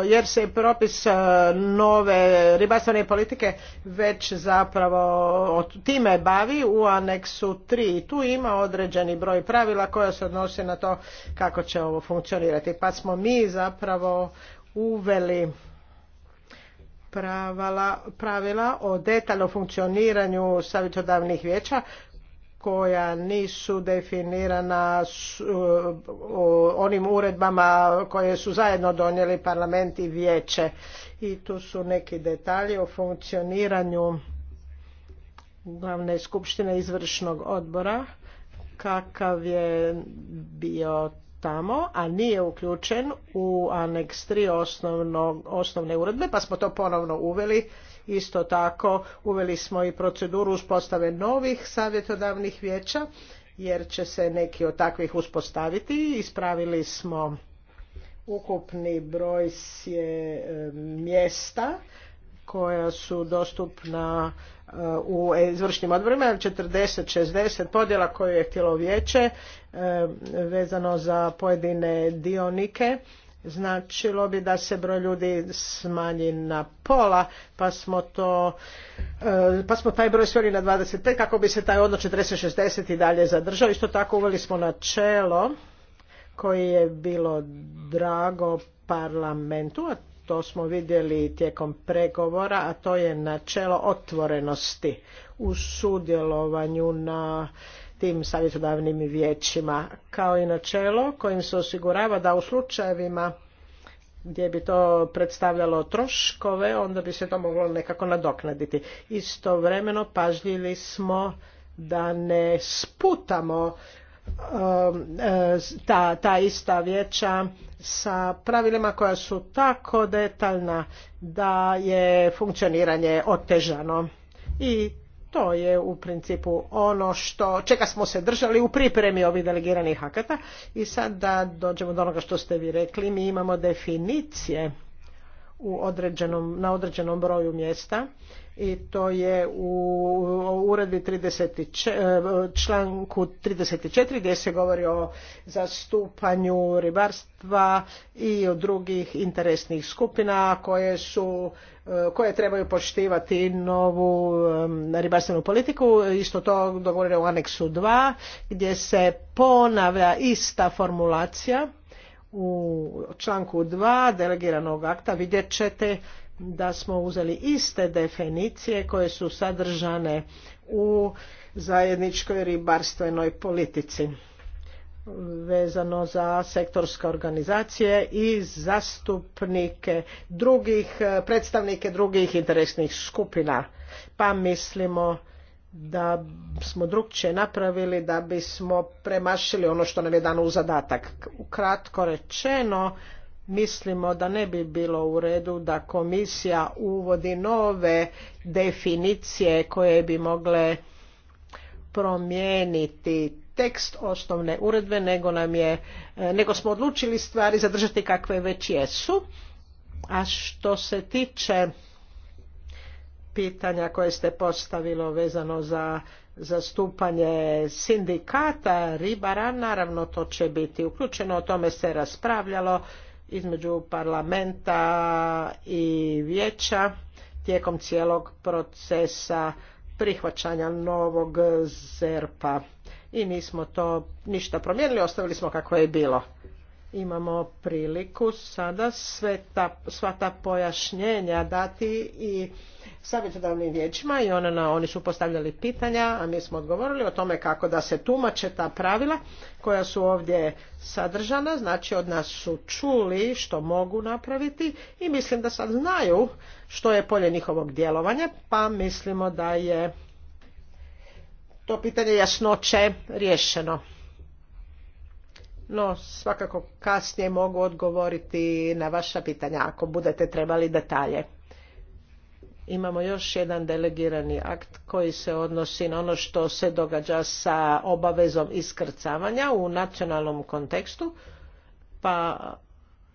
C: jer se propis e, nove ribarstvene politike već zapravo time bavi u aneksu 3. Tu ima određeni broj pravila koja se odnose na to kako će ovo funkcionirati. Pa smo mi zapravo uveli pravila, pravila o detaljnom funkcioniranju savjetodavnih vijeća koja nisu definirana onim uredbama koje su zajedno donijeli parlament i vijeće. I tu su neki detalji o funkcioniranju glavne skupštine izvršnog odbora kakav je bio tamo, a nije uključen u aneks 3 osnovne uredbe, pa smo to ponovno uveli Isto tako uveli smo i proceduru uspostave novih savjetodavnih vijeća jer će se neki od takvih uspostaviti. Ispravili smo ukupni broj e, mjesta koja su dostupna e, u izvršnim odborima, 40-60 podjela koje je htjelo vijeće e, vezano za pojedine dionike značilo bi da se broj ljudi smanji na pola, pa smo to eh, pa smo taj broj sveli na 25 kako bi se taj odnos 40-60 i dalje zadržao. Isto tako uveli smo načelo koje je bilo drago parlamentu, a to smo vidjeli tijekom pregovora, a to je načelo otvorenosti u sudjelovanju na tim savjetodavnim vijećima kao i načelo kojim se osigurava da u slučajevima gdje bi to predstavljalo troškove, onda bi se to moglo nekako nadoknaditi. Istovremeno pažljivi smo da ne sputamo um, eh, ta, ta ista vijeća sa pravilima koja su tako detaljna da je funkcioniranje otežano i to je u principu ono što, čega smo se držali u pripremi ovih delegiranih akata i sad da dođemo do onoga što ste vi rekli, mi imamo definicije u određenom, na određenom broju mjesta i to je u uredbi 30, e, članku 34 gdje se govori o zastupanju ribarstva i o drugih interesnih skupina koje su e, koje trebaju poštivati novu e, ribarstvenu politiku. Isto to dogovoreno u aneksu 2 gdje se ponavlja ista formulacija u članku 2 delegiranog akta vidjet ćete da smo uzeli iste definicije koje su sadržane u zajedničkoj ribarstvenoj politici vezano za sektorske organizacije i zastupnike drugih, predstavnike drugih interesnih skupina. Pa mislimo da smo drugčije napravili da bismo premašili ono što nam je dano u zadatak. Ukratko rečeno, mislimo da ne bi bilo u redu da komisija uvodi nove definicije koje bi mogle promijeniti tekst osnovne uredbe nego nam je nego smo odlučili stvari zadržati kakve već jesu a što se tiče pitanja koje ste postavilo vezano za zastupanje sindikata ribara naravno to će biti uključeno o tome se raspravljalo između parlamenta i vijeća tijekom cijelog procesa prihvaćanja novog ZERPA. I nismo to ništa promijenili, ostavili smo kako je bilo imamo priliku sada sve ta, sva ta pojašnjenja dati i savjetodavnim vijećima i ona, oni su postavljali pitanja, a mi smo odgovorili o tome kako da se tumače ta pravila koja su ovdje sadržana. Znači od nas su čuli što mogu napraviti i mislim da sad znaju što je polje njihovog djelovanja, pa mislimo da je to pitanje jasnoće riješeno. No, svakako kasnije mogu odgovoriti na vaša pitanja ako budete trebali detalje. Imamo još jedan delegirani akt koji se odnosi na ono što se događa sa obavezom iskrcavanja u nacionalnom kontekstu. Pa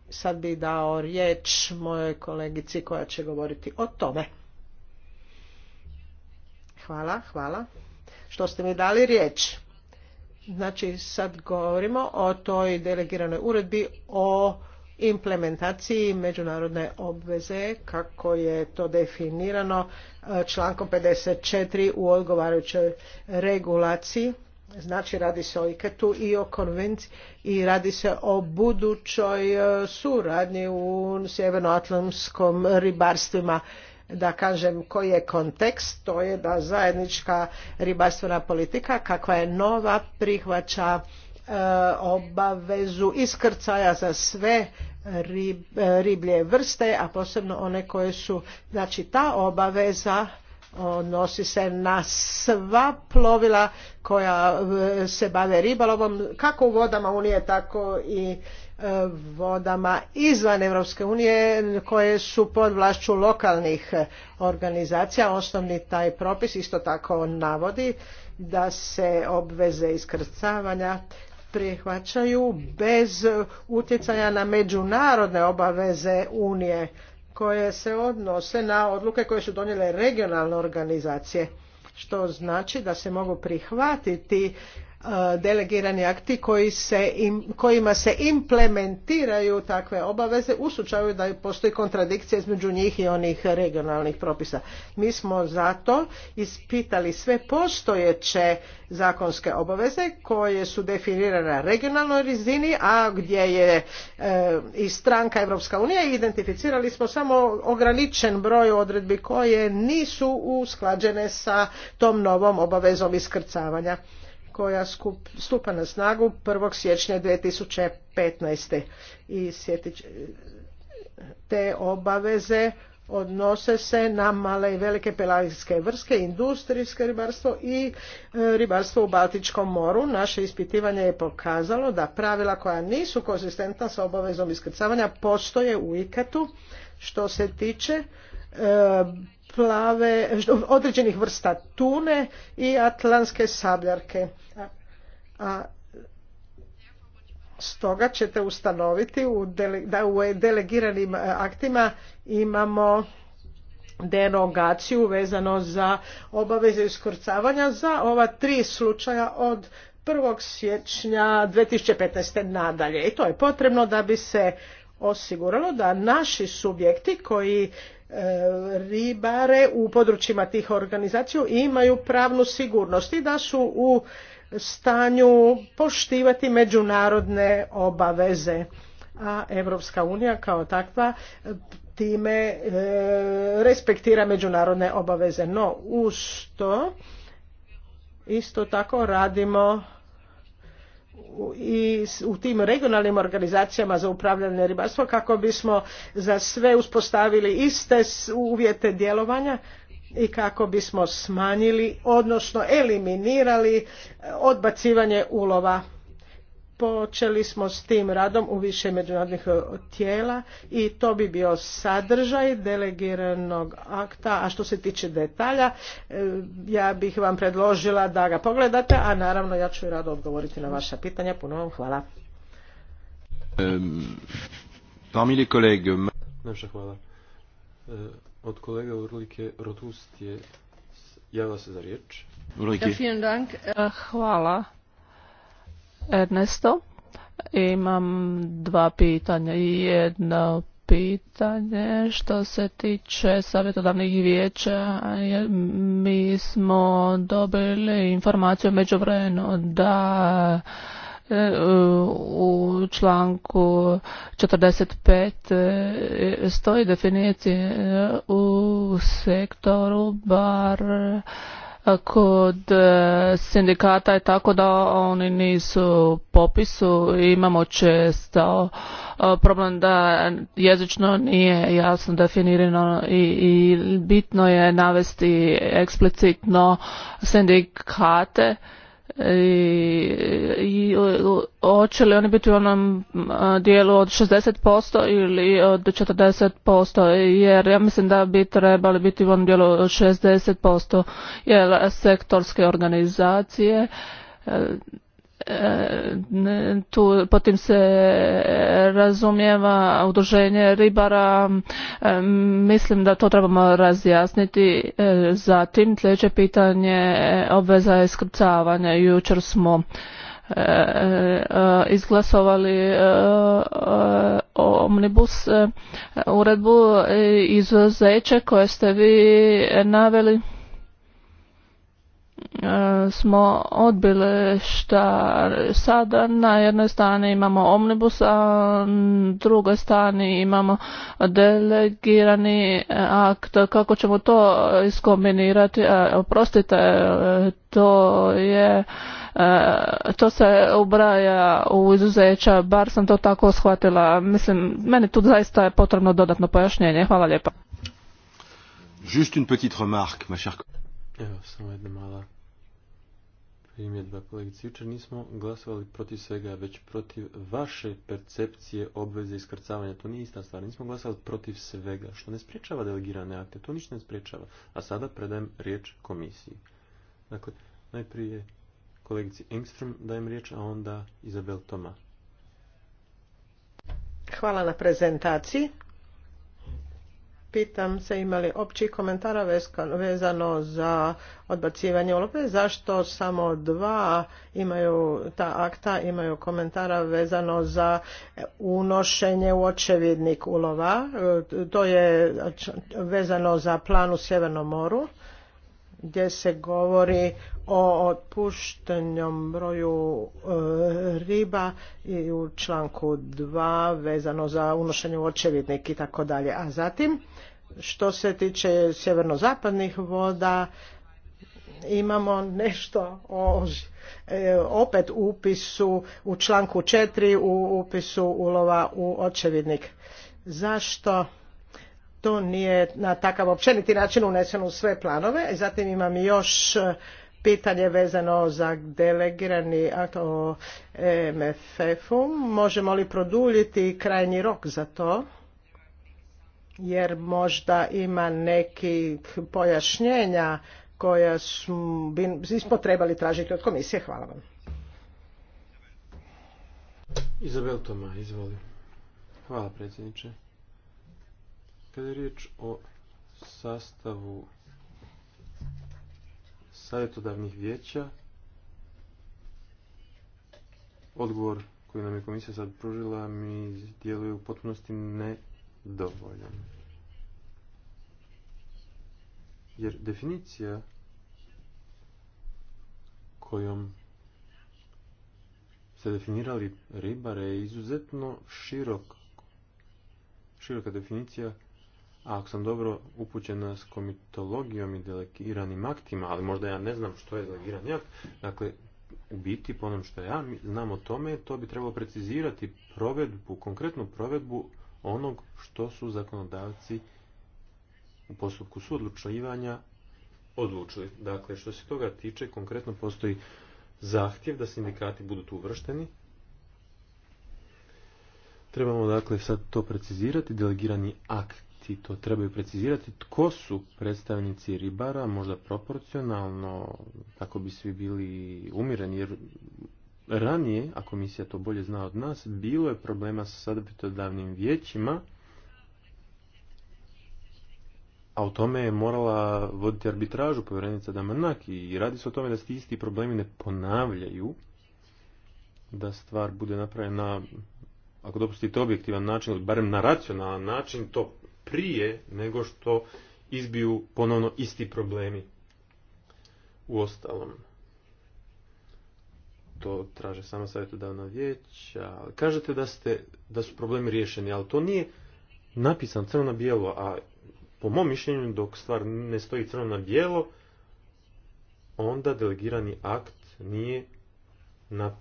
C: sad bi dao riječ mojoj kolegici koja će govoriti o tome. Hvala, hvala. Što ste mi dali riječ? Znači sad govorimo o toj delegiranoj uredbi o implementaciji međunarodne obveze kako je to definirano e, člankom 54 u odgovarajućoj regulaciji. Znači radi se o IKETu i o konvenciji i radi se o budućoj e, suradnji u sjevernoatlantskom ribarstvima da kažem koji je kontekst, to je da zajednička ribarstvena politika kakva je nova prihvaća e, obavezu iskrcaja za sve e, riblje vrste, a posebno one koje su, znači ta obaveza odnosi se na sva plovila koja e, se bave ribalovom, kako u vodama unije tako i vodama izvan Europske unije koje su pod vlašću lokalnih organizacija. Osnovni taj propis isto tako navodi da se obveze iskrcavanja prihvaćaju bez utjecaja na međunarodne obaveze Unije koje se odnose na odluke koje su donijele regionalne organizacije što znači da se mogu prihvatiti E, delegirani akti koji se, kojima se implementiraju takve obaveze u slučaju da postoji kontradikcija između njih i onih regionalnih propisa. Mi smo zato ispitali sve postojeće zakonske obaveze koje su definirane na regionalnoj rizini, a gdje je e, i stranka Europska unija i identificirali smo samo ograničen broj odredbi koje nisu usklađene sa tom novom obavezom iskrcavanja koja stupa na snagu 1. siječnja 2015. I te obaveze odnose se na male i velike pelagijske vrste, industrijske ribarstvo i e, ribarstvo u Baltičkom moru. Naše ispitivanje je pokazalo da pravila koja nisu konzistentna sa obavezom iskrcavanja postoje u ikatu što se tiče e, plave, određenih vrsta tune i atlantske sabljarke. A stoga ćete ustanoviti da u delegiranim e, aktima imamo derogaciju vezano za obaveze iskrcavanja za ova tri slučaja od 1. siječnja 2015. nadalje. I to je potrebno da bi se osiguralo da naši subjekti koji E, ribare u područjima tih organizacija imaju pravnu sigurnost i da su u stanju poštivati međunarodne obaveze. A Evropska unija kao takva time e, respektira međunarodne obaveze. No, uz to isto tako radimo i u tim regionalnim organizacijama za upravljanje ribarstvom kako bismo za sve uspostavili iste uvjete djelovanja i kako bismo smanjili odnosno eliminirali odbacivanje ulova Počeli smo s tim radom u više međunarodnih e, tijela i to bi bio sadržaj delegiranog akta, a što se tiče detalja, e, ja bih vam predložila da ga pogledate, a naravno ja ću rado odgovoriti na vaša pitanja. Puno vam hvala.
A: Naša hvala.
B: E, od kolega Urlike je se za riječ.
D: Hvala. Ernesto, imam dva pitanja. Jedno pitanje što se tiče savjetodavnih vijeća. Mi smo dobili informaciju međuvremenu da e, u članku 45 e, stoji definicija u sektoru bar kod e, sindikata je tako da oni nisu popisu imamo često e, problem da jezično nije jasno definirano i, i bitno je navesti eksplicitno sindikate i, i hoće li oni biti u onom dijelu od 60% ili od 40% jer ja mislim da bi trebali biti u onom dijelu od 60% jer sektorske organizacije e, E, tu potim se razumijeva udruženje ribara e, mislim da to trebamo razjasniti e, zatim sljedeće pitanje obveza iskrcavanja jučer smo izglasovali omnibus uredbu izuzeće koje ste vi naveli E, smo odbili šta sada na jednoj strani imamo omnibus, a na drugoj strani imamo delegirani akt. Kako ćemo to iskombinirati? E, oprostite, e, to je to se ubraja u izuzeća, bar sam to tako shvatila. Mislim, meni tu zaista je potrebno dodatno pojašnjenje. Hvala lijepa.
A: Just une petite remarque, ma chère. samo
B: primjedba kolegice. Jučer nismo glasovali protiv svega, već protiv vaše percepcije obveze iskrcavanja. To nije ista stvar. Nismo glasovali protiv svega, što ne spriječava delegirane akte. To ništa ne spriječava. A sada predajem riječ komisiji. Dakle, najprije kolegici Engström dajem riječ, a onda Izabel Toma.
C: Hvala na prezentaciji pitam se ima li općih komentara vezano za odbacivanje ulove, zašto samo dva imaju, ta akta imaju komentara vezano za unošenje u očevidnik ulova, e, to je znači, vezano za plan u Sjevernom moru gdje se govori o otpuštenom broju e, riba i u članku 2 vezano za unošenje u očevidnik i tako dalje. A zatim što se tiče sjeverno-zapadnih voda imamo nešto o e, opet upisu u članku 4 u upisu ulova u očevidnik. Zašto nije na takav općeniti način uneseno u sve planove. Zatim imam još e, pitanje vezano za delegirani akt o MFF-u. Možemo li produljiti krajnji rok za to? Jer možda ima nekih pojašnjenja koja smo, trebali tražiti od komisije. Hvala vam.
B: Izabel Toma, izvoli. Hvala predsjedniče. Kada je riječ o sastavu savjetodavnih vijeća, odgovor koji nam je komisija sad pružila mi djeluje u potpunosti nedovoljan. Jer definicija kojom se definirali ribare je izuzetno širok, široka definicija a ako sam dobro upućena s komitologijom i delegiranim aktima, ali možda ja ne znam što je delegirani akt, dakle, u biti, po onom što ja znam o tome, to bi trebalo precizirati provedbu, konkretnu provedbu onog što su zakonodavci u postupku suodlučivanja odlučili. Dakle, što se toga tiče, konkretno postoji zahtjev da sindikati budu tu uvršteni. Trebamo dakle sad to precizirati, delegirani akt i to trebaju precizirati. Tko su predstavnici ribara, možda proporcionalno, kako bi svi bili umireni, jer ranije, a komisija to bolje zna od nas, bilo je problema sa sadopitodavnim vijećima, a o tome je morala voditi arbitražu povjerenica Damanak i radi se o tome da se isti problemi ne ponavljaju, da stvar bude napravljena ako dopustite objektivan način, ili barem na racionalan način, to prije nego što izbiju ponovno isti problemi. Uostalom, to traže samo savjetodavna vijeća. Kažete da, ste, da su problemi riješeni, ali to nije napisan crno na bijelo, a po mom mišljenju dok stvar ne stoji crno na bijelo, onda delegirani akt nije na,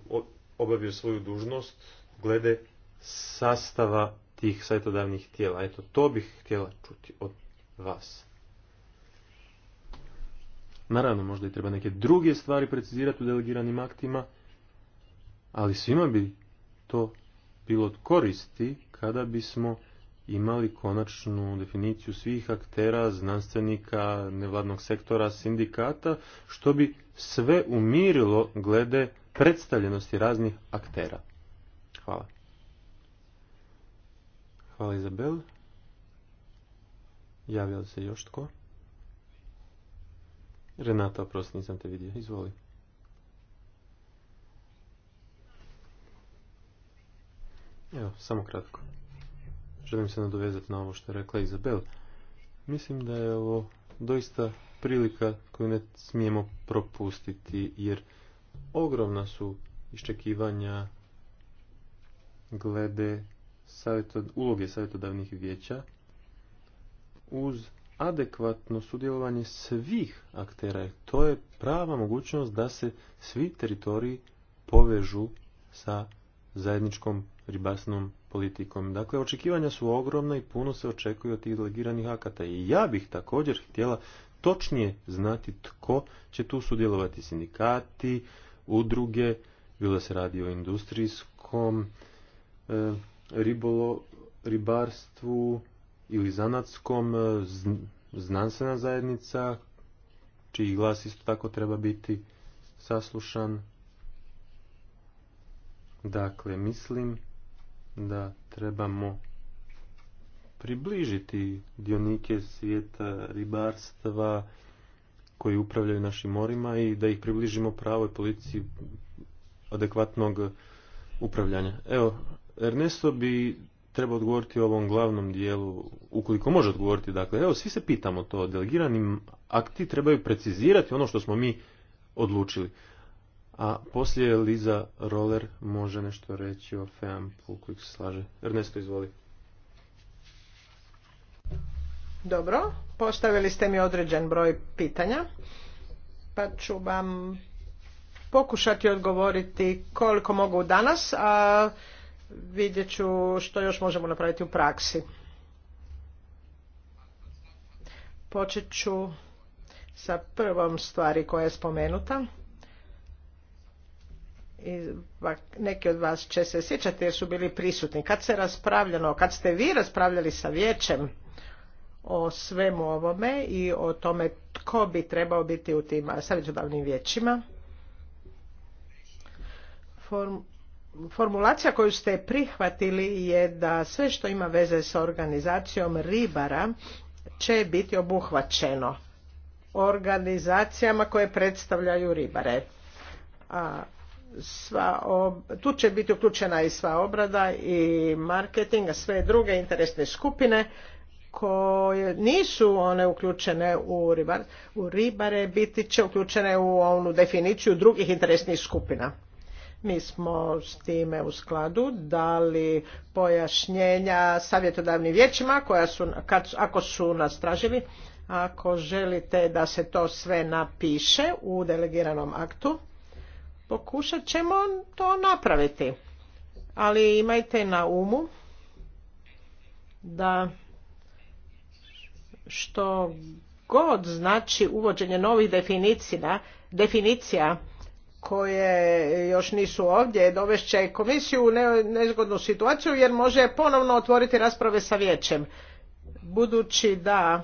B: obavio svoju dužnost glede sastava tih savjetodavnih tijela. Eto, to bih htjela čuti od vas. Naravno, možda i treba neke druge stvari precizirati u delegiranim aktima, ali svima bi to bilo koristi kada bismo imali konačnu definiciju svih aktera, znanstvenika, nevladnog sektora, sindikata, što bi sve umirilo glede predstavljenosti raznih aktera. Hvala Izabel. Javio se još tko? Renata, oprosti, nisam te vidio. Izvoli. Evo, samo kratko. Želim se nadovezati na ovo što je rekla Izabel. Mislim da je ovo doista prilika koju ne smijemo propustiti, jer ogromna su iščekivanja glede uloge savjetodavnih vijeća uz adekvatno sudjelovanje svih aktera. To je prava mogućnost da se svi teritoriji povežu sa zajedničkom ribasnom politikom. Dakle, očekivanja su ogromna i puno se očekuje od tih delegiranih akata. I ja bih također htjela točnije znati tko će tu sudjelovati sindikati, udruge, bilo da se radi o industrijskom e, ribolo, ribarstvu ili zanatskom e, znanstvena zajednica, čiji glas isto tako treba biti saslušan. Dakle, mislim da trebamo približiti dionike svijeta ribarstva koji upravljaju našim morima i da ih približimo pravoj politici adekvatnog upravljanja. Evo, Ernesto bi treba odgovoriti o ovom glavnom dijelu, ukoliko može odgovoriti. Dakle, evo, svi se pitamo to, delegirani akti trebaju precizirati ono što smo mi odlučili. A poslije Liza Roller može nešto reći o feamp se slaže. Ernesto, izvoli.
C: Dobro, postavili ste mi određen broj pitanja, pa ću vam pokušati odgovoriti koliko mogu danas, a vidjet ću što još možemo napraviti u praksi. Počet ću sa prvom stvari koja je spomenuta. I neki od vas će se sjećati jer su bili prisutni. Kad se raspravljalo, kad ste vi raspravljali sa vijećem o svemu ovome i o tome tko bi trebao biti u tim savjetodavnim vijećima, formulacija koju ste prihvatili je da sve što ima veze sa organizacijom ribara će biti obuhvaćeno organizacijama koje predstavljaju ribare. A sva Tu će biti uključena i sva obrada i marketing, a sve druge interesne skupine koje nisu one uključene u ribare, u ribare biti će uključene u onu definiciju drugih interesnih skupina. Mi smo s time u skladu dali pojašnjenja savjetodavnim vijećima koja su, kad, ako su nas tražili, ako želite da se to sve napiše u delegiranom aktu, pokušat ćemo to napraviti. Ali imajte na umu da što god znači uvođenje novih definicija, definicija koje još nisu ovdje, dovešće komisiju u nezgodnu situaciju jer može ponovno otvoriti rasprave sa vijećem. Budući da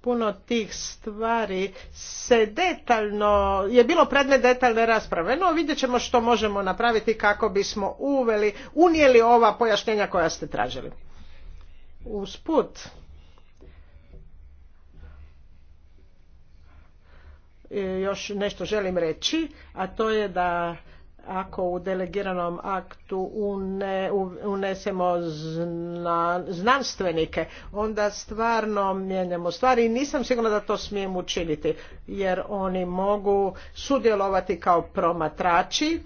C: puno tih stvari se detaljno, je bilo predne detaljne rasprave, no vidjet ćemo što možemo napraviti kako bismo uveli, unijeli ova pojašnjenja koja ste tražili. Usput, E, još nešto želim reći, a to je da ako u delegiranom aktu unesemo znanstvenike, onda stvarno mijenjamo stvari i nisam sigurna da to smijem učiniti, jer oni mogu sudjelovati kao promatrači,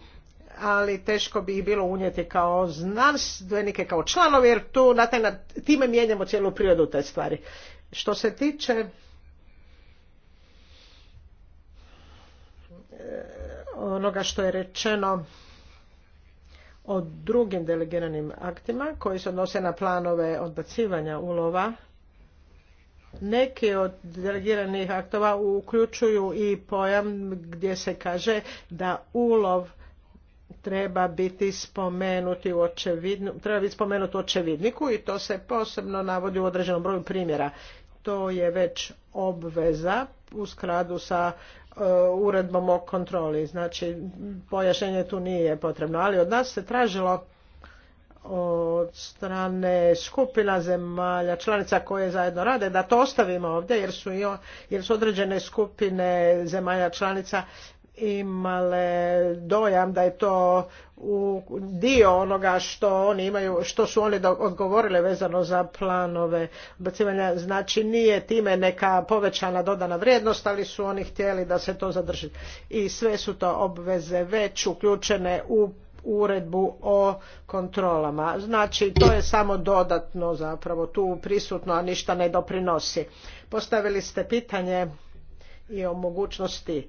C: ali teško bi ih bilo unijeti kao znanstvenike, kao članovi, jer na taj, time mijenjamo cijelu prirodu te stvari. Što se tiče onoga što je rečeno o drugim delegiranim aktima koji se odnose na planove odbacivanja ulova. Neki od delegiranih aktova uključuju i pojam gdje se kaže da ulov treba biti spomenuti u očevidniku, treba biti spomenut u očevidniku i to se posebno navodi u određenom broju primjera to je već obveza u skladu sa e, uredbom o kontroli. Znači, pojašnjenje tu nije potrebno, ali od nas se tražilo od strane skupina zemalja članica koje zajedno rade da to ostavimo ovdje jer su, jer su određene skupine zemalja članica imale dojam da je to u dio onoga što oni imaju, što su oni odgovorile vezano za planove ubacivanja Znači nije time neka povećana dodana vrijednost, ali su oni htjeli da se to zadrži. I sve su to obveze već uključene u uredbu o kontrolama. Znači to je samo dodatno zapravo tu prisutno, a ništa ne doprinosi. Postavili ste pitanje i o mogućnosti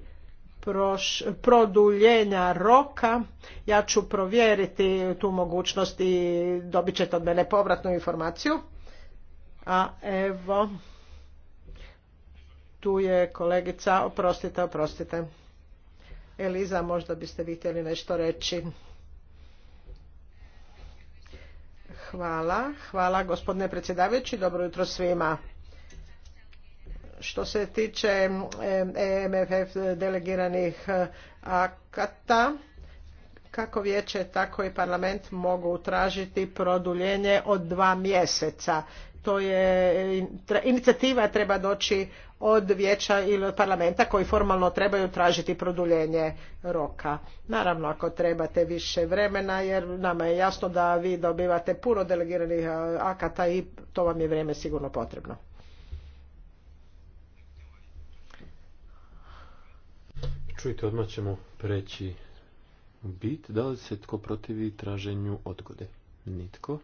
C: proš, produljenja roka. Ja ću provjeriti tu mogućnost i dobit ćete od mene povratnu informaciju. A evo, tu je kolegica, oprostite, oprostite. Eliza, možda biste vi htjeli nešto reći. Hvala, hvala gospodine predsjedavajući, dobro jutro svima. Što se tiče EMFF e delegiranih e, akata, kako vijeće, tako i parlament mogu tražiti produljenje od dva mjeseca. To je, inicijativa treba doći od vijeća ili od parlamenta koji formalno trebaju tražiti produljenje roka. Naravno ako trebate više vremena jer nama je jasno da vi dobivate puno delegiranih e, akata i to vam je vrijeme sigurno potrebno.
B: Čujte, odmah ćemo preći u bit. Da li se tko protivi traženju odgode? Nitko.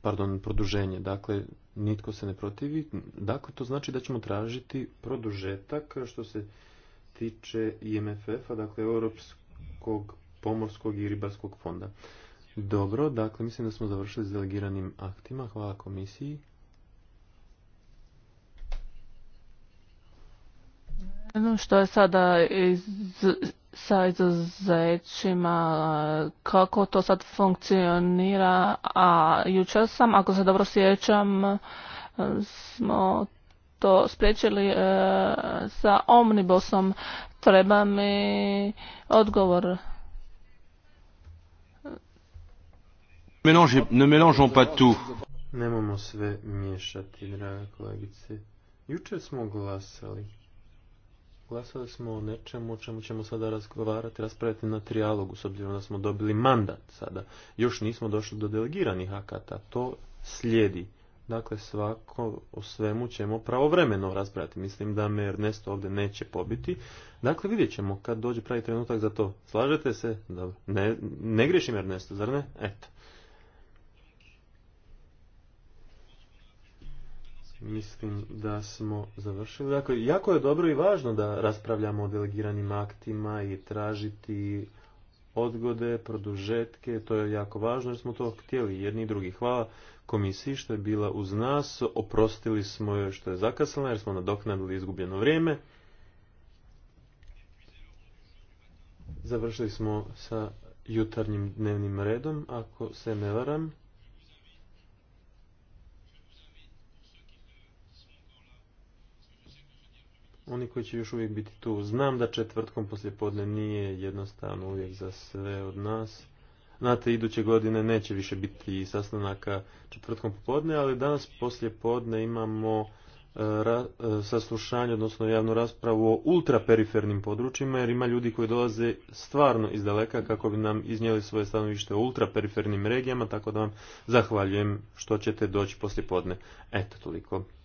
B: Pardon, produženje. Dakle, nitko se ne protivi. Dakle, to znači da ćemo tražiti produžetak što se tiče IMFF-a, dakle, Europskog pomorskog i ribarskog fonda. Dobro, dakle, mislim da smo završili s delegiranim aktima. Hvala komisiji.
D: Ono što je sada iz, sa izuzećima, kako to sad funkcionira, a jučer sam, ako se dobro sjećam, smo to spriječili e, sa omnibusom. Treba mi odgovor.
A: Ne mélangeons pas tout.
B: Nemamo sve miješati, draga kolegice. Jučer smo glasali. Glasali smo o nečemu o čemu ćemo sada razgovarati, raspraviti na trijalogu, s obzirom da smo dobili mandat sada. Još nismo došli do delegiranih akata, to slijedi. Dakle, svako o svemu ćemo pravovremeno raspraviti. Mislim da me Ernesto ovdje neće pobiti. Dakle, vidjet ćemo kad dođe pravi trenutak za to. Slažete se? Ne, ne griješim Ernesto, zar ne? Eto. Mislim da smo završili. Dakle, jako je dobro i važno da raspravljamo o delegiranim aktima i tražiti odgode, produžetke, to je jako važno jer smo to htjeli jedni i drugi. Hvala komisiji što je bila uz nas, oprostili smo joj što je zakasnila jer smo nadoknadili izgubljeno vrijeme. Završili smo sa jutarnjim dnevnim redom, ako se ne varam. oni koji će još uvijek biti tu. Znam da četvrtkom podne nije jednostavno uvijek za sve od nas. Znate, iduće godine neće više biti sastanaka četvrtkom popodne, ali danas podne imamo e, e, saslušanje, odnosno javnu raspravu o ultraperifernim područjima, jer ima ljudi koji dolaze stvarno iz daleka kako bi nam iznijeli svoje stanovište o ultraperifernim regijama, tako da vam zahvaljujem što ćete doći podne. Eto, toliko.